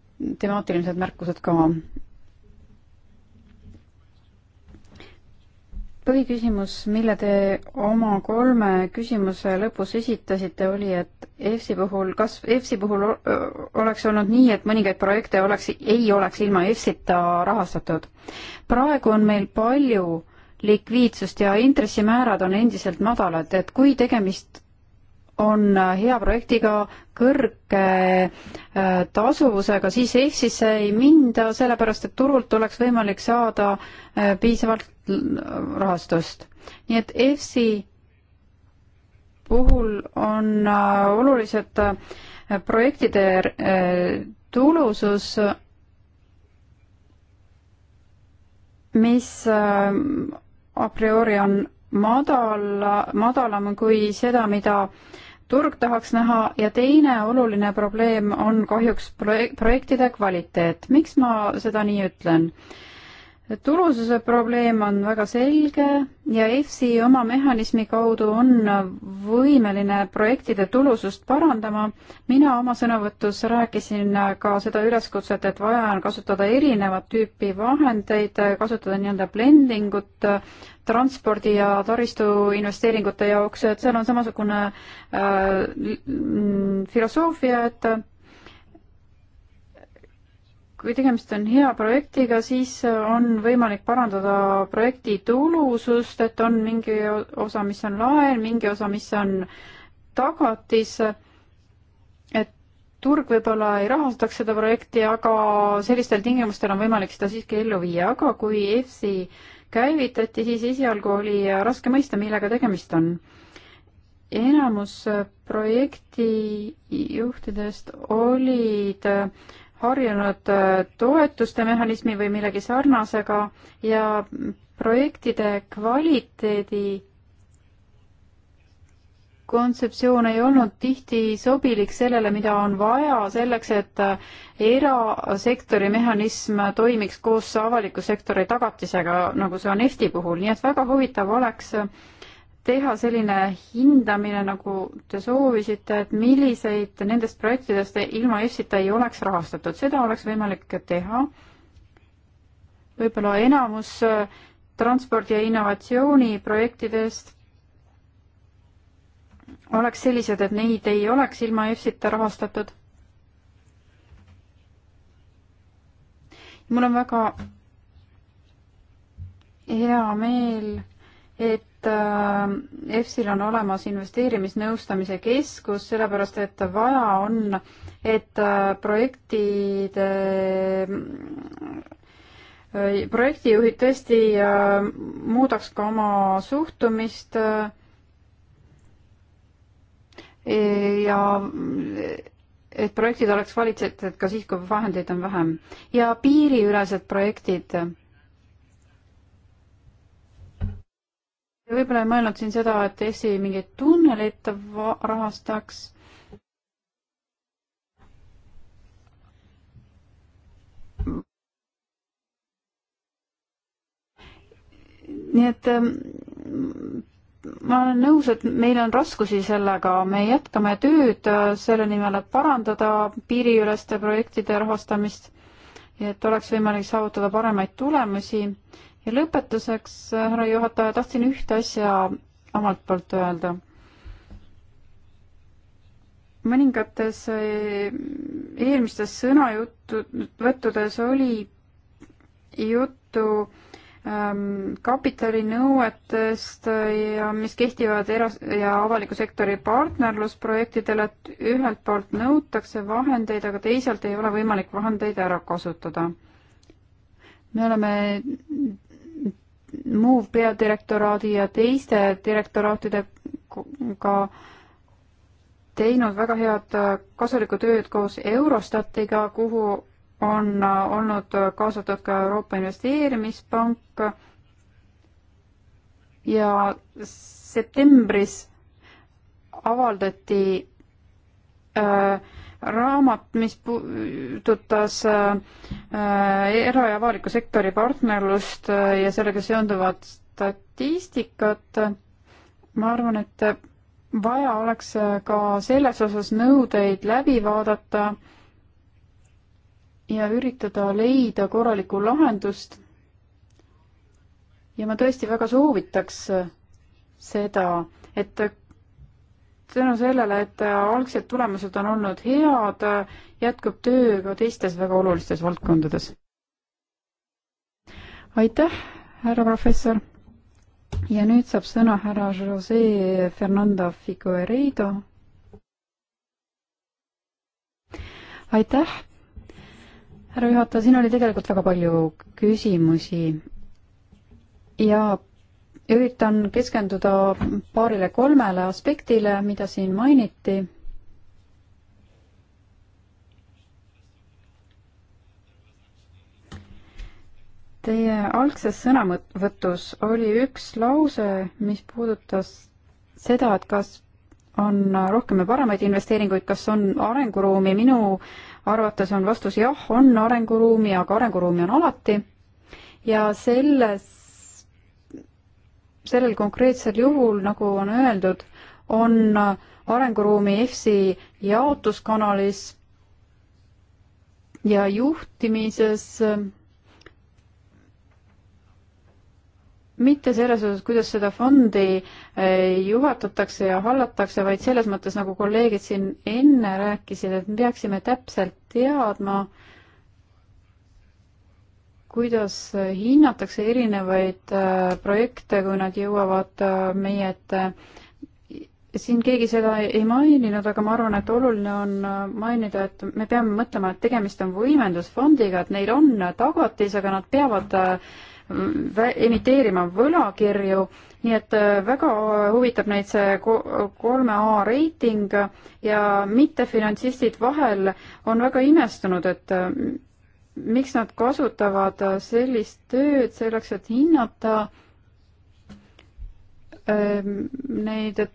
temaatilised märkused ka. põhiküsimus, mille te oma kolme küsimuse lõpus esitasite, oli, et EFSi puhul, kas EFSi puhul oleks olnud nii, et mõningaid projekte oleks, ei oleks ilma EFSita rahastatud? praegu on meil palju likviidsust ja intressimäärad on endiselt madalad, et kui tegemist on hea projektiga, kõrge äh, tasuvusega, siis EFSisse ei minda, sellepärast et turult oleks võimalik saada äh, piisavalt rahastust. nii et EFSi puhul on äh, olulised projektide tulusus, mis a priori on madal, madalam kui seda, mida äh, turg tahaks näha ja teine oluline probleem on kahjuks projektide kvaliteet. miks ma seda nii ütlen? tulususe probleem on väga selge ja EFSI oma mehhanismi kaudu on võimeline projektide tulusust parandama. mina oma sõnavõtus rääkisin ka seda üleskutset, et vaja on kasutada erinevat tüüpi vahendeid, kasutada nii-öelda blending ut, transpordi ja taristuinvesteeringute jaoks, et seal on samasugune äh, filosoofia, et kui tegemist on hea projektiga, siis on võimalik parandada projekti tulusust, et on mingi osa, mis on laen, mingi osa, mis on tagatis, et turg võib-olla ei rahastaks seda projekti, aga sellistel tingimustel on võimalik seda siiski ellu viia, aga kui EFSI äh, käivitati, siis esialgu oli raske mõista, millega tegemist on. enamus projektijuhtidest olid harjunud toetuste mehhanismi või millegi sarnasega ja projektide kvaliteedi kontseptsioon ei olnud tihti sobilik sellele, mida on vaja selleks, et äh, erasektori mehhanism toimiks koos avaliku sektori tagatisega, nagu see on EFTi puhul, nii et väga huvitav oleks äh, teha selline hindamine, nagu te soovisite, et milliseid nendest projektidest ilma EFSita ei oleks rahastatud, seda oleks võimalik teha. võib-olla enamus äh, transpordi ja innovatsiooniprojektidest oleks sellised, et neid ei oleks ilma EFSita rahastatud. mul on väga hea meel, et äh, EFSil on olemas investeerimisnõustamise keskus, sellepärast et vaja on, et äh, projektide äh, projektijuhid tõesti muudaks ka oma suhtumist äh, ja et projektid oleks valitsetud ka siis, kui vahendeid on vähem. ja piiriülesed projektid. võib-olla ei mõelnud siin seda, et Eesti mingit tunnelit rahastaks nii et ähm, ma olen nõus, et meil on raskusi sellega, me jätkame tööd äh, selle nimel, et parandada piiriüleste projektide rahastamist ja et oleks võimalik saavutada paremaid tulemusi. ja lõpetuseks, äh, härra juhataja, tahtsin ühte asja omalt poolt öelda. mõningates äh, eelmistes sõnajuttu, võttudes oli juttu Ähm, kapitalinõuetest ja mis kehtivad eras- ja avaliku sektori partnerlusprojektidele, et ühelt poolt nõutakse vahendeid, aga teisalt ei ole võimalik vahendeid ära kasutada. me oleme MOVE peadirektoraadi ja teiste direktoraatidega teinud väga head kasulikku tööd koos Eurostatiga, kuhu on olnud kaasatud ka Euroopa Investeerimispank ja septembris avaldati äh, raamat, mis puudutas äh, äh, era- ja avaliku sektori partnerlust äh, ja sellega seonduvat statistikat. ma arvan, et vaja oleks äh, ka selles osas nõudeid läbi vaadata äh, ja üritada leida korralikku lahendust. ja ma tõesti väga soovitaks seda, et tänu sellele, et algsed tulemused on olnud head, jätkub töö ka teistes väga olulistes valdkondades. aitäh, härra professor. ja nüüd saab sõna härra Jose Fernando Figueredo. aitäh, härra juhataja, siin oli tegelikult väga palju küsimusi ja üritan keskenduda paarile-kolmele aspektile, mida siin mainiti. Teie algses sõnavõtus oli üks lause, mis puudutas seda, et kas on rohkem ja paremaid investeeringuid, kas on arenguruumi, minu arvates on vastus jah, on arenguruumi, aga arenguruumi on alati ja selles, sellel konkreetsel juhul, nagu on öeldud, on arenguruumi EFSI jaotuskanalis ja juhtimises mitte selles osas, kuidas seda fondi eh, juhatatakse ja hallatakse, vaid selles mõttes, nagu kolleegid siin enne rääkisid, et me peaksime täpselt teadma, kuidas hinnatakse erinevaid eh, projekte, kui nad jõuavad eh, meie ette. siin keegi seda ei maininud, aga ma arvan, et oluline on mainida, et me peame mõtlema, et tegemist on võimendusfondiga, et neil on tagatis, aga nad peavad äh, emiteerima võlakirju, nii et äh, väga huvitab neid see kolme A reiting ja mittefinantsistid vahel on väga imestunud, et äh, miks nad kasutavad äh, sellist tööd selleks, et hinnata ähm, neid, et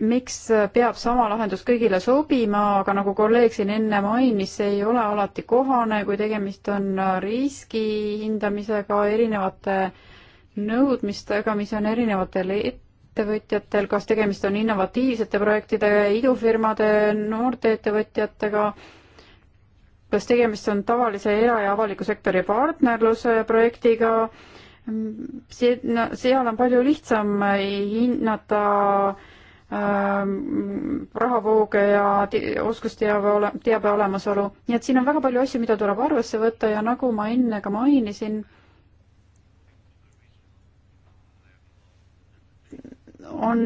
miks äh, peab sama lahendus kõigile sobima, aga nagu kolleeg siin enne mainis, see ei ole alati kohane, kui tegemist on äh, riski hindamisega, erinevate nõudmistega, mis on erinevatel ettevõtjatel, kas tegemist on innovatiivsete projektidega, idufirmade, noorte ettevõtjatega, kas tegemist on tavalise era- ja avaliku sektori partnerluse projektiga, see, no seal on palju lihtsam äh, hinnata äh, Ähm, rahavooge ja oskusteave ole, teabe olemasolu. nii et siin on väga palju asju, mida tuleb arvesse võtta ja nagu ma enne ka mainisin, on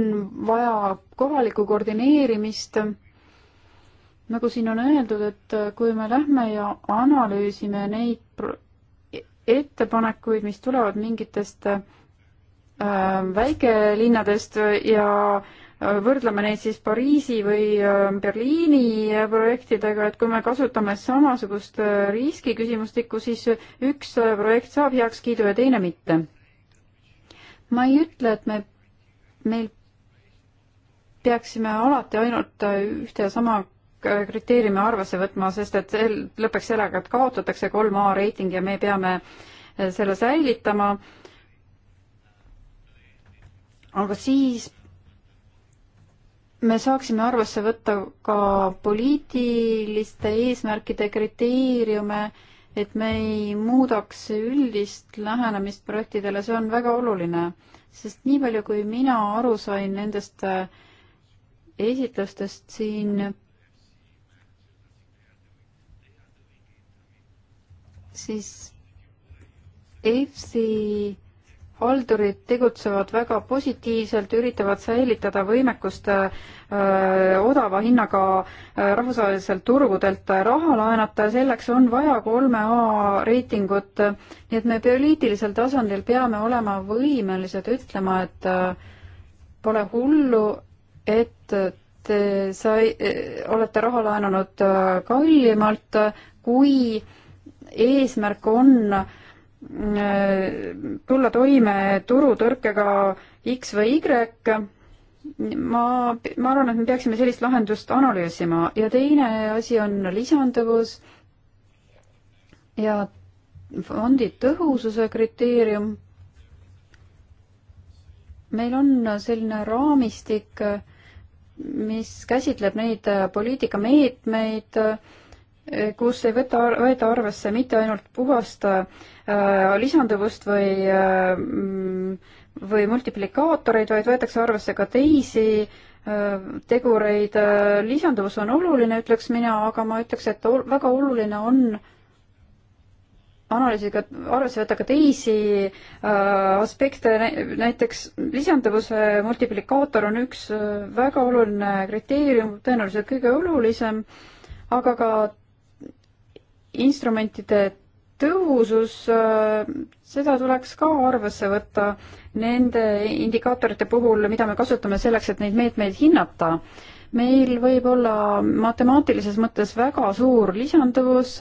vaja kohalikku koordineerimist. nagu siin on öeldud, et kui me lähme ja analüüsime neid ettepanekuid, mis tulevad mingitest äh, väikelinnadest ja äh, võrdleme neid siis Pariisi või ähm, Berliini projektidega, et kui me kasutame samasugust äh, riskiküsimustikku, siis üks äh, projekt saab heakskiidu ja teine mitte. ma ei ütle, et me, meil peaksime alati ainult äh, ühte ja sama kriteeriumi arvesse võtma, sest et see lõpeks sellega, et kaotatakse kolm A reiting ja me peame selle säilitama. aga siis me saaksime arvesse võtta ka poliitiliste eesmärkide kriteeriume, et me ei muudaks üldist lähenemist projektidele, see on väga oluline, sest nii palju, kui mina aru sain nendest äh, esitlustest siin, siis EFSi haldurid tegutsevad väga positiivselt, üritavad säilitada võimekust öö, äh, odava hinnaga äh, rahvusvaheliselt turgudelt raha laenata, selleks on vaja kolme A reitingut. nii et me poliitilisel tasandil peame olema võimelised ütlema, et öö, äh, pole hullu, et te sai, olete raha laenanud kallimalt, kui eesmärk on äh, tulla toime turutõrkega X või Y. ma, ma arvan, et me peaksime sellist lahendust analüüsima ja teine asi on lisanduvus ja fondi tõhususe kriteerium. meil on selline raamistik, mis käsitleb neid poliitikameetmeid, kus ei võta, võeta arvesse mitte ainult puhast äh, lisanduvust või äh, või multiplikaatoreid, vaid võetakse arvesse ka teisi äh, tegureid. lisanduvus on oluline, ütleks mina, aga ma ütleks, et ol, väga oluline on analüüsiga arvesse võtta ka teisi äh, aspekte, näiteks lisanduvuse multiplikaator on üks äh, väga oluline kriteerium, tõenäoliselt kõige olulisem, aga ka instrumentide tõhusus, äh, seda tuleks ka arvesse võtta nende indikaatorite puhul, mida me kasutame selleks, et neid meetmeid hinnata. meil võib olla matemaatilises mõttes väga suur lisanduvus,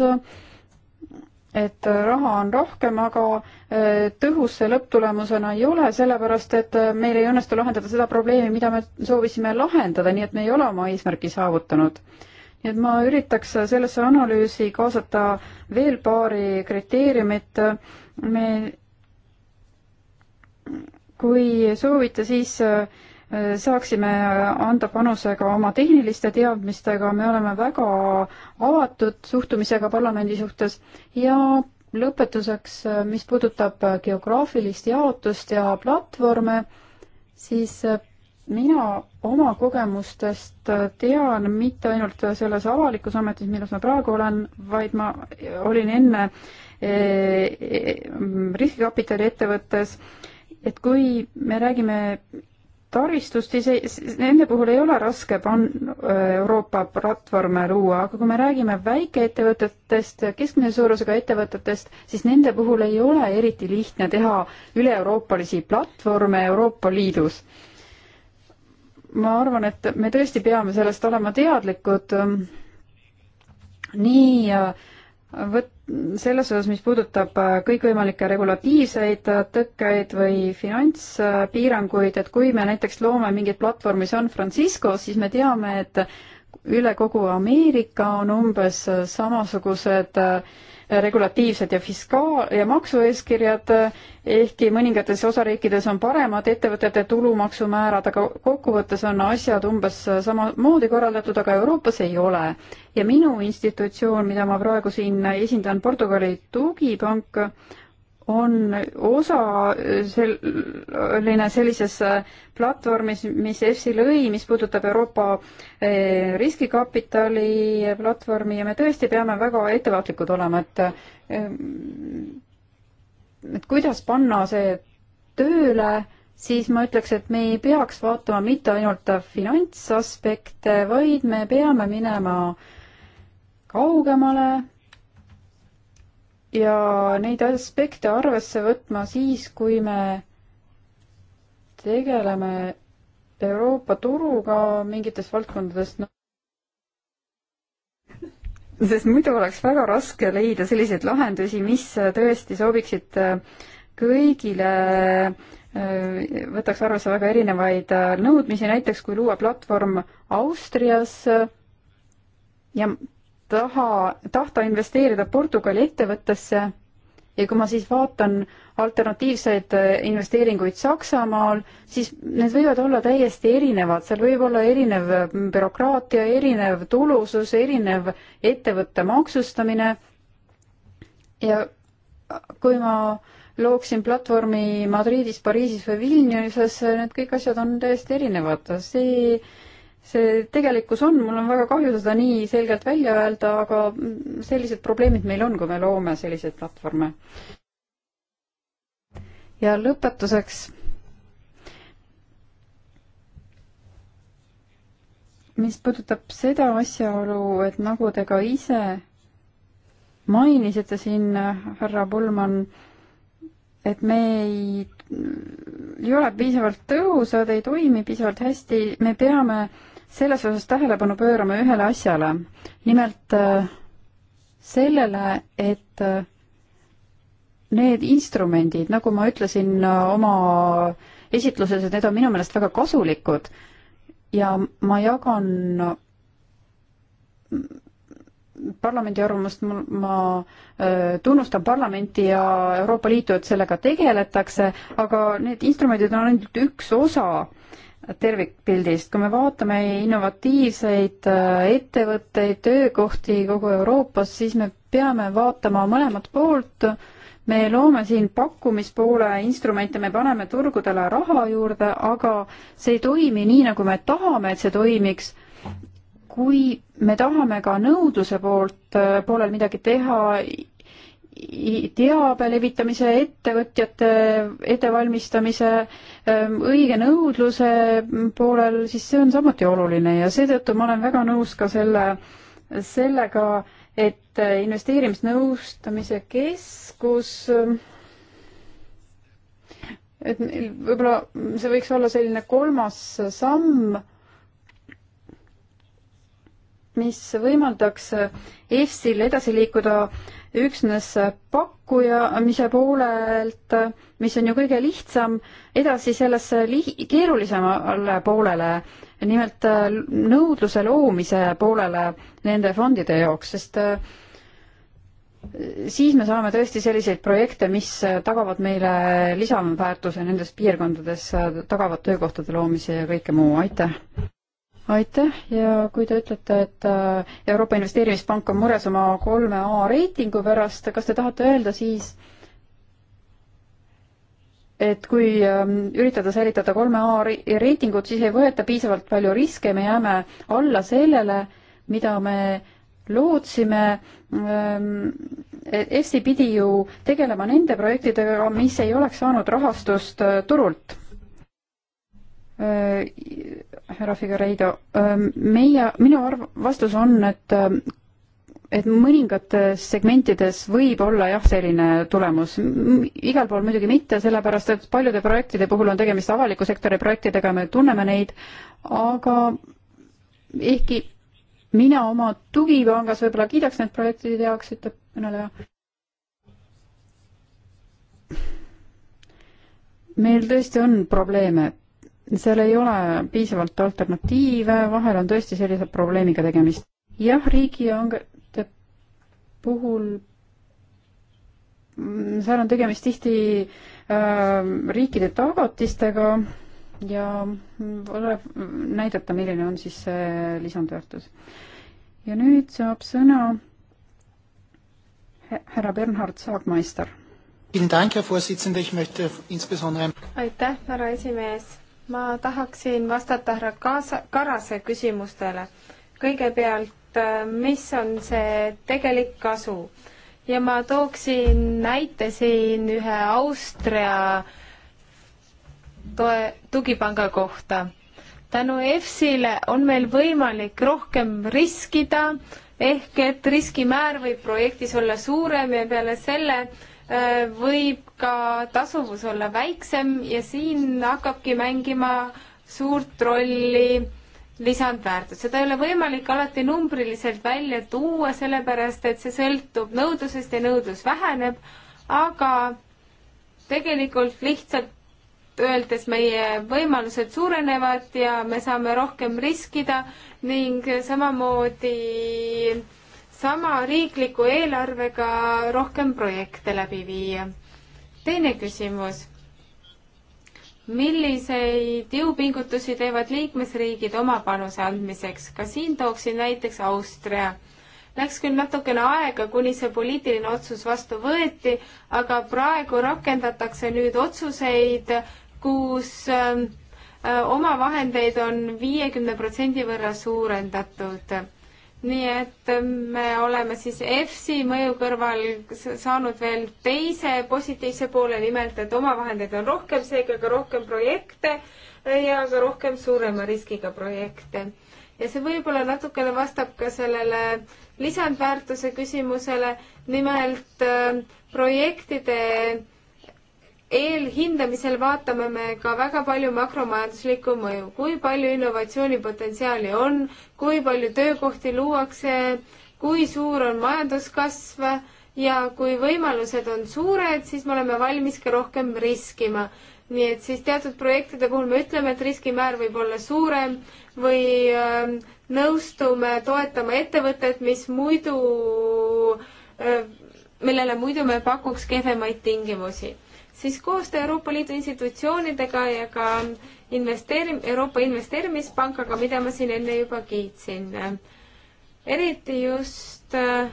et raha on rohkem, aga äh, tõhus see lõpptulemusena ei ole, sellepärast et äh, meil ei õnnestu lahendada seda probleemi, mida me soovisime lahendada, nii et me ei ole oma eesmärki saavutanud nii et ma üritaks sellesse analüüsi kaasata veel paari kriteeriumit. me, kui soovite, siis äh, saaksime anda panuse ka oma tehniliste teadmistega, me oleme väga avatud suhtumisega parlamendi suhtes ja lõpetuseks, äh, mis puudutab geograafilist jaotust ja platvorme, siis äh, mina oma kogemustest tean mitte ainult selles avalikus ametis, milles ma praegu olen, vaid ma olin enne e, e, riskikapitali ettevõttes, et kui me räägime taristust, siis ei, nende puhul ei ole raske pan-, e, Euroopa platvorme luua, aga kui me räägime väikeettevõtetest, keskmise suurusega ettevõtetest, siis nende puhul ei ole eriti lihtne teha üle-euroopalisi platvorme Euroopa Liidus ma arvan, et me tõesti peame sellest olema teadlikud nii võt-, selles osas, mis puudutab kõikvõimalikke regulatiivseid tõkkeid või finantspiiranguid, et kui me näiteks loome mingit platvormi San Franciscos, siis me teame, et üle kogu Ameerika on umbes samasugused äh, regulatiivsed ja fiskaal- ja maksueeskirjad, ehkki mõningates osariikides on paremad ettevõtete tulumaksumäärad, aga kokkuvõttes on asjad umbes samamoodi korraldatud, aga Euroopas ei ole. ja minu institutsioon, mida ma praegu siin esindan, Portugali tugipank, on osaline sellises äh, platvormis, mis EFSI lõi, mis puudutab Euroopa äh, riskikapitali äh, platvormi ja me tõesti peame väga ettevaatlikud olema, et et kuidas panna see tööle, siis ma ütleks, et me ei peaks vaatama mitte ainult finantsaspekte, vaid me peame minema kaugemale ja neid aspekte arvesse võtma siis, kui me tegeleme Euroopa turuga mingites valdkondades no.. sest muidu oleks väga raske leida selliseid lahendusi, mis tõesti sobiksid äh, kõigile, äh, võtaks arvesse väga erinevaid äh, nõudmisi, näiteks kui luua platvorm Austrias ja taha, tahta investeerida Portugali ettevõttesse ja kui ma siis vaatan alternatiivseid äh, investeeringuid Saksamaal, siis need võivad olla täiesti erinevad, seal võib olla erinev äh, bürokraatia, erinev tulusus, erinev ettevõtte maksustamine. ja äh, kui ma looksin platvormi Madridis, Pariisis või Vilniuses, need kõik asjad on täiesti erinevad, see äh, see tegelikkus on, mul on väga kahju seda nii selgelt välja öelda, aga sellised probleemid meil on, kui me loome selliseid platvorme. ja lõpetuseks. mis puudutab seda asjaolu, et nagu te ka ise mainisite siin, härra Pullmann, et me ei, ei ole piisavalt tõhusad, ei toimi piisavalt hästi, me peame äh, selles osas tähelepanu pöörama ühele asjale, nimelt äh, sellele, et äh, need instrumendid, nagu ma ütlesin äh, oma esitluses, et need on minu meelest väga kasulikud ja ma jagan parlamendi arvamust, ma tunnustan parlamenti ja Euroopa Liitu, et sellega tegeletakse, aga need instrumendid on ainult üks osa tervikpildist, kui me vaatame innovatiivseid äh, ettevõtteid, töökohti kogu Euroopas, siis me peame vaatama mõlemat poolt. me loome siin pakkumispoole instrumente, me paneme turgudele raha juurde, aga see ei toimi nii, nagu me tahame, et see toimiks. kui me tahame ka nõudluse poolt, äh, poolel midagi teha, teabe levitamise, ettevõtjate ettevalmistamise, Ehm, õige nõudluse poolel, siis see on samuti oluline ja seetõttu ma olen väga nõus ka selle, sellega, et investeerimisnõustamise keskus et meil võib-olla see võiks olla selline kolmas samm, mis võimaldaks EFSil edasi liikuda äh, üksnes pakkujamise poolelt, mis on ju kõige lihtsam, edasi sellesse lih-, keerulisemale poolele, nimelt äh, nõudluse loomise poolele nende fondide jaoks, sest äh, siis me saame tõesti selliseid projekte, mis tagavad meile lisandväärtuse nendes piirkondades, äh, tagavad töökohtade loomise ja kõike muu, aitäh! aitäh ja kui te ütlete, et äh, Euroopa Investeerimispank on mures oma kolme A reitingu pärast, kas te tahate öelda siis, et kui ähm, üritada säilitada kolme A reitingut, siis ei võeta piisavalt palju riske, me jääme alla sellele, mida me lootsime, ähm, EFSI pidi ju tegelema nende projektidega, mis ei oleks saanud rahastust äh, turult äh, härra Figueiredo, ähm, meie, minu arv-, vastus on, et ähm, et mõningates segmentides võib olla jah, selline tulemus, igal pool muidugi mitte, sellepärast et paljude projektide puhul on tegemist avaliku sektori projektidega, me tunneme neid, aga ehkki mina oma tugipangas võib-olla kiidaks need projektid heaks, ütleb kõneleja. meil tõesti on probleeme seal ei ole piisavalt alternatiive, vahel on tõesti sellise probleemiga tegemist. jah, riigihangete puhul mm, seal on tegemist tihti äh, riikide tagatistega ja tuleb näidata, milline on siis see lisandväärtus. ja nüüd saab sõna härra Bernhard Saagmeister. aitäh, härra esimees ma tahaksin vastata härra Kaasa, Karase küsimustele. kõigepealt, äh, mis on see tegelik kasu? ja ma tooksin näite siin ühe Austria toe, tugipanga kohta. tänu EFSile on meil võimalik rohkem riskida, ehk et riskimäär võib projektis olla suurem ja peale selle Äh, võib ka tasuvus olla väiksem ja siin hakkabki mängima suurt rolli lisandväärtus, seda ei ole võimalik alati numbriliselt välja tuua, sellepärast et see sõltub nõudlusest ja nõudlus väheneb, aga tegelikult lihtsalt öeldes meie võimalused suurenevad ja me saame rohkem riskida ning samamoodi sama riikliku eelarvega rohkem projekte läbi viia. teine küsimus. milliseid jõupingutusi teevad liikmesriigid oma panuse andmiseks? ka siin tooksin näiteks Austria. Läks küll natukene aega, kuni see poliitiline otsus vastu võeti, aga praegu rakendatakse nüüd otsuseid, kus ähm, äh, omavahendeid on viiekümne protsendi võrra suurendatud nii et me oleme siis EFSI mõju kõrval saanud veel teise positiivse poole, nimelt et omavahendeid on rohkem, seega ka rohkem projekte ja ka rohkem suurema riskiga projekte. ja see võib-olla natukene vastab ka sellele lisandväärtuse küsimusele, nimelt äh, projektide eelhindamisel vaatame me ka väga palju makromajanduslikku mõju, kui palju innovatsioonipotentsiaali on, kui palju töökohti luuakse, kui suur on majanduskasv ja kui võimalused on suured, siis me oleme valmis ka rohkem riskima. nii et siis teatud projektide puhul me ütleme, et riskimäär võib olla suurem või äh, nõustume toetama ettevõtet, mis muidu äh, millele muidu me pakuks kehvemaid tingimusi siis koostöö Euroopa Liidu institutsioonidega ja ka investeerim-, Euroopa Investeerimispangaga, mida ma siin enne juba kiitsin. eriti just äh,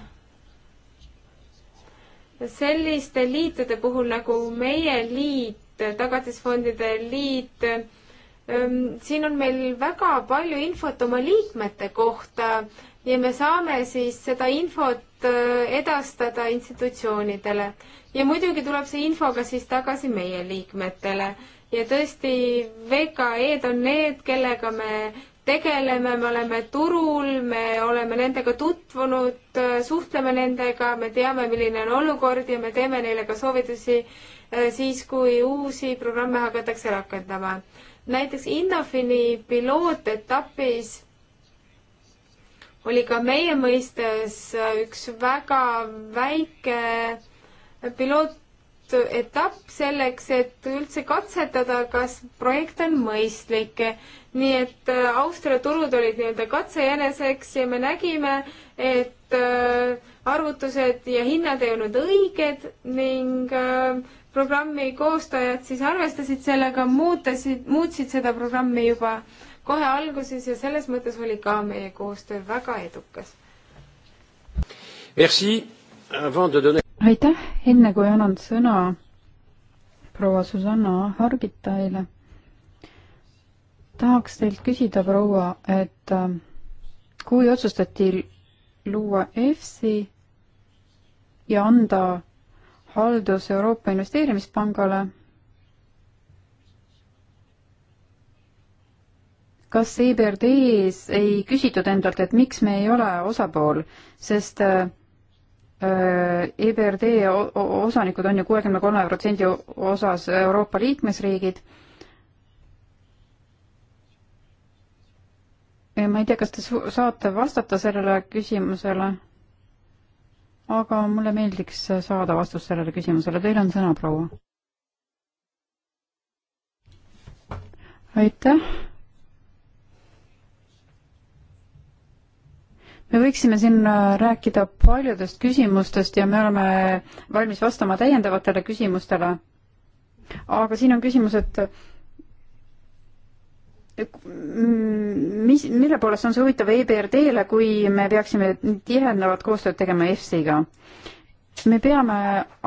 selliste liitude puhul nagu meie liit, Tagatisfondide liit, ähm, siin on meil väga palju infot oma liikmete kohta ja me saame siis seda infot äh, edastada institutsioonidele. ja muidugi tuleb see info ka siis tagasi meie liikmetele ja tõesti, VKE-d on need, kellega me tegeleme, me oleme turul, me oleme nendega tutvunud, äh, suhtleme nendega, me teame, milline on olukord ja me teeme neile ka soovitusi äh, siis, kui uusi programme hakatakse rakendama. näiteks Innofini pilootetapis oli ka meie mõistes üks väga väike pilootetapp selleks, et üldse katsetada, kas projekt on mõistlik. nii et äh, Austria turud olid nii-öelda katsejäneseks ja me nägime, et äh, arvutused ja hinnad ei olnud õiged ning äh, programmi koostajad siis arvestasid sellega, muutasid, muutsid seda programmi juba äh, kohe alguses ja selles mõttes oli ka meie koostöö väga edukas. aitäh, enne kui annan sõna proua Susanna Hargitaile, tahaks teilt küsida, proua, et ähm, kui otsustati luua EFSI ja anda haldus Euroopa Investeerimispangale kas EBRD-s ei küsitud endalt, et miks me ei ole osapool, sest äh, äh, EBRD osanikud on ju kuuekümne kolme protsendi osas Euroopa liikmesriigid. ma ei tea, kas te saate vastata sellele küsimusele, aga mulle meeldiks saada vastust sellele küsimusele, teil on sõna, proua. aitäh me võiksime siin äh, rääkida paljudest küsimustest ja me oleme valmis vastama täiendavatele küsimustele. aga siin on küsimus, et mm, mis, mille poolest on see huvitav EBRD-le, kui me peaksime tihendavat koostööd tegema EFSI-ga? me peame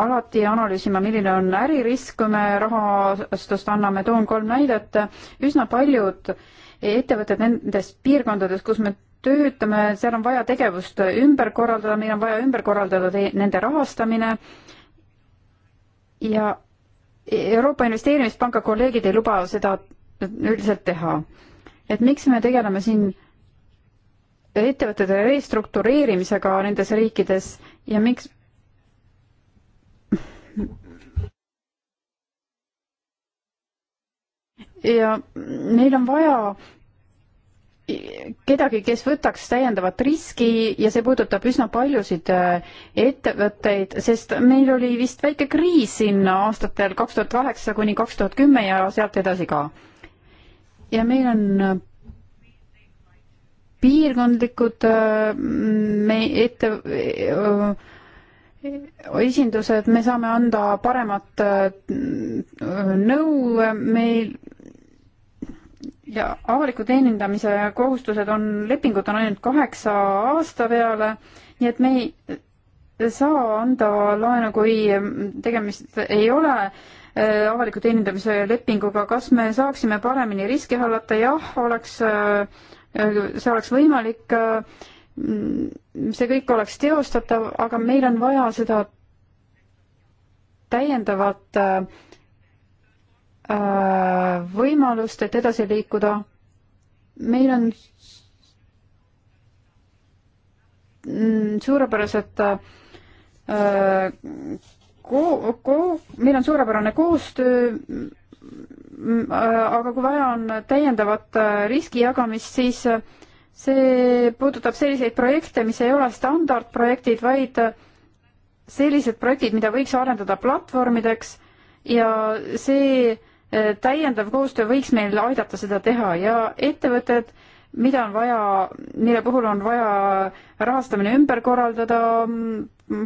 alati analüüsima, milline on äririsk, kui me rahastust anname, toon kolm näidet, üsna paljud ettevõtted nendes piirkondades, kus me töötame, seal on vaja tegevust ümber korraldada, meil on vaja ümber korraldada nende rahastamine ja Euroopa Investeerimispanga kolleegid ei luba seda üldiselt teha. et miks me tegeleme siin ettevõtete restruktureerimisega nendes riikides ja miks ja meil on vaja kedagi, kes võtaks täiendavat riski ja see puudutab üsna paljusid äh, ettevõtteid, sest meil oli vist väike kriis siin aastatel kaks tuhat kaheksa kuni kaks tuhat kümme ja sealt edasi ka. ja meil on äh, piirkondlikud äh, me ette esindused, me saame anda paremat nõu, meil ja avaliku teenindamise kohustused on, lepingud on ainult kaheksa aasta peale, nii et me ei saa anda laenu, kui tegemist ei ole äh, avaliku teenindamise lepinguga, kas me saaksime paremini riski hallata, jah, oleks, äh, see oleks võimalik, äh, see kõik oleks teostatav, aga meil on vaja seda täiendavat äh, Äh, võimalust, et edasi liikuda. meil on mm, suurepärased äh, ko-, ko-, meil on suurepärane koostöö, mm, äh, aga kui vaja on täiendavat riski jagamist, siis see puudutab selliseid projekte, mis ei ole standardprojektid, vaid sellised projektid, mida võiks arendada platvormideks ja see äh, täiendav koostöö võiks meil aidata seda teha ja ettevõtted, mida on vaja, mille puhul on vaja rahastamine ümber korraldada,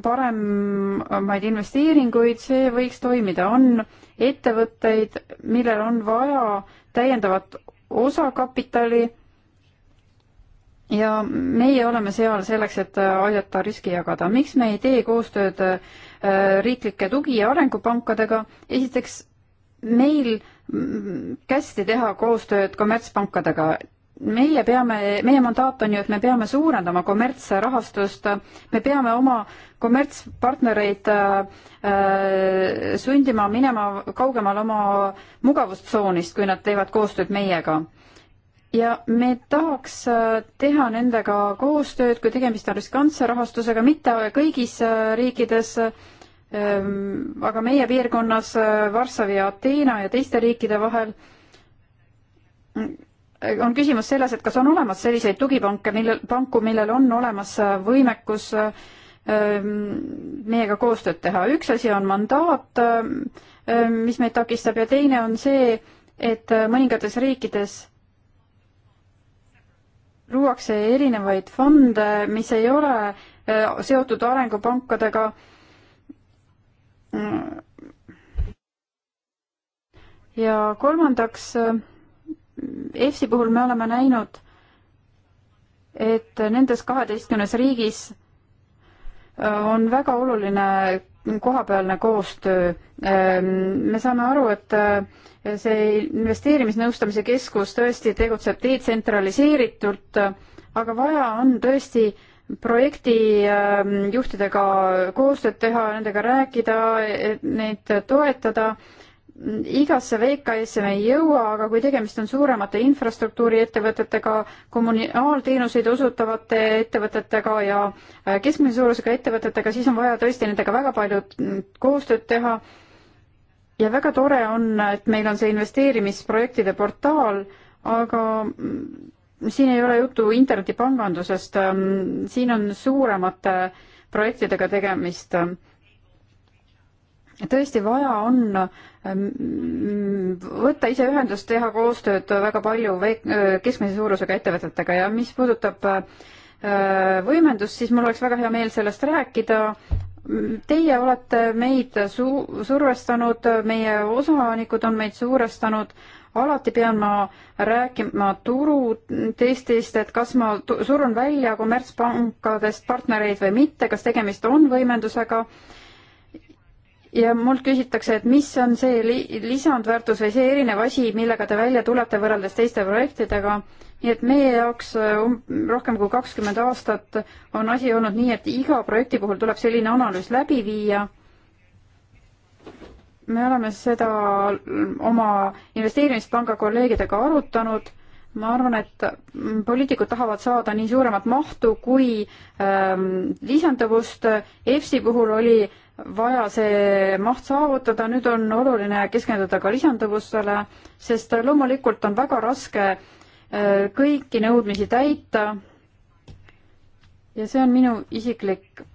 paremaid investeeringuid, see võiks toimida. on ettevõtteid, millel on vaja täiendavat osakapitali ja meie oleme seal selleks, et aidata riski jagada. miks me ei tee koostööd äh, riiklike tugi- ja arengupankadega? esiteks meil kästi teha koostööd kommertspankadega. meie peame, meie mandaat on ju, et me peame suurendama kommertsrahastust, me peame oma kommertspartnereid äh, sundima minema kaugemale oma mugavustsoonist, kui nad teevad koostööd meiega ja me tahaks äh, teha nendega koostööd, kui tegemist on riskantse rahastusega, mitte kõigis äh, riikides äh, Ehm, aga meie piirkonnas äh, Varssavi ja Ateena ja teiste riikide vahel äh, on küsimus selles, et kas on olemas selliseid tugipanke, millel, panku, millel on olemas äh, võimekus ehm, meiega koostööd teha. üks asi on mandaat, mis meid takistab ja teine on see, et mõningates riikides luuakse erinevaid fonde, mis ei ole seotud arengupankadega ja kolmandaks, EFSi puhul me oleme näinud, et nendes kaheteistkümnes riigis äh, on väga oluline kohapealne koostöö. Ähm, me saame aru, et äh, see investeerimisnõustamise keskus tõesti tegutseb detsentraliseeritult, äh, aga vaja on tõesti äh, projektijuhtidega ähm, koostööd teha, nendega rääkida, neid toetada. igasse VKS-i me ei jõua, aga kui tegemist on suuremate infrastruktuuriettevõtetega, kommunaalteenuseid osutavate ettevõtetega ja äh, keskmise suurusega ettevõtetega, siis on vaja tõesti nendega väga palju koostööd teha. ja väga tore on, et meil on see investeerimisprojektide portaal, aga mm, siin ei ole juttu internetipangandusest, ähm, siin on suuremate projektidega tegemist. tõesti vaja on ähm, võtta ise ühendust, teha koostööd väga palju äh, keskmise suurusega ettevõtetega ja mis puudutab äh, võimendust, siis mul oleks väga hea meel sellest rääkida. Teie olete meid su-, survestanud, meie osanikud on meid suurestanud alati pean ma rääkima turutestist, et kas ma surun välja kommertspankadest partnereid või mitte, kas tegemist on võimendusega. ja mult küsitakse, et mis on see li lisandväärtus või see erinev asi, millega te välja tulete võrreldes teiste projektidega. nii et meie jaoks äh, um, rohkem kui kakskümmend aastat on asi olnud nii, et iga projekti puhul tuleb selline analüüs läbi viia me oleme seda oma investeerimispanga kolleegidega arutanud. ma arvan, et poliitikud tahavad saada nii suuremat mahtu kui ähm, lisanduvust. EFSi puhul oli vaja see maht saavutada, nüüd on oluline keskenduda ka lisanduvusele, sest loomulikult on väga raske äh, kõiki nõudmisi täita. ja see on minu isiklik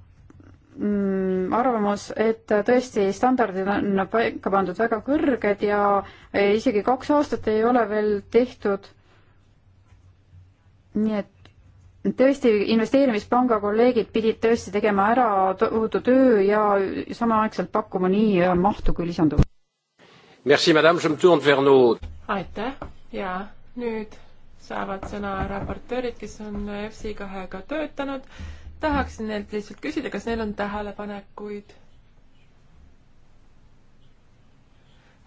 Mm, arvamus, et tõesti standardid on paika pandud väga kõrged ja isegi kaks aastat ei ole veel tehtud. nii et tõesti, investeerimispanga kolleegid pidid tõesti tegema ära tohutu töö ja samaaegselt pakkuma nii mahtu kui lisanduvat. Merci, madame, je me tourne vers nos. aitäh ja nüüd saavad sõna raportöörid, kes on FC kahega töötanud tahaksin neilt lihtsalt küsida, kas neil on tähelepanekuid?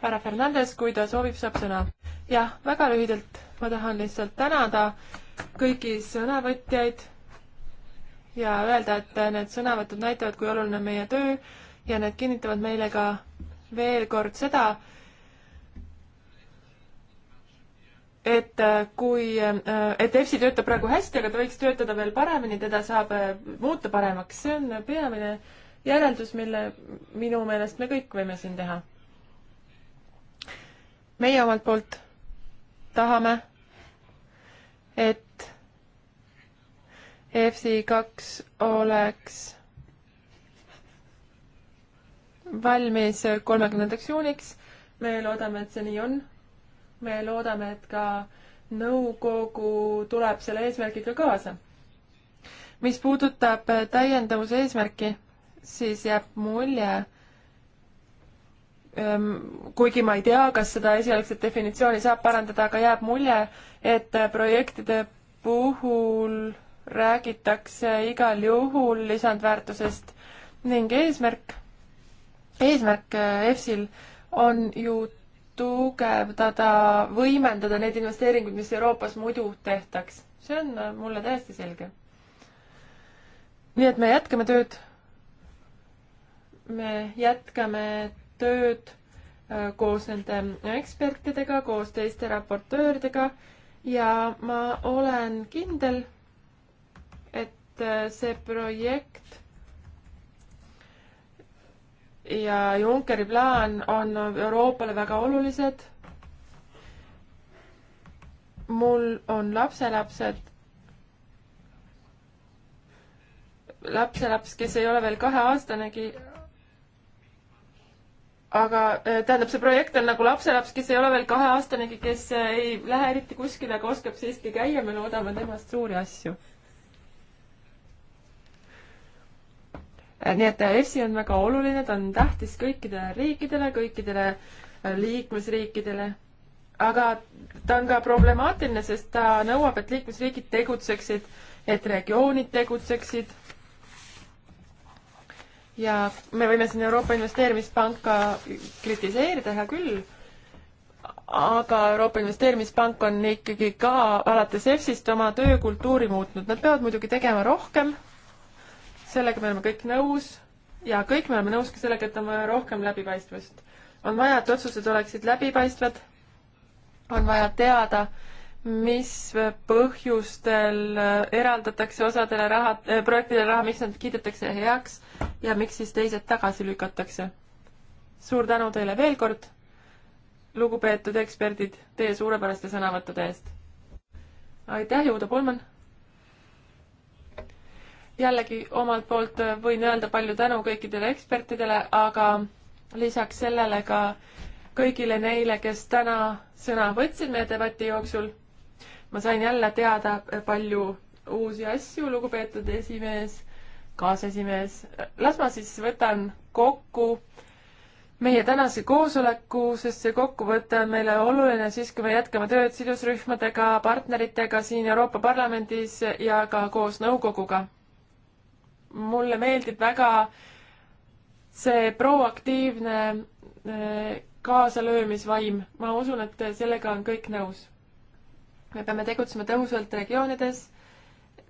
härra Fernandes, kui ta soovib, saab sõna. jah, väga lühidalt, ma tahan lihtsalt tänada kõiki sõnavõtjaid ja öelda, et need sõnavõtud näitavad, kui oluline on meie töö ja need kinnitavad meile ka veel kord seda, et äh, kui, äh, et EFSI töötab praegu hästi, aga ta võiks töötada veel paremini, teda saab äh, muuta paremaks, see on peamine järeldus, mille minu meelest me kõik võime siin teha. meie omalt poolt tahame, et EFSI kaks oleks valmis kolmekümnendaks juuniks. me loodame, et see nii on me loodame, et ka nõukogu tuleb selle eesmärgiga kaasa. mis puudutab täiendavuse eesmärki, siis jääb mulje, ehm, kuigi ma ei tea, kas seda esialgset definitsiooni saab parandada, aga jääb mulje, et projektide puhul räägitakse igal juhul lisandväärtusest ning eesmärk, eesmärk EFSil eh, on ju tugevdada, võimendada neid investeeringuid, mis Euroopas muidu tehtaks. see on äh, mulle täiesti selge. nii et me jätkame tööd. me jätkame tööd äh, koos nende ekspertidega, koos teiste raportööridega ja ma olen kindel, et äh, see projekt ja Junckeri plaan on Euroopale väga olulised. mul on lapselapsed, lapselaps, kes ei ole veel kaheaastanegi, aga äh, tähendab, see projekt on nagu lapselaps, kes ei ole veel kaheaastanegi, kes äh, ei lähe eriti kuskile, aga oskab siiski käia, me loodame temast suuri asju nii et EFSI on väga oluline, ta on tähtis kõikidele riikidele, kõikidele äh, liikmesriikidele, aga ta on ka problemaatiline, sest ta nõuab, et liikmesriigid tegutseksid, et regioonid tegutseksid. ja me võime siin Euroopa Investeerimispanka kritiseerida, hea küll, aga Euroopa Investeerimispank on ikkagi ka alates EFSist oma töökultuuri muutnud, nad peavad muidugi tegema rohkem sellega me oleme kõik nõus ja kõik me oleme nõus ka sellega, et on vaja rohkem läbipaistvust. on vaja, et otsused oleksid läbipaistvad, on vaja teada, mis põhjustel äh, eraldatakse osadele raha, äh, projektidele raha, miks nad kiidetakse heaks ja miks siis teised tagasi lükatakse. suur tänu teile veel kord, lugupeetud eksperdid, teie suurepäraste sõnavõttude eest! aitäh, Jõudu Pulman! jällegi omalt poolt võin öelda palju tänu kõikidele ekspertidele, aga lisaks sellele ka kõigile neile, kes täna sõna võtsid meie debati jooksul. ma sain jälle teada palju uusi asju, lugupeetud esimees, kaasesimees. las ma siis võtan kokku meie tänase koosoleku, sest see kokkuvõte on meile oluline siis, kui me jätkame tööd sidusrühmadega, partneritega siin Euroopa Parlamendis ja ka koos nõukoguga mulle meeldib väga see proaktiivne äh, kaasalöömisvaim, ma usun, et sellega on kõik nõus. me peame tegutsema tõhusalt regioonides,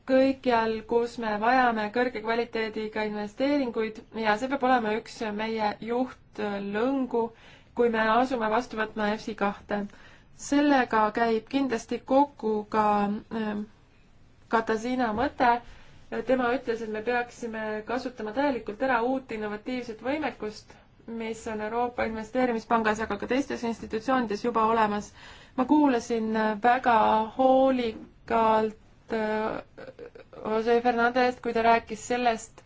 kõikjal, kus me vajame kõrge kvaliteediga investeeringuid ja see peab olema üks meie juhtlõngu, kui me asume vastu võtma EFSI kahte. sellega käib kindlasti kokku ka äh, Katasiina mõte tema ütles, et me peaksime kasutama täielikult ära uut innovatiivset võimekust, mis on Euroopa Investeerimispangas, aga ka teistes institutsioonides juba olemas. ma kuulasin väga hoolikalt äh, Jose Fernandez, kui ta rääkis sellest,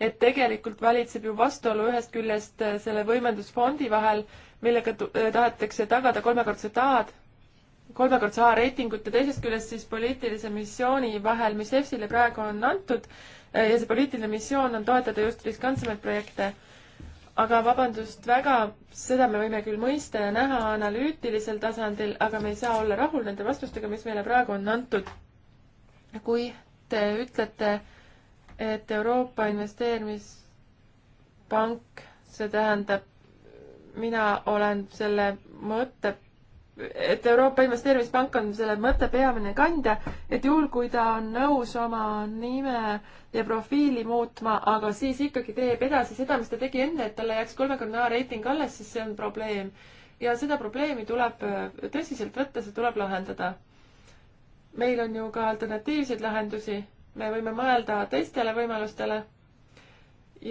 et tegelikult valitseb ju vastuolu ühest küljest äh, selle võimendusfondi vahel, millega äh, tahetakse tagada kolmekordset A-d kolmekordse A reitingut ja teisest küljest siis poliitilise missiooni vahel, mis EFSile praegu on antud eh, ja see poliitiline missioon on toetada just riskantsemaid projekte. aga vabandust väga, seda me võime küll mõista ja näha analüütilisel tasandil, aga me ei saa olla rahul nende vastustega, mis meile praegu on antud. kui te ütlete, et Euroopa Investeerimispank, see tähendab, mina olen selle mõtte et Euroopa Investeerimispank on selle mõtte peamine kandja, et juhul, kui ta on nõus oma nime ja profiili muutma, aga siis ikkagi teeb edasi seda, mis ta tegi enne, et talle jääks kolmekümne A reiting alles, siis see on probleem. ja seda probleemi tuleb äh, tõsiselt võtta, see tuleb lahendada. meil on ju ka alternatiivseid lahendusi, me võime mõelda teistele võimalustele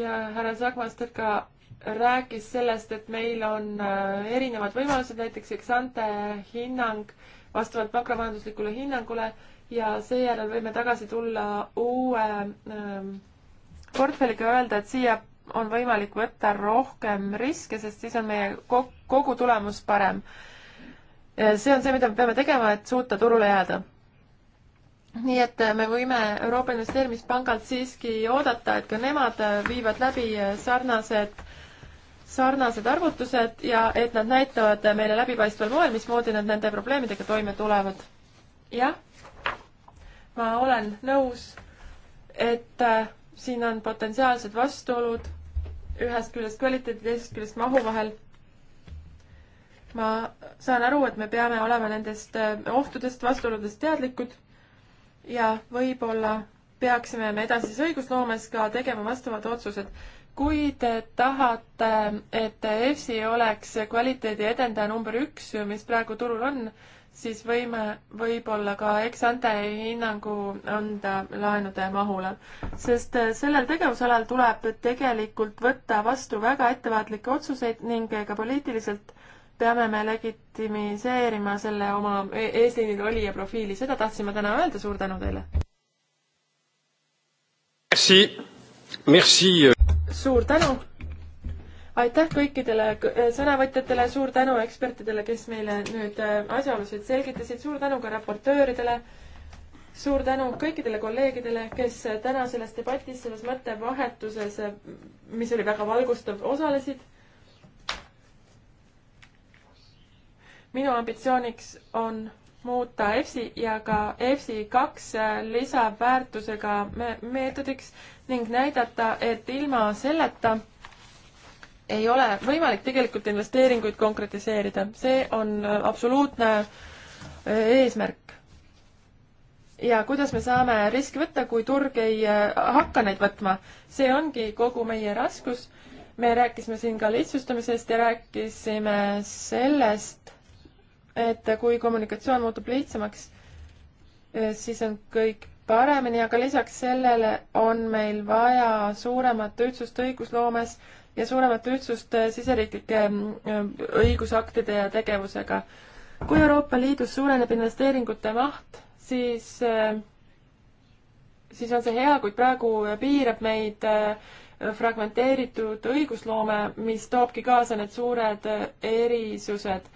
ja härra Sagmaster ka rääkis sellest, et meil on äh, erinevad võimalused, näiteks eksante hinnang vastavalt makromajanduslikule hinnangule ja seejärel võime tagasi tulla uue ähm, portfelliga ja öelda, et siia on võimalik võtta rohkem riske, sest siis on meie kogu tulemus parem. see on see, mida me peame tegema, et suuta turule jääda. nii et äh, me võime Euroopa Investeerimispangalt siiski oodata, et ka nemad äh, viivad läbi sarnased äh, sarnased arvutused ja et nad näitavad meile läbipaistval moel, mismoodi nad nende probleemidega toime tulevad. jah, ma olen nõus, et äh, siin on potentsiaalsed vastuolud ühest küljest kvaliteedi, teisest küljest mahu vahel. ma saan aru, et me peame olema nendest äh, ohtudest, vastuoludest teadlikud ja võib-olla peaksime me edasises õigusloomes ka tegema vastavad otsused kui te tahate, et EFSI oleks kvaliteedi edendaja number üks, mis praegu turul on, siis võime võib-olla ka eksante hinnangu anda laenude mahule. sest sellel tegevusalal tuleb tegelikult võtta vastu väga ettevaatlikke otsuseid ning ka poliitiliselt peame me legitimiseerima selle oma e-, eesliinil olija profiili, seda tahtsin ma täna öelda, suur tänu teile! Merci, merci! Euh, suur tänu! aitäh kõikidele äh, sõnavõtjatele, suur tänu ekspertidele, kes meile nüüd äh, asjaolusid selgitasid, suur tänu ka raportööridele, suur tänu kõikidele kolleegidele, kes äh, täna selles debatis, selles mõttevahetuses, mis oli väga valgustav, osalesid. minu ambitsiooniks on muuta EFSI ja ka EFSI kaks äh, lisaväärtusega meetodiks ning näidata, et ilma selleta ei ole võimalik tegelikult investeeringuid konkretiseerida, see on äh, absoluutne äh, eesmärk. ja kuidas me saame riski võtta, kui turg ei hakka neid võtma, see ongi kogu meie raskus. me rääkisime siin ka lihtsustamisest ja rääkisime sellest, et kui kommunikatsioon muutub lihtsamaks, eh, siis on kõik paremini, aga lisaks sellele on meil vaja suuremat ühtsust õigusloomes ja suuremat ühtsust eh, siseriiklike mm, eh, õigusaktide ja tegevusega. kui Euroopa Liidus suureneb investeeringute maht, siis, siis on see hea, kuid praegu piirab meid fragmenteeritud õigusloome, mis toobki kaasa need suured erisused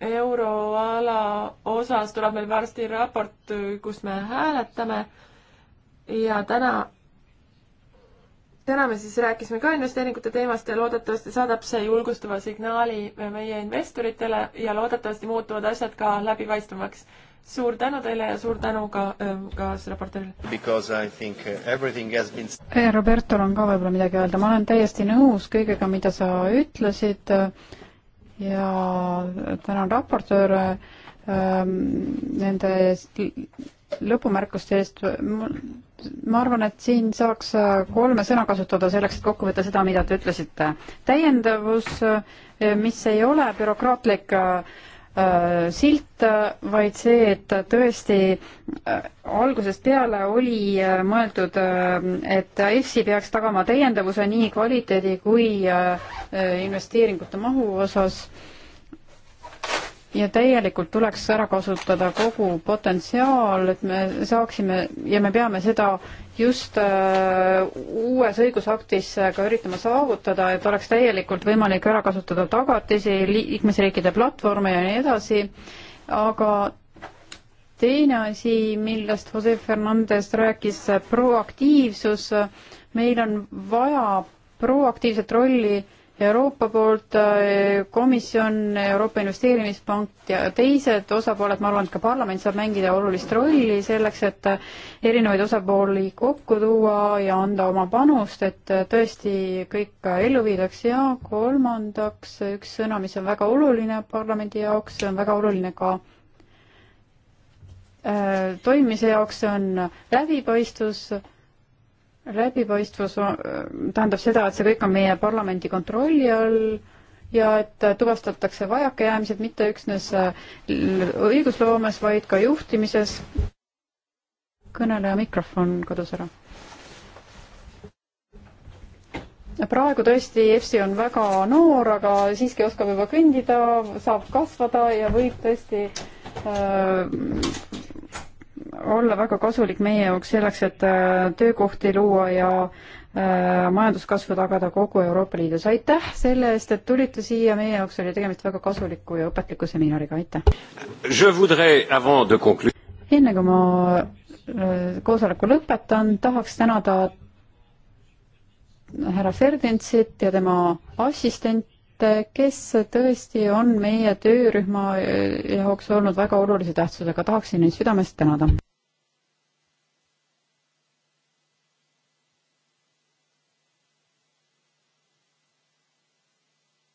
euroala osas tuleb meil varsti raport, kus me hääletame ja täna, täna me siis rääkisime ka investeeringute teemast ja loodetavasti saadab see julgustava signaali meie investoritele ja loodetavasti muutuvad asjad ka läbipaistvamaks. suur tänu teile ja suur tänu ka ähm, kaasraportöörile. Uh, Robertol on ka võib-olla midagi öelda, ma olen täiesti nõus kõigega, mida sa ütlesid ja tänan raportööre ähm, nende lõpumärkuste eest. ma arvan, et siin saaks äh, kolme sõna kasutada selleks, et kokku võtta seda, mida te ütlesite. täiendavus, äh, mis ei ole bürokraatlik äh, Äh, silt, äh, vaid see, et tõesti äh, algusest peale oli mõeldud, et EFSI peaks tagama täiendavuse nii kvaliteedi kui investeeringute mahu osas ja täielikult tuleks ära kasutada kogu potentsiaal, et me saaksime ja me peame seda just äh, uues õigusaktis ka üritama saavutada, et oleks täielikult võimalik ära kasutada tagatisi, liikmesriikide platvorme ja nii edasi, aga teine asi, millest Jose Fernandez rääkis, proaktiivsus, meil on vaja proaktiivset rolli Euroopa poolt äh, komisjon, Euroopa Investeerimispank ja teised osapooled, ma arvan, et ka parlament saab mängida olulist rolli selleks, et äh, erinevaid osapooli kokku tuua ja anda oma panust, et äh, tõesti kõik ellu viidaks ja kolmandaks üks sõna, mis on väga oluline parlamendi jaoks, see on väga oluline ka toimimise jaoks, see on läbipaistvus läbipaistvus tähendab seda, et see kõik on meie parlamendi kontrolli all ja et tuvastatakse vajakajäämised mitte üksnes õigusloomes, vaid ka juhtimises. kõneleja mikrofon kadus ära. praegu tõesti EFSI on väga noor, aga siiski oskab juba kõndida, saab kasvada ja võib tõesti öö, äh, olla väga kasulik meie jaoks selleks, et äh, töökohti luua ja äh, majanduskasvu tagada kogu Euroopa Liidus. aitäh selle eest, et tulite siia, meie jaoks oli tegemist väga kasuliku ja õpetliku seminariga, aitäh! enne kui ma äh, koosoleku lõpetan, tahaks tänada härra Ferdinsit ja tema assistenti, kes tõesti on meie töörühma jaoks olnud väga olulise tähtsusega, tahaksin neid südamest tänada.